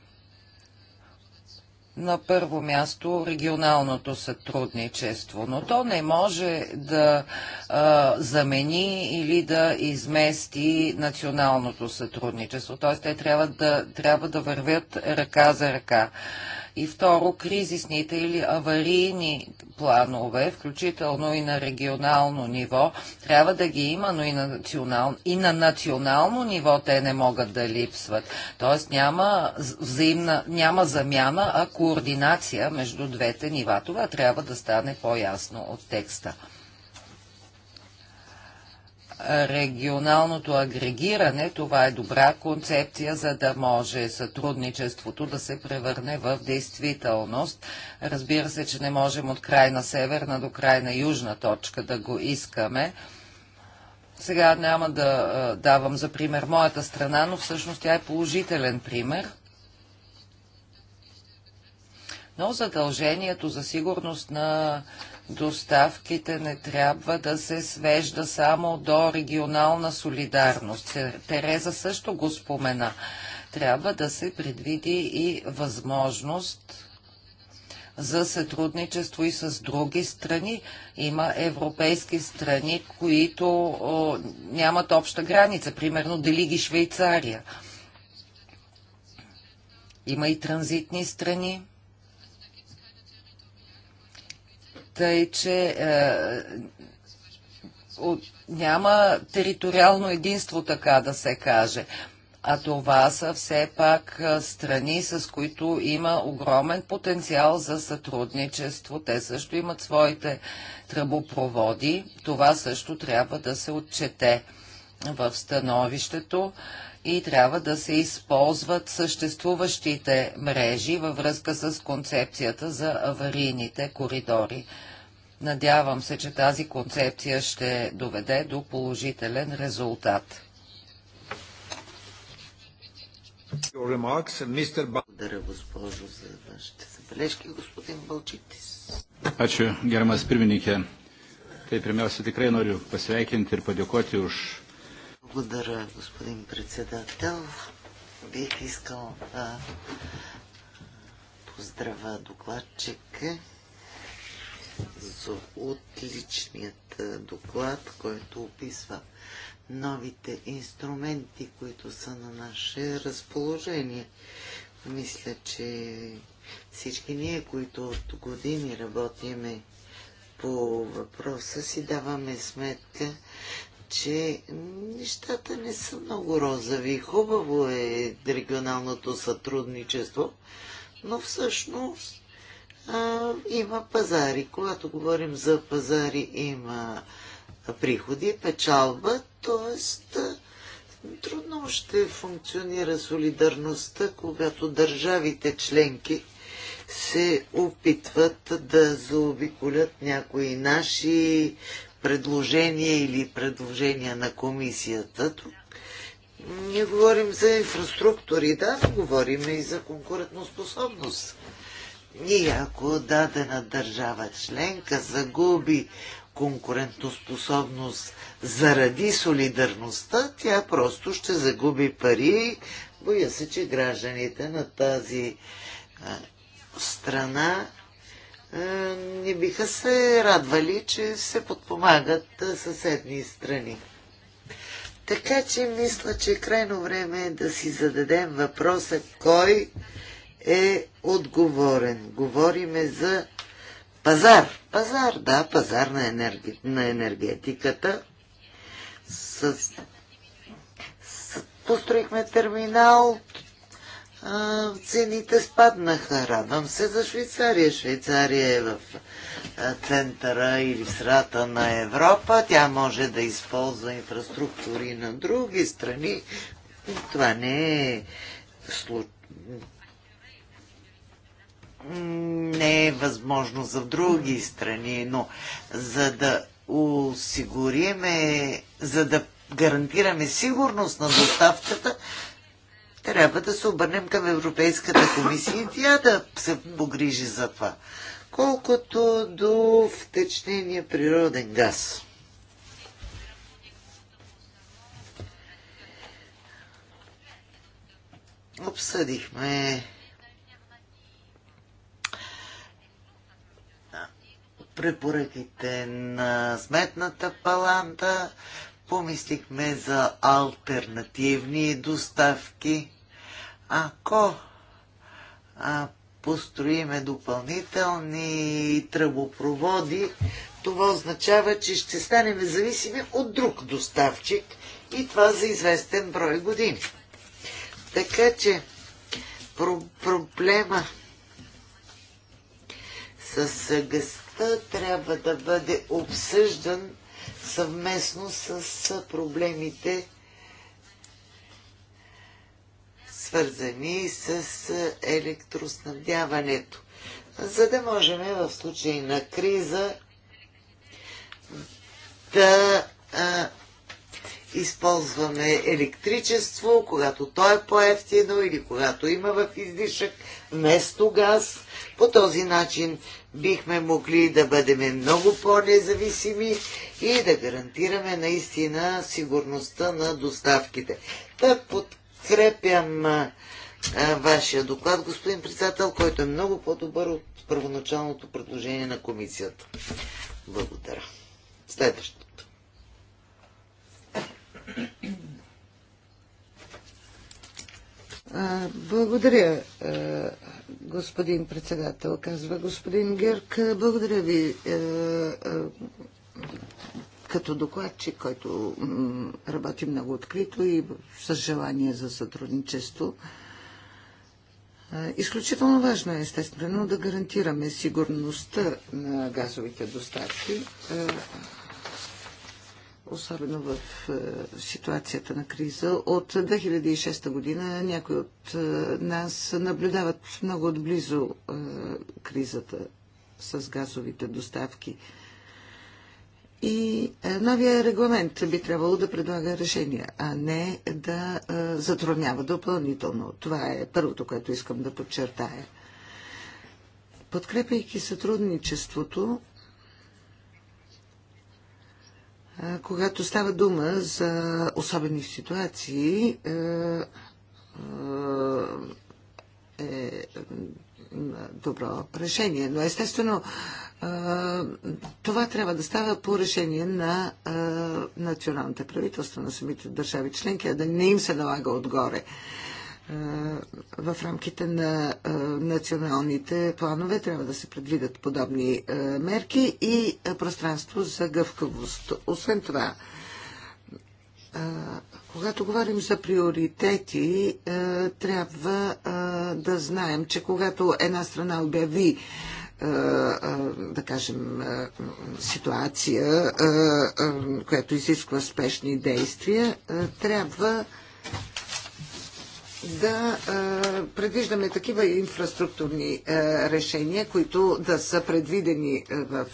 на първо място регионалното сътрудничество, но то не може да а, замени или да измести националното сътрудничество, т.е. те трябва да, трябва да вървят ръка за ръка. И второ, кризисните или аварийни планове, включително и на регионално ниво, трябва да ги има, но и на, национал... и на национално ниво те не могат да липсват. Тоест няма, взаимна, няма замяна, а координация между двете нива. Това трябва да стане по-ясно от текста регионалното агрегиране, това е добра концепция, за да може сътрудничеството да се превърне в действителност. Разбира се, че не можем от край на северна до край на южна точка да го искаме. Сега няма да давам за пример моята страна, но всъщност тя е положителен пример. Но задължението за сигурност на доставките не трябва да се свежда само до регионална солидарност. Тереза също го спомена. Трябва да се предвиди и възможност за сътрудничество и с други страни. Има европейски страни, които о, нямат обща граница, примерно Делиги Швейцария. Има и транзитни страни Тъй, че е, от, няма териториално единство, така да се каже. А това са все пак е, страни, с които има огромен потенциал за сътрудничество. Те също имат своите тръбопроводи. Това също трябва да се отчете в становището и трябва да се използват съществуващите мрежи във връзка с концепцията за аварийните коридори. Надявам се, че тази концепция ще доведе до положителен резултат. Благодаря, госпожо, за вашите забележки, господин Балчитис. Ačiū, gerbiamas pirmininkė. Tai pirmiausia, tikrai noriu pasveikinti ir padėkoti už благодаря, господин председател. Бих искал да поздравя докладчика за отличният доклад, който описва новите инструменти, които са на наше разположение. Мисля, че всички ние, които от години работиме по въпроса, си даваме сметка, че нещата не са много розови. Хубаво е регионалното сътрудничество, но всъщност а, има пазари. Когато говорим за пазари, има приходи, печалба, т.е. трудно ще функционира солидарността, когато държавите членки се опитват да заобиколят някои наши Предложения или предложения на комисията. Тук ние говорим за инфраструктури, да, говорим и за конкурентоспособност. И ако дадена държава членка загуби конкурентоспособност заради солидарността, тя просто ще загуби пари. Боя се, че гражданите на тази страна е, не биха се радвали, че се подпомагат е, съседни страни. Така че мисля, че е крайно време е да си зададем въпроса кой е отговорен. Говориме за пазар. Пазар, да, пазар на, енерги... на енергетиката. С... С... Построихме терминал, цените спаднаха. Радвам се за Швейцария. Швейцария е в центъра или в срата на Европа. Тя може да използва инфраструктури на други страни. Това не е случай не е възможно за други страни, но за да осигуриме, за да гарантираме сигурност на доставката, трябва да се обърнем към Европейската комисия и тя да се погрижи за това. Колкото до втечнения природен газ. Обсъдихме препоръките на Сметната паланта, помислихме за альтернативни доставки ако а, построиме допълнителни тръбопроводи, това означава, че ще станем зависими от друг доставчик и това за известен брой години. Така че про- проблема с гъста трябва да бъде обсъждан съвместно с проблемите свързани с електроснабдяването, за да можем в случай на криза да а, използваме електричество, когато то е по-ефтино или когато има в издишък, вместо газ. По този начин бихме могли да бъдем много по-независими и да гарантираме наистина сигурността на доставките. Та под, подкрепям а, вашия доклад, господин председател, който е много по-добър от първоначалното предложение на комисията. Благодаря. Следващото. Благодаря, господин председател, казва господин Герк. Благодаря ви, като докладчик, който работи много открито и с желание за сътрудничество. Изключително важно е, естествено, да гарантираме сигурността на газовите доставки, особено в ситуацията на криза. От 2006 година някои от нас наблюдават много отблизо кризата с газовите доставки. И е, новия регламент би трябвало да предлага решения, а не да е, затруднява допълнително. Това е първото, което искам да подчертая. Подкрепяйки сътрудничеството, е, когато става дума за особени ситуации, е добро решение. Но естествено, това трябва да става по решение на националните правителства, на самите държави членки, а да не им се налага отгоре. В рамките на националните планове трябва да се предвидят подобни мерки и пространство за гъвкавост. Освен това, когато говорим за приоритети, е, трябва е, да знаем, че когато една страна обяви е, да кажем, ситуация, която изисква спешни действия, трябва да предвиждаме такива инфраструктурни решения, които да са предвидени в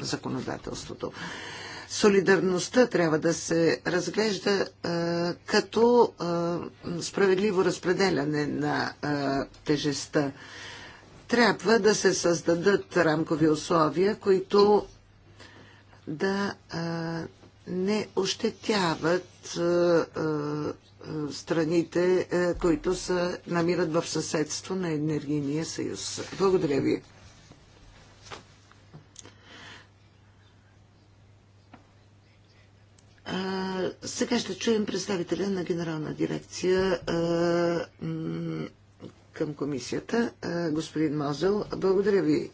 законодателството солидарността трябва да се разглежда е, като е, справедливо разпределяне на е, тежестта. Трябва да се създадат рамкови условия, които да не ощетяват страните, които се намират в съседство на енергийния съюз. Благодаря ви. сега ще чуем представителя на генерална дирекция към комисията, господин Мозел. Благодаря ви,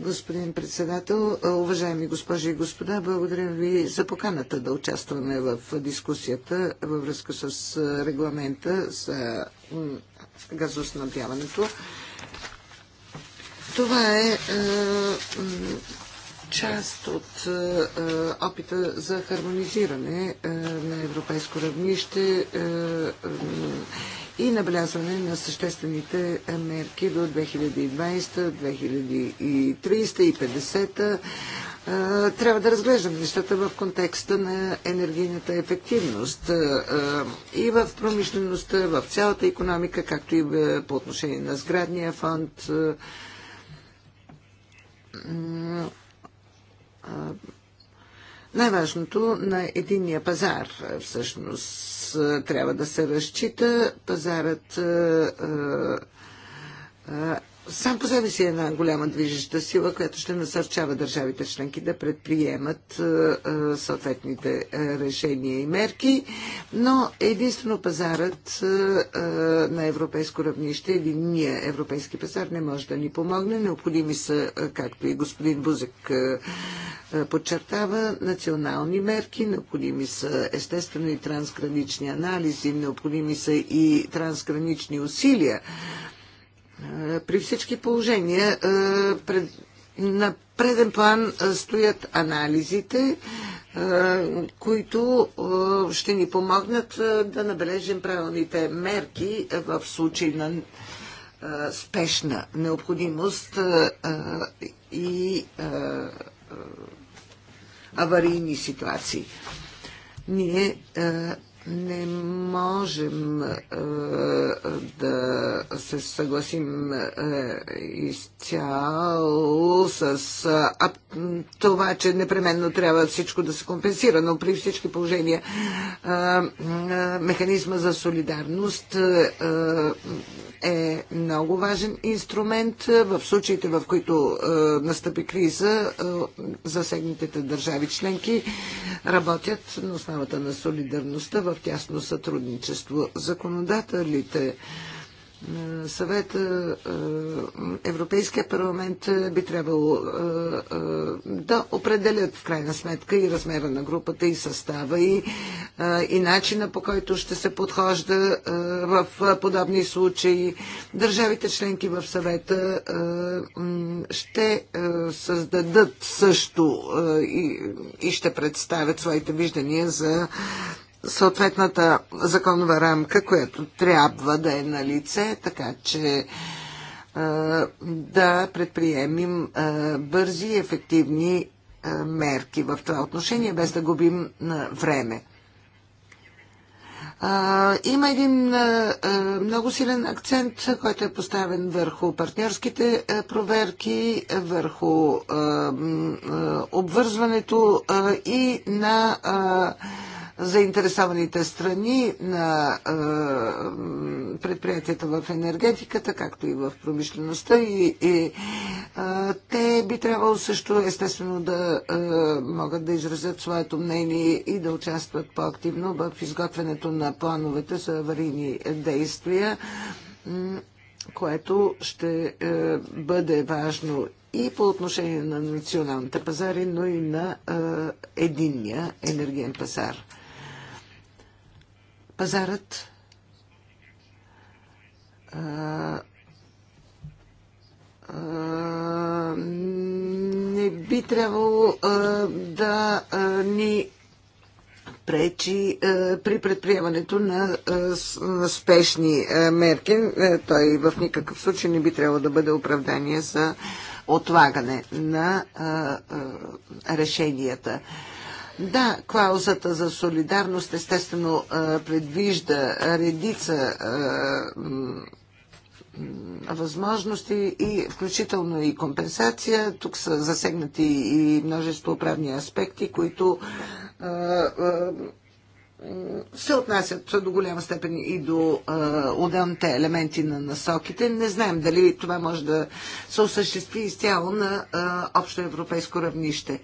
господин председател. Уважаеми госпожи и господа, благодаря ви за поканата да участваме в дискусията във връзка с регламента за газоснабдяването. Това е, е част от е, е, опита за хармонизиране е, на европейско равнище и набелязване на съществените мерки до 2020, 2030 и 50 трябва да разглеждаме нещата в контекста на енергийната ефективност и в промишлеността, в цялата економика, както и по отношение на сградния фонд. Най-важното на единния пазар всъщност трябва да се разчита. Пазарът сам по себе си е една голяма движеща сила, която ще насърчава държавите членки да предприемат е, е, съответните е, решения и мерки, но единствено пазарът на европейско равнище или ние, европейски пазар, не може да ни помогне. Необходими са, както и господин Бузек подчертава, национални мерки, необходими са естествено и трансгранични анализи, необходими са и трансгранични усилия е, при всички положения е, пред, на преден план е, стоят анализите, които ще ни помогнат да набележим правилните мерки в случай на спешна необходимост и аварийни ситуации. Ние не можем е, да се съгласим е, изцяло с е, а, това, че непременно трябва всичко да се компенсира, но при всички положения е, е механизма за солидарност е, е много важен инструмент в случаите, в които настъпи криза, засегнатите държави членки работят на основата на солидарността в в тясно сътрудничество. Законодателите, е, съвета, е, Европейския парламент е, би трябвало да определят в крайна сметка и размера на групата, и състава, и, и начина по който ще се подхожда в подобни случаи. Държавите членки в съвета ще създадат също и, и ще представят своите виждания за съответната законова рамка, която трябва да е на лице, така че е, да предприемим е, бързи и ефективни е, мерки в това отношение, без да губим време. Има един много силен акцент, който е поставен върху партньорските проверки, върху обвързването и на заинтересованите страни на е, предприятията в енергетиката, както и в промишлеността и, и е, те би трябвало също естествено да е, могат да изразят своето мнение и да участват по-активно в изготвянето на плановете за аварийни действия което ще бъде важно и по отношение на националните пазари, но и на е, единния енергиен пазар пазарът не би трябвало да ни пречи при предприемането на, на спешни мерки. Е, той в никакъв случай не би трябвало да бъде оправдание за отлагане на решенията. Да, клаузата за солидарност естествено е, предвижда редица е, възможности и включително и компенсация. Тук са засегнати и множество правни аспекти, които е, се отнасят до голяма степен и до а, отделните елементи на насоките. Не знаем дали това може да се осъществи изцяло на общо европейско равнище.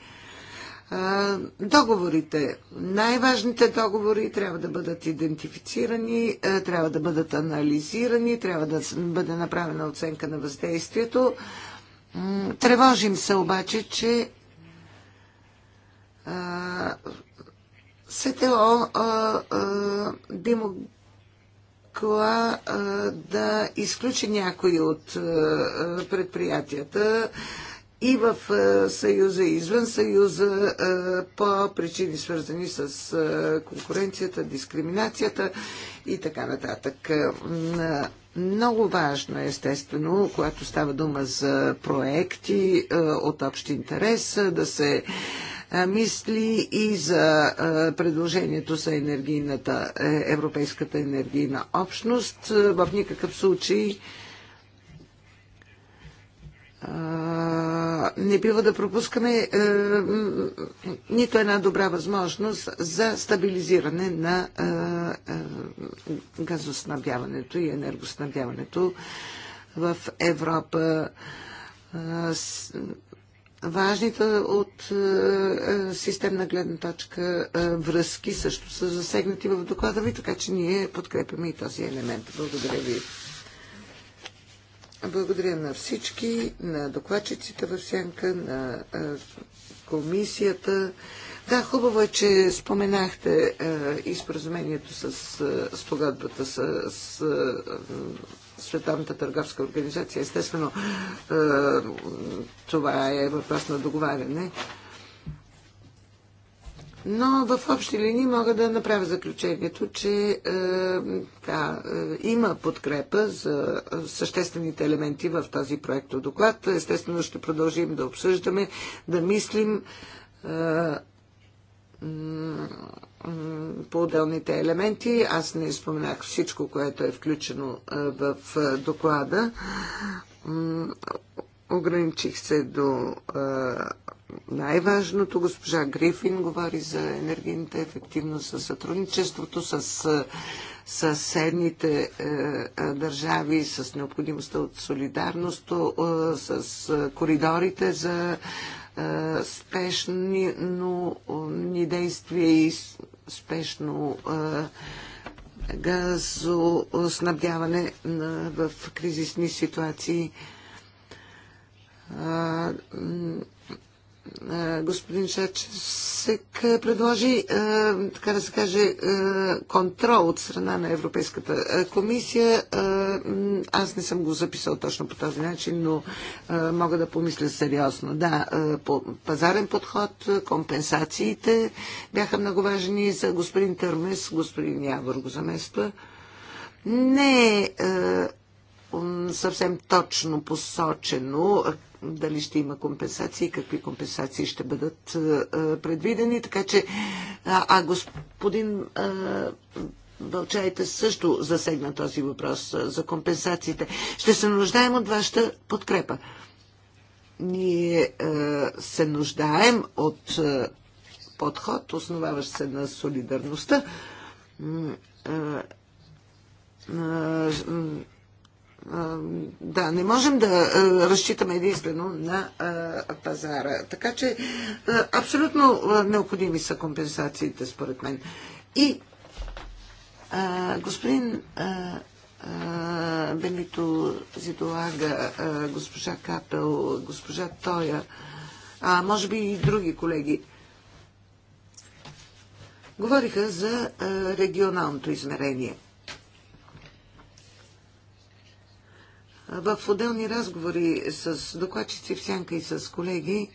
Договорите, най-важните договори трябва да бъдат идентифицирани, трябва да бъдат анализирани, трябва да бъде направена оценка на въздействието. Тревожим се обаче, че СТО би могла да изключи някои от предприятията и в е, Съюза, и извън Съюза е, по причини свързани с е, конкуренцията, дискриминацията и така нататък. Много важно е, естествено, когато става дума за проекти от общ интерес, да се мисли и за предложението за енергийната, Европейската енергийна общност. В никакъв случай не бива да пропускаме е, нито една добра възможност за стабилизиране на е, е, газоснабдяването и енергоснабдяването в Европа. Важните от системна гледна точка връзки също са засегнати в доклада ви, така че ние подкрепяме и този елемент. Благодаря ви. Благодаря на всички, на докладчиците в Сянка, на комисията. Да, хубаво е, че споменахте и споразумението с спогадбата с, с Световната търговска организация. Естествено, това е въпрос на договаряне. Но в общи линии мога да направя заключението, че е, да, е, има подкрепа за съществените елементи в този проект доклад. Естествено ще продължим да обсъждаме, да мислим е, по отделните елементи. Аз не споменах всичко, което е включено е, в е, доклада ограничих се до най-важното. Госпожа Грифин говори за енергийната ефективност, със сътрудничеството с съседните държави, с необходимостта от солидарност, с коридорите за спешни но, ни действия и спешно газоснабдяване в кризисни ситуации господин Шачесек предложи, така да се каже, контрол от страна на Европейската комисия. Аз не съм го записал точно по този начин, но мога да помисля сериозно. Да, по пазарен подход, компенсациите бяха много важни за господин Търмес, господин Явор го замества. Не е съвсем точно посочено дали ще има компенсации, какви компенсации ще бъдат е, е, предвидени. Така че, а господин е, Бълчаите също засегна този въпрос за компенсациите. Ще се нуждаем от вашата подкрепа. Ние се нуждаем от подход, основаващ се на солидарността да, не можем да разчитаме единствено на пазара. Така че абсолютно необходими са компенсациите, според мен. И господин Бенито Зидолага, госпожа Капел, госпожа Тоя, а може би и други колеги, говориха за регионалното измерение – В отделни разговори с докладчици в сянка и с колеги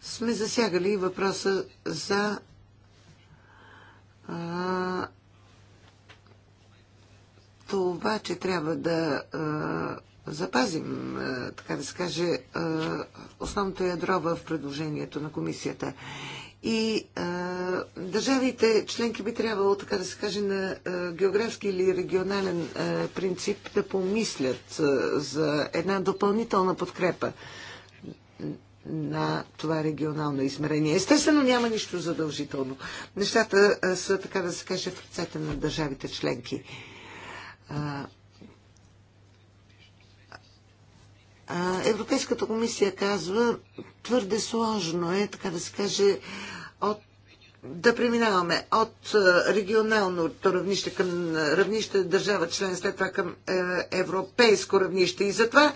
сме засягали въпроса за а, това, че трябва да а, запазим, а, така да се каже, а, основното ядро в предложението на комисията. И а, държавите членки би трябвало, така да се каже, на а, географски или регионален а, принцип да помислят а, за една допълнителна подкрепа на това регионално измерение. Естествено, няма нищо задължително. Нещата а, са, така да се каже, в ръцете на държавите членки. А, Европейската комисия казва, твърде сложно е, така да се каже, от да преминаваме от е, регионалното равнище към е, равнище държава член, след това към е, европейско равнище. И затова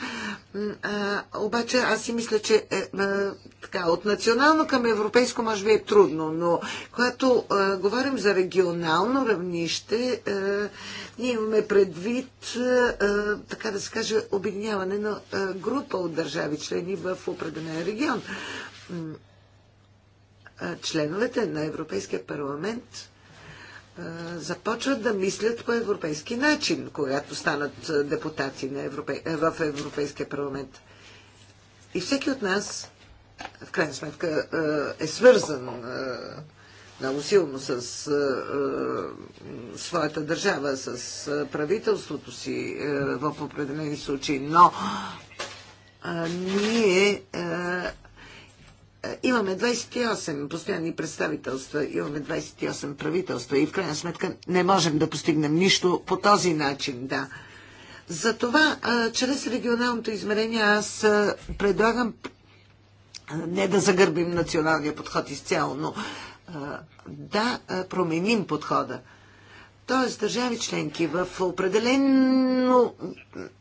обаче аз си мисля, че така, от национално към европейско може би е трудно, но когато говорим за регионално равнище, ние имаме предвид, така да се каже, обединяване на група от държави члени в определен регион членовете на Европейския парламент започват да мислят по европейски начин, когато станат депутати на Европе... в Европейския парламент. И всеки от нас, в крайна сметка, е свързан много силно с своята държава, с правителството си в определени случаи, но ние е, имаме 28 постоянни представителства, имаме 28 правителства и в крайна сметка не можем да постигнем нищо по този начин, да. Затова, е, чрез регионалното измерение, аз е, предлагам не да загърбим националния подход изцяло, но да променим подхода. Т.е. държави членки в определено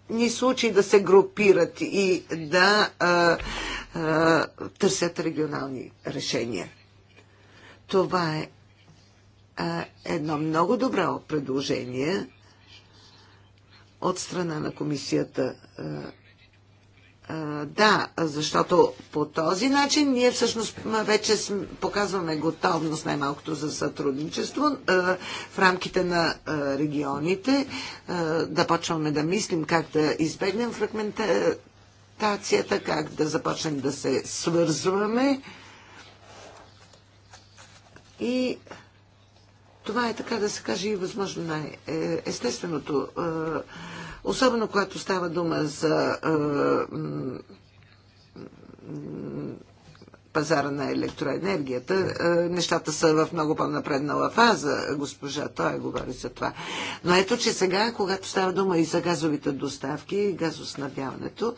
ни случаи да се групират и да а, а, търсят регионални решения. Това е а, едно много добро предложение от страна на комисията. А, да, защото по този начин ние всъщност вече показваме готовност най-малкото за сътрудничество в рамките на регионите, да почваме да мислим как да избегнем фрагментацията, как да започнем да се свързваме. И това е така да се каже и възможно най-естественото. Е, особено когато става дума за е, пазара на електроенергията. Е, нещата са в много по-напреднала фаза. Госпожа Той говори за това. Но ето, че сега, когато става дума и за газовите доставки, и газоснабдяването,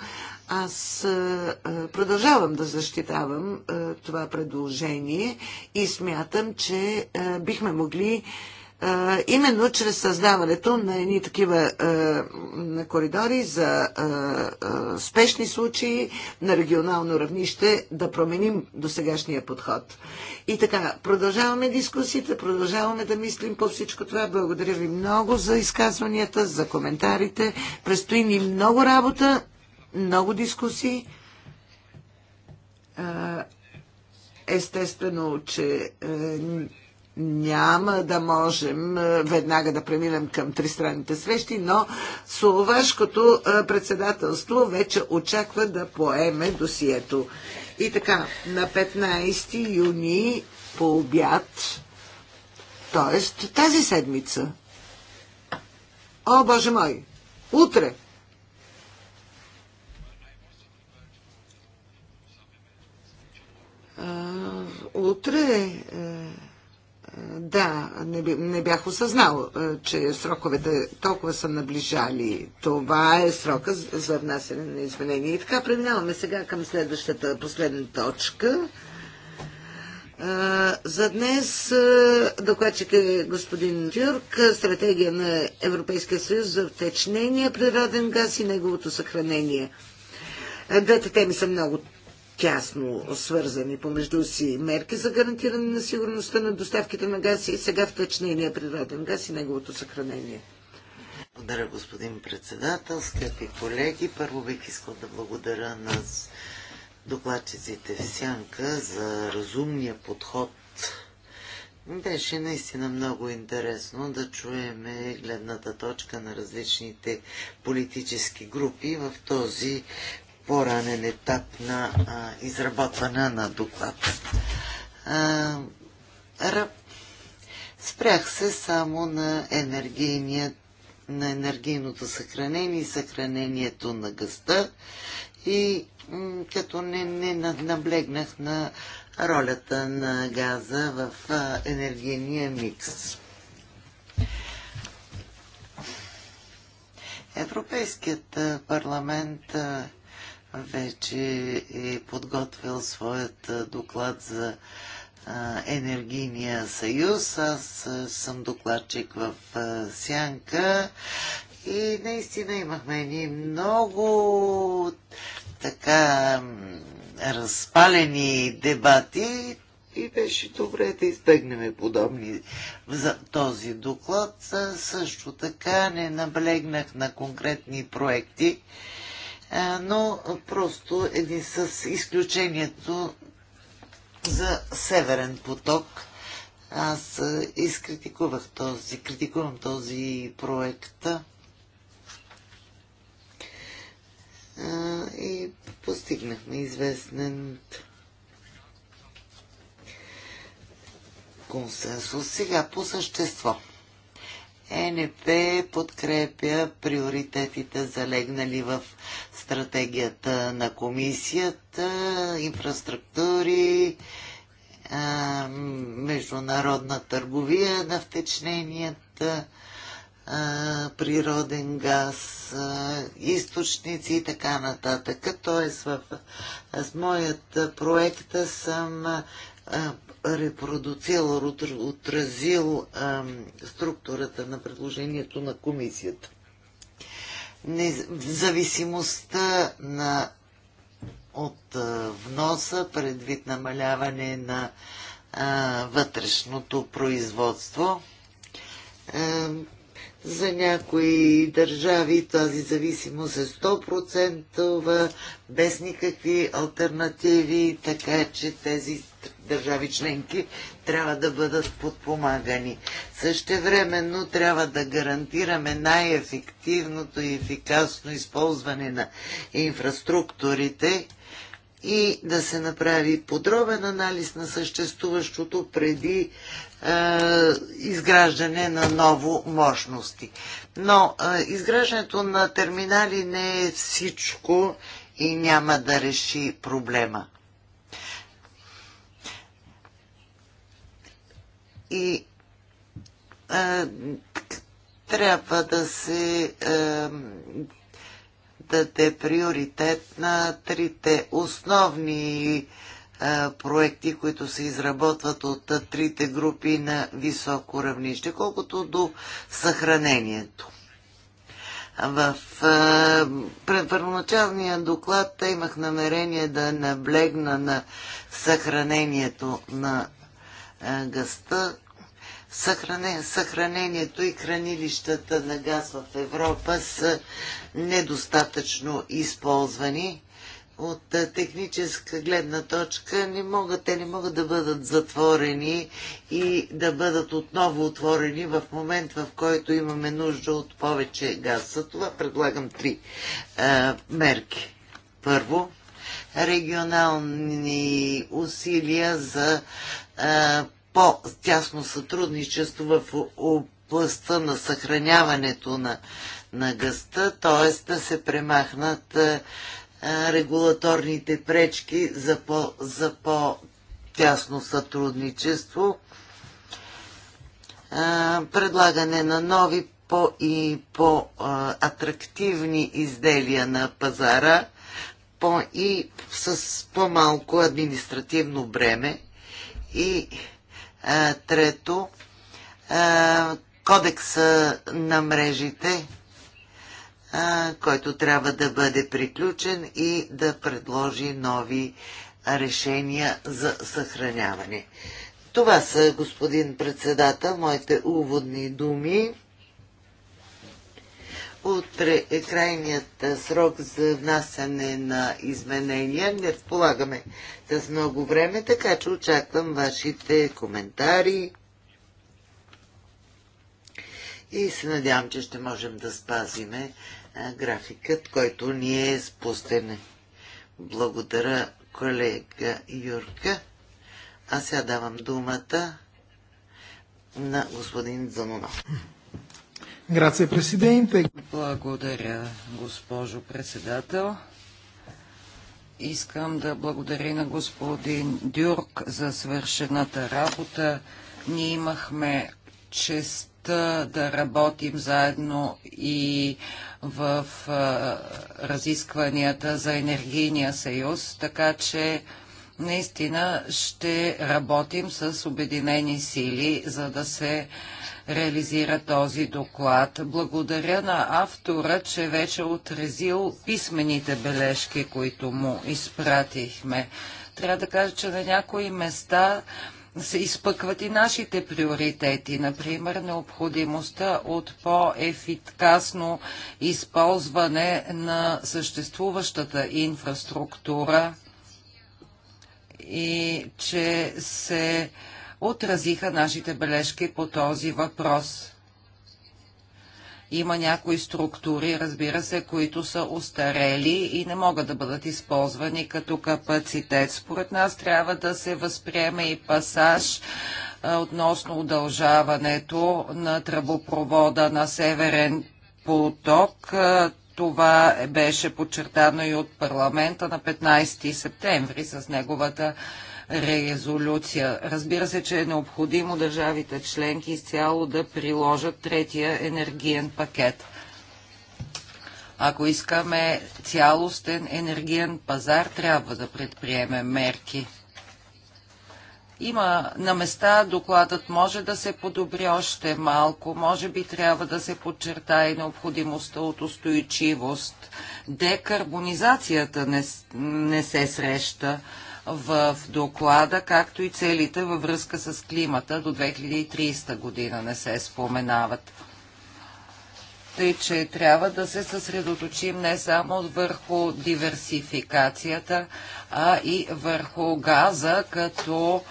аз е, продължавам да защитавам това предложение и смятам, че бихме могли именно чрез създаването на едни такива на коридори за спешни случаи на регионално равнище да променим досегашния подход. И така, продължаваме дискусията, продължаваме да мислим по всичко това. Благодаря ви много за изказванията, за коментарите. Престои ни много работа, много дискусии. Естествено, че е, няма да можем е, веднага да преминем към тристранните срещи, но словашкото е, председателство вече очаква да поеме досието. И така, на 15 юни по обяд, т.е. тази седмица. О, Боже мой! Утре! Е, утре да, не, не бях осъзнал, е, че сроковете толкова са наближали. Това е срока за внасяне на изменения. И така, преминаваме сега към следващата, последна точка. Е, за днес е, докладчик е господин Тюрк, стратегия на Европейския съюз за втечнение природен газ и неговото съхранение. Двете теми са много тясно свързани помежду си мерки за гарантиране на сигурността на доставките на газ и сега втечнения природен газ и неговото съхранение. Благодаря, господин председател, скъпи колеги. Първо бих искал да благодаря на докладчиците в Сянка за разумния подход. Беше наистина много интересно да чуем гледната точка на различните политически групи в този по-ранен етап на а, изработване на доклад. А, Спрях се само на, енергийния, на енергийното съхранение и съхранението на гъста и като не, не наблегнах на ролята на газа в а, енергийния микс. Европейският парламент а, вече е подготвил своят доклад за енергийния съюз. Аз съм докладчик в Сянка и наистина имахме ни много така разпалени дебати и беше добре да избегнем подобни за този доклад. Също така не наблегнах на конкретни проекти, е, но просто един с изключението за Северен поток. Аз е, изкритикувах този, критикувам този проект. Е, и постигнахме известен консенсус. Сега по същество. НП подкрепя приоритетите залегнали в стратегията на комисията, инфраструктури, международна търговия на втечненията, природен газ, източници и така нататък. Тоест в с моят проект съм репродуцирал, отразил структурата на предложението на комисията зависимостта на, от вноса предвид намаляване на а, вътрешното производство. А, е, за някои държави тази зависимост е 100% без никакви альтернативи, така че тези държави членки трябва да бъдат подпомагани. Същевременно трябва да гарантираме най-ефективното и ефикасно използване на инфраструктурите и да се направи подробен анализ на съществуващото преди е, изграждане на ново мощности. Но е, изграждането на терминали не е всичко и няма да реши проблема. и а, трябва да се а, даде приоритет на трите основни проекти, които се изработват от трите групи на високо равнище, колкото до съхранението. В първоначалния доклад имах намерение да наблегна на съхранението на гъста съхранен, съхранението и хранилищата на газ в Европа са недостатъчно използвани. От техническа гледна точка не могат, те не могат да бъдат затворени и да бъдат отново отворени в момент, в който имаме нужда от повече газ. За това предлагам три е, мерки. Първо, регионални усилия за по-тясно сътрудничество в областта на съхраняването на, на гъста, т.е. да се премахнат е, е, регулаторните пречки за, по, за по-тясно сътрудничество, е, предлагане на нови по- и по-атрактивни изделия на пазара по- и с по-малко административно бреме и Трето, кодекса на мрежите, който трябва да бъде приключен и да предложи нови решения за съхраняване. Това са, господин председател, моите уводни думи. Утре е крайният срок за внасяне на изменения. Не разполагаме с много време, така че очаквам вашите коментари. И се надявам, че ще можем да спазиме графикът, който ни е спустен. Благодаря, колега Юрка. А сега давам думата на господин Занонов. Грация, президенте. Благодаря, госпожо председател. Искам да благодаря на господин Дюрк за свършената работа. Ние имахме честа да работим заедно и в а, разискванията за енергийния съюз, така че наистина ще работим с обединени сили, за да се реализира този доклад. Благодаря на автора, че вече е отразил писмените бележки, които му изпратихме. Трябва да кажа, че на някои места се изпъкват и нашите приоритети, например необходимостта от по-ефикасно използване на съществуващата инфраструктура и че се отразиха нашите бележки по този въпрос. Има някои структури, разбира се, които са устарели и не могат да бъдат използвани като капацитет. Според нас трябва да се възприеме и пасаж а, относно удължаването на тръбопровода на Северен поток. Това беше подчертано и от парламента на 15 септември с неговата резолюция. Разбира се, че е необходимо държавите членки изцяло да приложат третия енергиен пакет. Ако искаме цялостен енергиен пазар, трябва да предприемем мерки. Има на места докладът може да се подобри още малко, може би трябва да се подчертае и необходимостта от устойчивост. Декарбонизацията не, не се среща в доклада, както и целите във връзка с климата до 2300 година не се споменават. Тъй, че трябва да се съсредоточим не само върху диверсификацията, а и върху газа като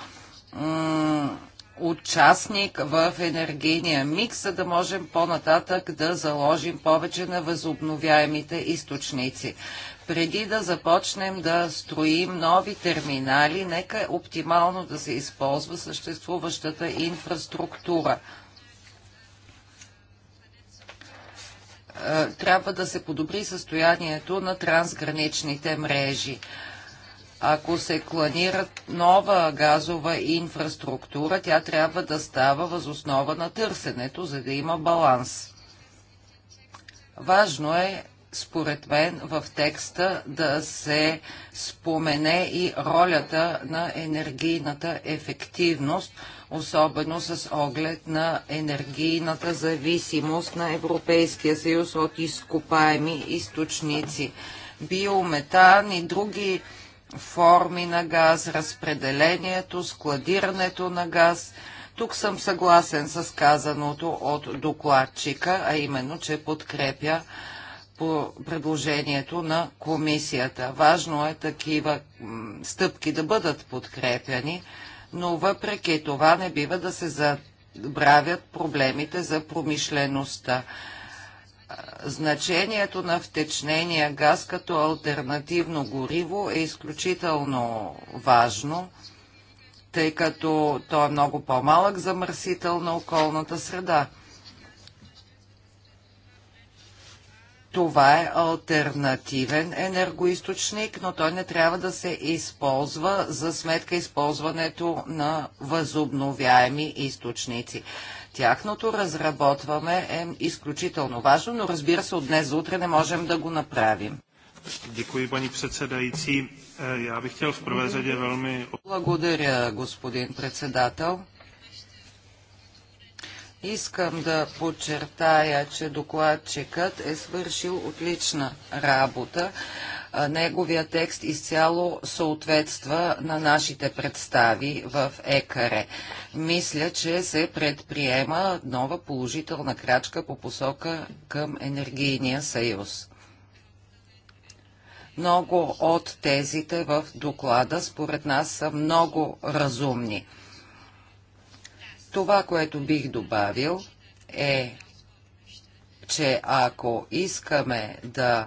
участник в енергийния микс, за да можем по-нататък да заложим повече на възобновяемите източници. Преди да започнем да строим нови терминали, нека е оптимално да се използва съществуващата инфраструктура. Е, трябва да се подобри състоянието на трансграничните мрежи. Ако се планира нова газова инфраструктура, тя трябва да става възоснова на търсенето, за да има баланс. Важно е, според мен, в текста да се спомене и ролята на енергийната ефективност, особено с оглед на енергийната зависимост на Европейския съюз от изкопаеми източници. Биометан и други форми на газ, разпределението, складирането на газ. Тук съм съгласен с казаното от докладчика, а именно, че подкрепя по предложението на комисията. Важно е такива стъпки да бъдат подкрепяни, но въпреки това не бива да се забравят проблемите за промишлеността значението на втечнения газ като альтернативно гориво е изключително важно, тъй като то е много по-малък замърсител на околната среда. Това е альтернативен енергоисточник, но той не трябва да се използва за сметка използването на възобновяеми източници. Тяхното разработване е изключително важно, но разбира се, от днес за утре не можем да го направим. Děkuji, paní předsedající. Е, já bych chtěl v prvé řadě velmi... Благодаря, господин председател. Искам да подчертая, че докладчикът е свършил отлична работа неговия текст изцяло съответства на нашите представи в ЕКАРЕ. Мисля, че се предприема нова положителна крачка по посока към енергийния съюз. Много от тезите в доклада според нас са много разумни. Това, което бих добавил е, че ако искаме да а,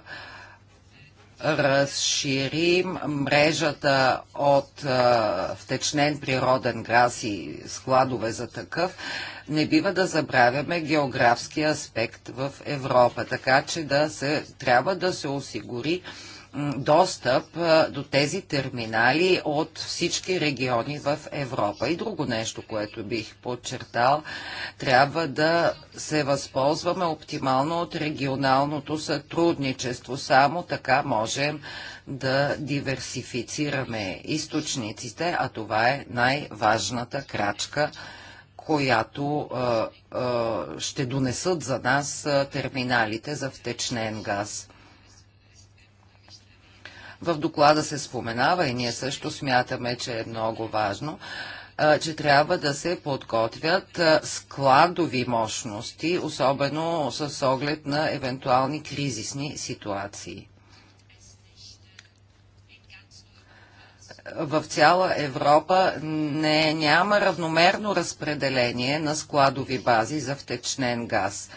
разширим мрежата от а, втечнен природен газ и складове за такъв, не бива да забравяме географския аспект в Европа, така че да се, трябва да се осигури достъп до тези терминали от всички региони в Европа. И друго нещо, което бих подчертал, трябва да се възползваме оптимално от регионалното сътрудничество. Само така можем да диверсифицираме източниците, а това е най-важната крачка която ще донесат за нас терминалите за втечнен газ. В доклада се споменава и ние също смятаме, че е много важно че трябва да се подготвят складови мощности, особено с оглед на евентуални кризисни ситуации. В цяла Европа не, няма равномерно разпределение на складови бази за втечнен газ.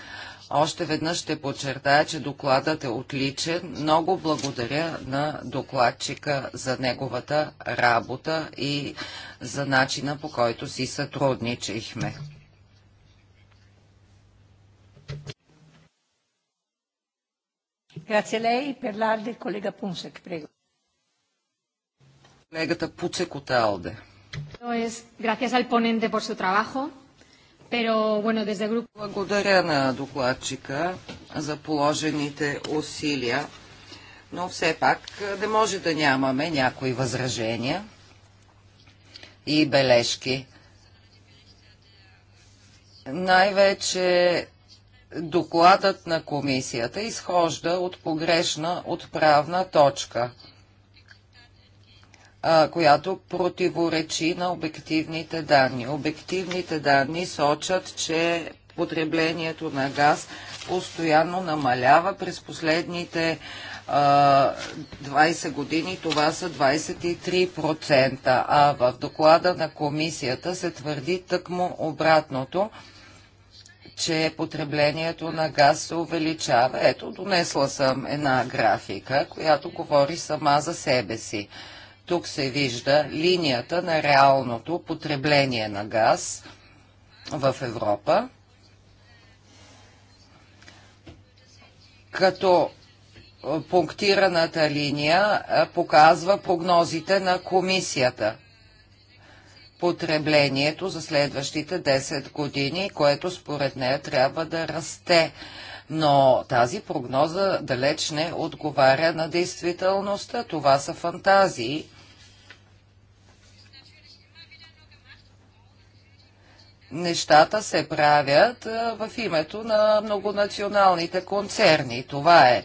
Още веднъж ще подчертая, че докладът е отличен. Много благодаря на докладчика за неговата работа и за начина по който си сътрудничихме. Grazie a lei. Per l'Alde collega Punsek, prego. Колегата Пуцек от АЛДЕ. Gracias al ponente por su trabajo. Pero, bueno, desde grupo... Благодаря на докладчика за положените усилия, но все пак не може да нямаме някои възражения и бележки. Най-вече докладът на комисията изхожда от погрешна отправна точка – която противоречи на обективните данни. Обективните данни сочат, че потреблението на газ постоянно намалява през последните 20 години. Това са 23%, а в доклада на комисията се твърди тъкмо обратното че потреблението на газ се увеличава. Ето, донесла съм една графика, която говори сама за себе си. Тук се вижда линията на реалното потребление на газ в Европа. Като пунктираната линия показва прогнозите на комисията потреблението за следващите 10 години, което според нея трябва да расте. Но тази прогноза далеч не отговаря на действителността. Това са фантазии нещата се правят в името на многонационалните концерни. Това е.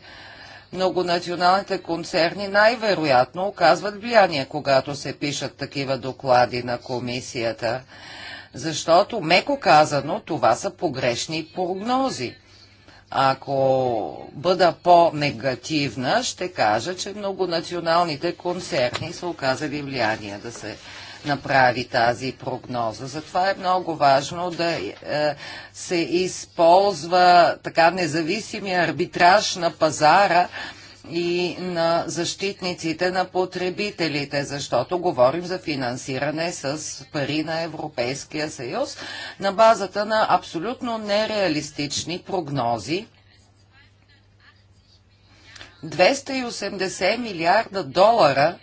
Многонационалните концерни най-вероятно оказват влияние, когато се пишат такива доклади на комисията. Защото, меко казано, това са погрешни прогнози. Ако бъда по-негативна, ще кажа, че многонационалните концерни са оказали влияние да се направи тази прогноза. Затова е много важно да е, се използва така независимия арбитраж на пазара, и на защитниците на потребителите, защото говорим за финансиране с пари на Европейския съюз на базата на абсолютно нереалистични прогнози. 280 милиарда долара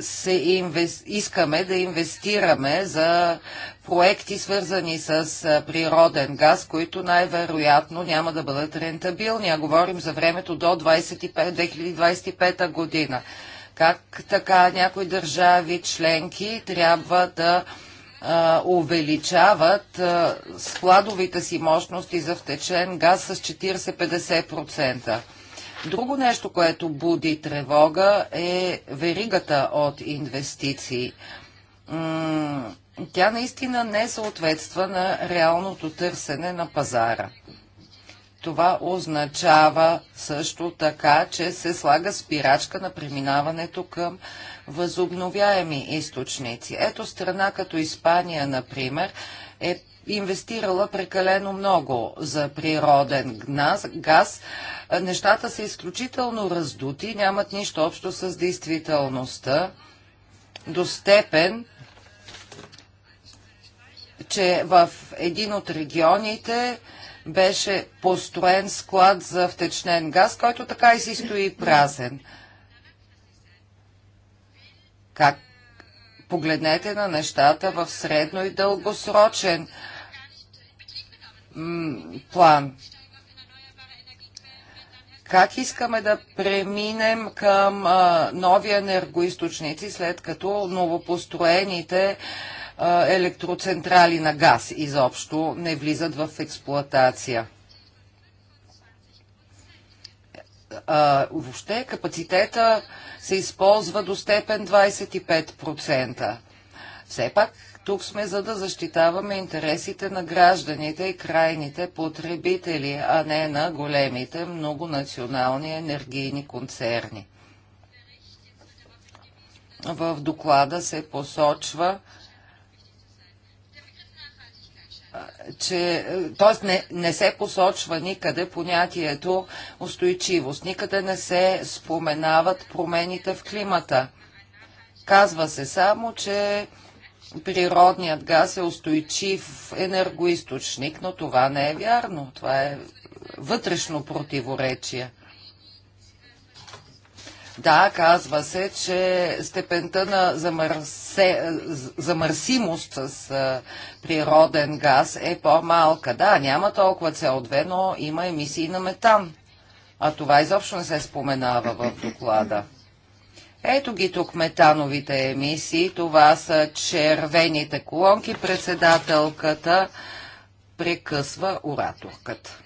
се инвес... искаме да инвестираме за проекти, свързани с природен газ, които най-вероятно няма да бъдат рентабилни, а говорим за времето до 25... 2025 година. Как така някои държави членки трябва да а, увеличават а, складовите си мощности за втечен газ с 40-50%? Друго нещо, което буди тревога е веригата от инвестиции. Тя наистина не съответства на реалното търсене на пазара. Това означава също така, че се слага спирачка на преминаването към възобновяеми източници. Ето страна като Испания, например, е инвестирала прекалено много за природен газ. Нещата са изключително раздути, нямат нищо общо с действителността до степен, че в един от регионите беше построен склад за втечнен газ, който така и си стои празен. Как погледнете на нещата в средно и дългосрочен план. Как искаме да преминем към нови енергоисточници, след като новопостроените електроцентрали на газ изобщо не влизат в експлоатация? а, въобще капацитета се използва до степен 25%. Все пак тук сме за да защитаваме интересите на гражданите и крайните потребители, а не на големите многонационални енергийни концерни. В доклада се посочва, че, т.е. Не, не се посочва никъде понятието устойчивост, никъде не се споменават промените в климата. Казва се само, че природният газ е устойчив енергоисточник, но това не е вярно. Това е вътрешно противоречие. Да, казва се, че степента на замърсе, замърсимост с природен газ е по-малка. Да, няма толкова CO2, но има емисии на метан. А това изобщо не се споменава в доклада. Ето ги тук метановите емисии. Това са червените колонки. Председателката прекъсва ораторката.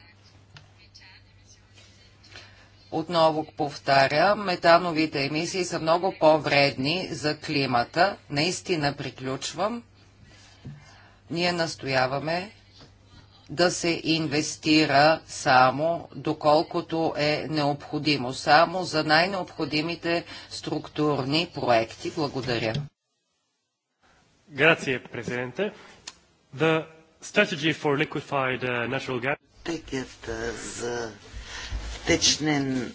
Отново повтаря, метановите емисии са много по-вредни за климата. Наистина приключвам. Ние настояваме да се инвестира само доколкото е необходимо, само за най-необходимите структурни проекти. Благодаря. Grazie, Presidente. The strategy for liquefied uh, natural gas... Пакет за течнен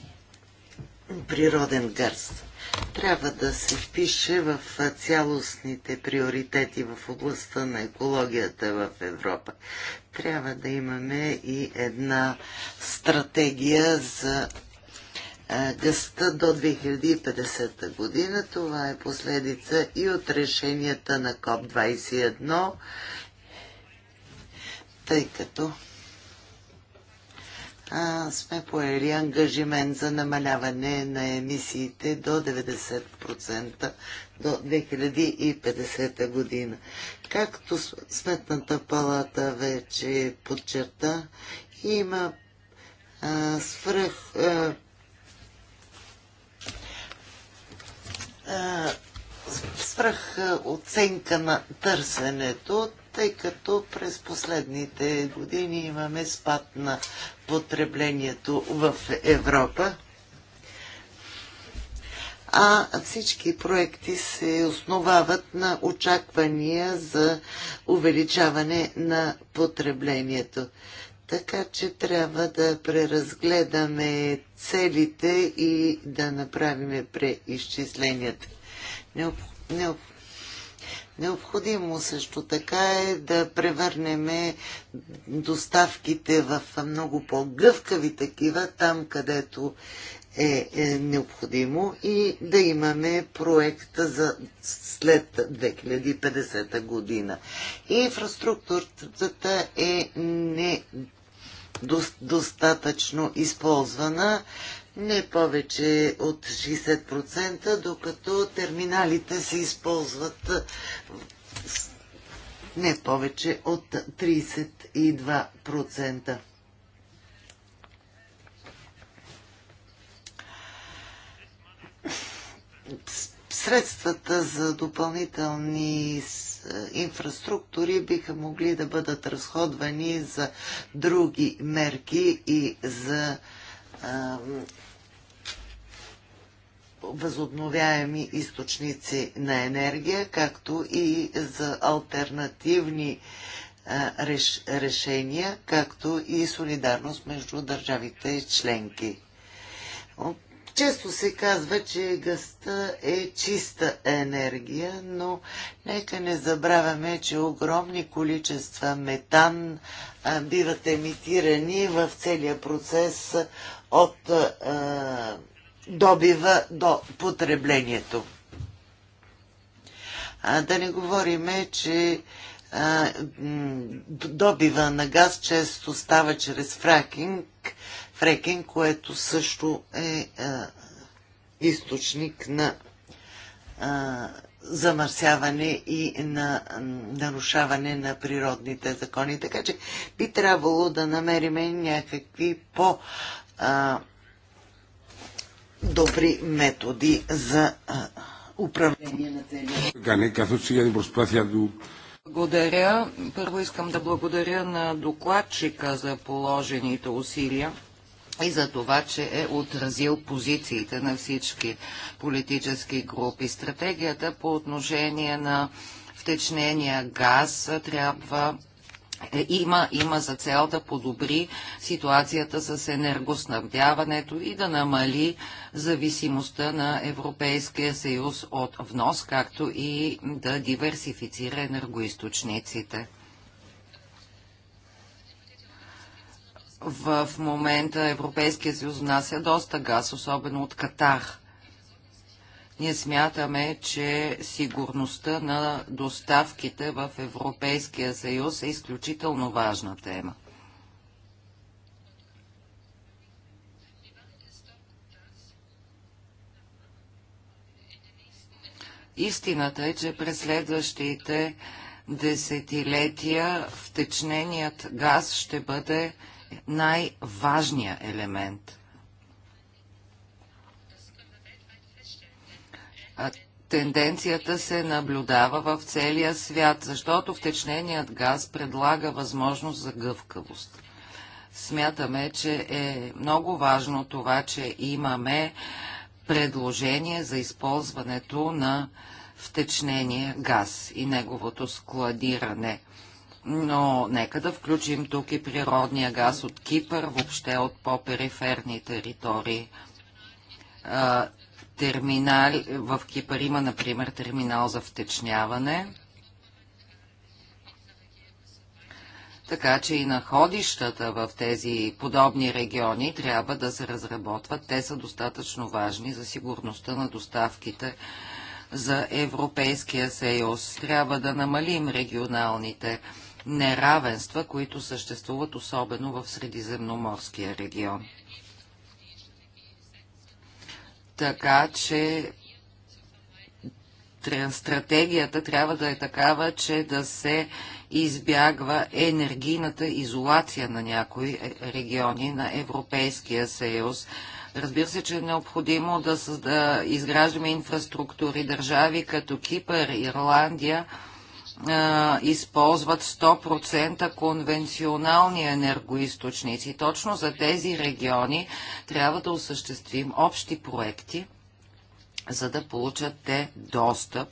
природен гърс. Трябва да се впише в цялостните приоритети в областта на екологията в Европа. Трябва да имаме и една стратегия за гъста до 2050 година. Това е последица и от решенията на КОП-21, тъй като а, сме поели ангажимент за намаляване на емисиите до 90% до 2050 година. Както Сметната палата вече подчерта, има а, свръх а, а, свръх оценка на търсенето, тъй като през последните години имаме спад на потреблението в Европа. А всички проекти се основават на очаквания за увеличаване на потреблението. Така че трябва да преразгледаме целите и да направим преизчисленията. Необ... Необ... Необходимо също така е да превърнем доставките в много по-гъвкави такива, там където е, е необходимо и да имаме проекта за след 2050 година. Инфраструктурата е недостатъчно използвана не повече от 60%, докато терминалите се използват не повече от 32%. Средствата за допълнителни инфраструктури биха могли да бъдат разходвани за други мерки и за възобновяеми източници на енергия, както и за альтернативни реш, решения, както и солидарност между държавите членки. Често се казва, че гъста е чиста енергия, но нека не забравяме, че огромни количества метан а, биват емитирани в целия процес от а, добива до потреблението. А да не говориме, че а, добива на газ често става чрез фракинг, фрекинг, което също е а, източник на а, замърсяване и на нарушаване на природните закони. Така че би трябвало да намерим някакви по- а, добри методи за управление на целия. Благодаря. Първо искам да благодаря на докладчика за положените усилия и за това, че е отразил позициите на всички политически групи. Стратегията по отношение на втечнения газ трябва е, има, има за цел да подобри ситуацията с енергоснабдяването и да намали зависимостта на Европейския съюз от внос, както и да диверсифицира енергоисточниците. В момента Европейския съюз внася доста газ, особено от Катар. Ние смятаме, че сигурността на доставките в Европейския съюз е изключително важна тема. Истината е, че през следващите десетилетия втечненият газ ще бъде най-важният елемент – тенденцията се наблюдава в целия свят, защото втечненият газ предлага възможност за гъвкавост. Смятаме, че е много важно това, че имаме предложение за използването на втечнения газ и неговото складиране. Но нека да включим тук и природния газ от Кипър, въобще от по-периферни територии терминал, в Кипър има, например, терминал за втечняване, така че и находищата в тези подобни региони трябва да се разработват. Те са достатъчно важни за сигурността на доставките за Европейския съюз. Трябва да намалим регионалните неравенства, които съществуват особено в Средиземноморския регион. Така че стратегията трябва да е такава, че да се избягва енергийната изолация на някои е, региони на Европейския съюз. Разбира се, че е необходимо да, създа, изграждаме инфраструктури. Държави като Кипър, Ирландия – използват 100% конвенционални енергоисточници. Точно за тези региони трябва да осъществим общи проекти, за да получат те достъп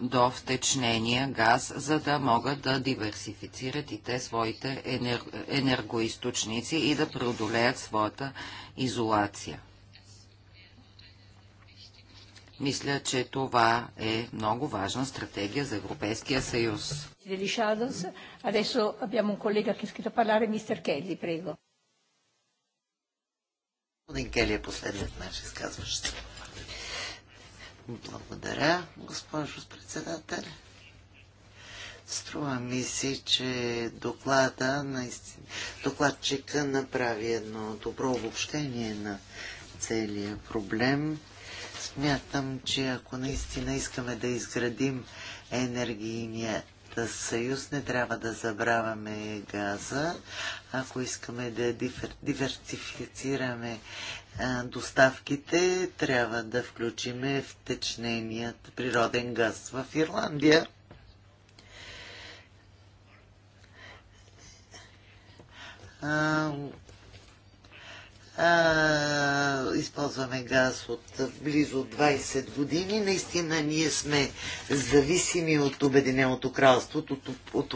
до втечнения газ, за да могат да диверсифицират и те своите енергоисточници и да преодолеят своята изолация. Мисля, че това е много важна стратегия за Европейския съюз. Господин Кели е последният наш изказващ. Благодаря, госпожо председател. Струва ми си, че доклада, наистина, докладчика направи едно добро обобщение на целия проблем. Смятам, че ако наистина искаме да изградим енергийния съюз, не трябва да забравяме газа. Ако искаме да диверсифицираме доставките, трябва да включиме втечненият природен газ в Ирландия а, използваме газ от близо 20 години. Наистина ние сме зависими от Обединеното кралство от, от, от,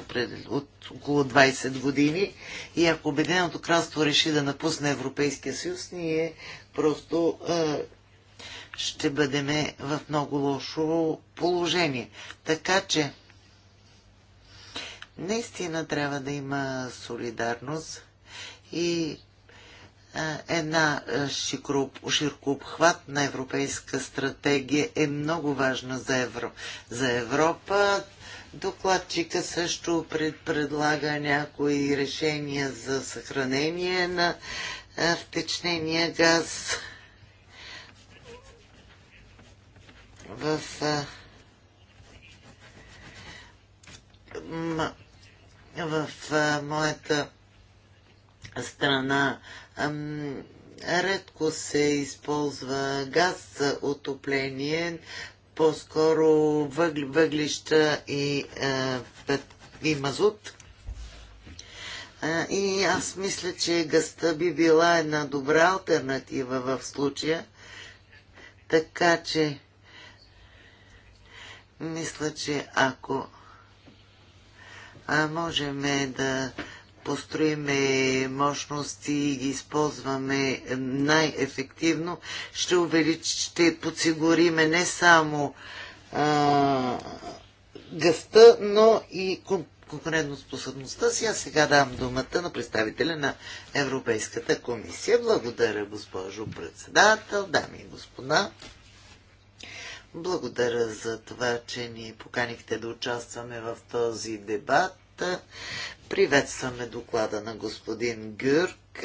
от около 20 години. И ако Обединеното кралство реши да напусне Европейския съюз, ние просто а, ще бъдеме в много лошо положение. Така че наистина трябва да има солидарност и е, една е, на европейска стратегия е много важна за, Евро, за Европа. Докладчика също пред, предлага някои решения за съхранение на е, втечнения газ в в, в моята страна редко се използва газ за отопление, по-скоро въгли, въглища и, е, и мазут. И аз мисля, че гъста би била една добра альтернатива в случая. Така че, мисля, че ако а можем да построиме мощности и ги използваме най-ефективно, ще, увелич, ще подсигуриме не само а, гъста, но и конкурентоспособността си. Аз сега дам думата на представителя на Европейската комисия. Благодаря, госпожо председател, дами и господа. Благодаря за това, че ни поканихте да участваме в този дебат Приветстваме доклада на господин Гюрк,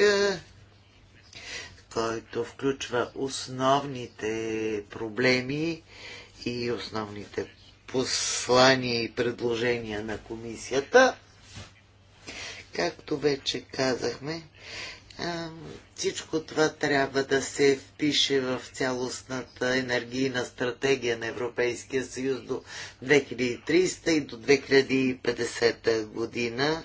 който включва основните проблеми и основните послания и предложения на комисията. Както вече казахме, всичко това трябва да се впише в цялостната енергийна стратегия на Европейския съюз до 2300 и до 2050 година.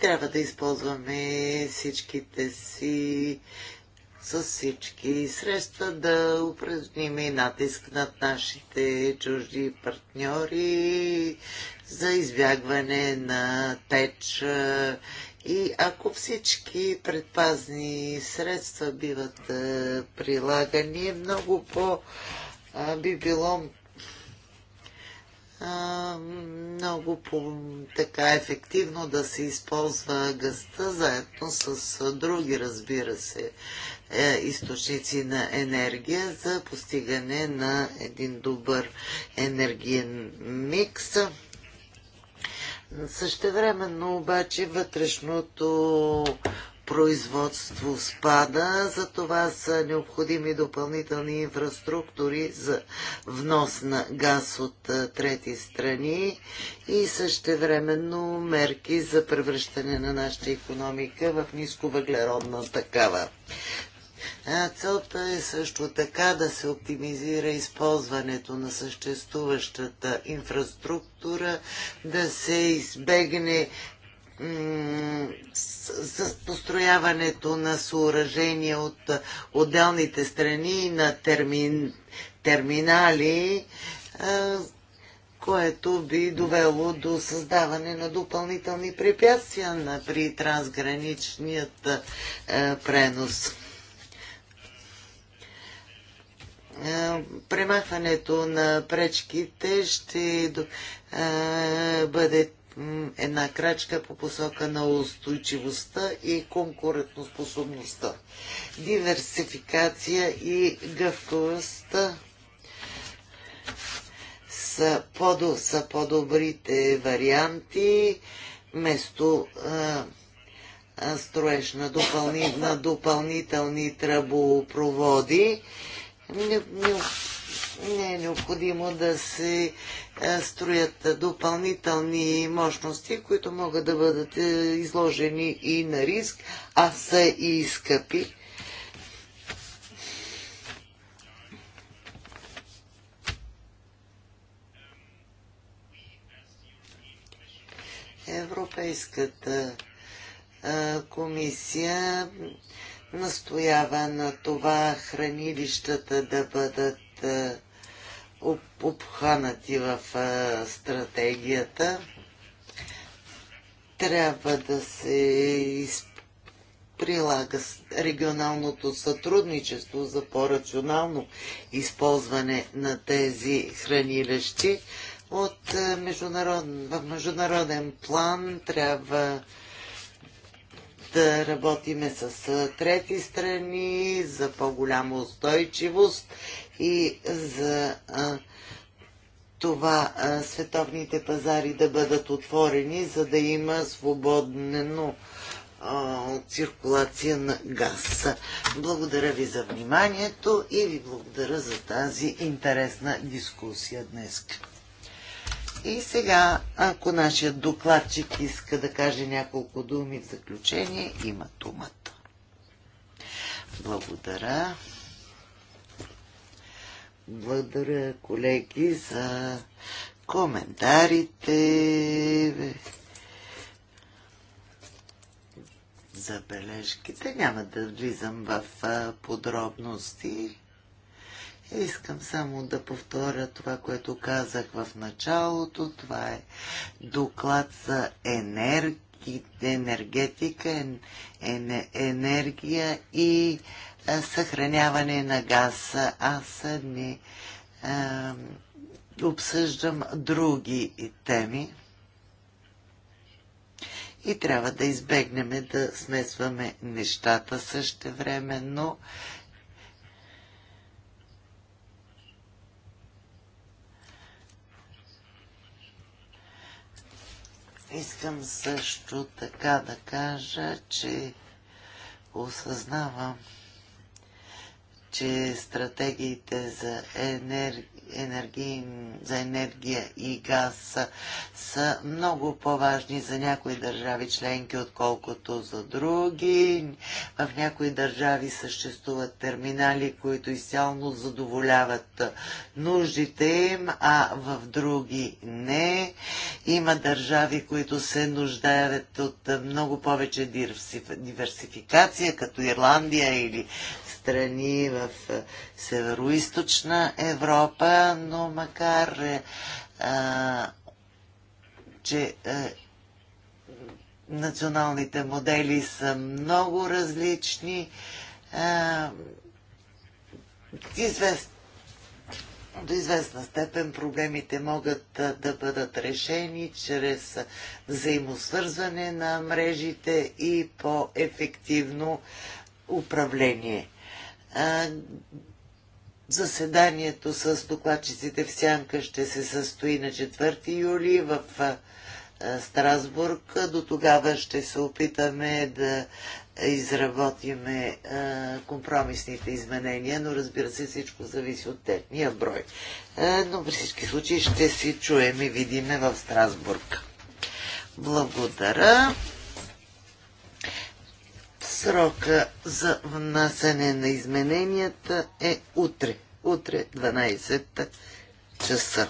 Трябва да използваме всичките си с всички средства да упражним и натиск над нашите чужди партньори, за избягване на теч и ако всички предпазни средства биват е, прилагани, много по би било много по, така ефективно да се използва гъста, заедно с други, разбира се, е, източници на енергия за постигане на един добър енергиен микс. Същевременно обаче вътрешното производство спада, за това са необходими допълнителни инфраструктури за внос на газ от трети страни и същевременно мерки за превръщане на нашата економика в нисковъглеродна такава. Целта е също така да се оптимизира използването на съществуващата инфраструктура, да се избегне с построяването на съоръжения от отделните страни на термин, терминали, което би довело до създаване на допълнителни препятствия при трансграничният пренос. премахването на пречките ще бъде една крачка по посока на устойчивостта и конкурентоспособността. Диверсификация и гъвковостта са, по са по-добрите варианти, вместо строеж на, допълни, на допълнителни тръбопроводи не, не, не е необходимо да се строят допълнителни мощности, които могат да бъдат е, изложени и на риск, а са и скъпи. Европейската комисия настоява на това хранилищата да бъдат е, обхванати в е, стратегията. Трябва да се прилага регионалното сътрудничество за по-рационално използване на тези хранилищи. От е, международ... в международен план трябва да работиме с трети страни за по-голяма устойчивост и за това световните пазари да бъдат отворени, за да има свободно циркулация на газ. Благодаря ви за вниманието и ви благодаря за тази интересна дискусия днес. И сега, ако нашия докладчик иска да каже няколко думи в заключение, има думата. Благодаря. Благодаря, колеги, за коментарите, забележките. Няма да влизам в подробности. Искам само да повторя това, което казах в началото. Това е доклад за енерги, енергетика, ен, енергия и съхраняване на газ. Аз не е, обсъждам други теми и трябва да избегнем да смесваме нещата същевременно. времено Искам също така да кажа, че осъзнавам, че стратегиите за енергия енерги, за енергия и газ са много по-важни за някои държави членки, отколкото за други. В някои държави съществуват терминали, които изцяло задоволяват нуждите им, а в други не. Има държави, които се нуждаят от много повече диверсификация, като Ирландия или страни в Североизточна Европа, но макар е, а, че а, е, националните модели са много различни, а, извест, до известна степен проблемите могат да бъдат решени чрез взаимосвързване на мрежите и по-ефективно управление. Заседанието с докладчиците в Сянка ще се състои на 4 юли в Страсбург. До тогава ще се опитаме да изработиме компромисните изменения, но разбира се всичко зависи от техния брой. Но при всички случаи ще си чуем и видиме в Страсбург. Благодаря. Срока за внасене на измененията е утре. Утре 12 часа.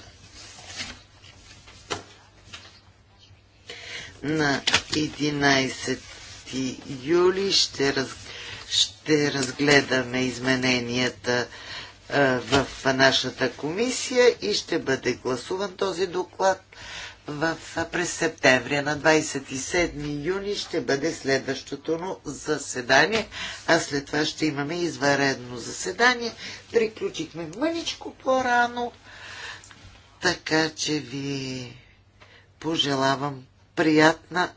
На 11 юли ще, раз, ще разгледаме измененията в нашата комисия и ще бъде гласуван този доклад в, през септември. На 27 юни ще бъде следващото но заседание, а след това ще имаме изваредно заседание. Приключихме мъничко по-рано, така че ви пожелавам приятна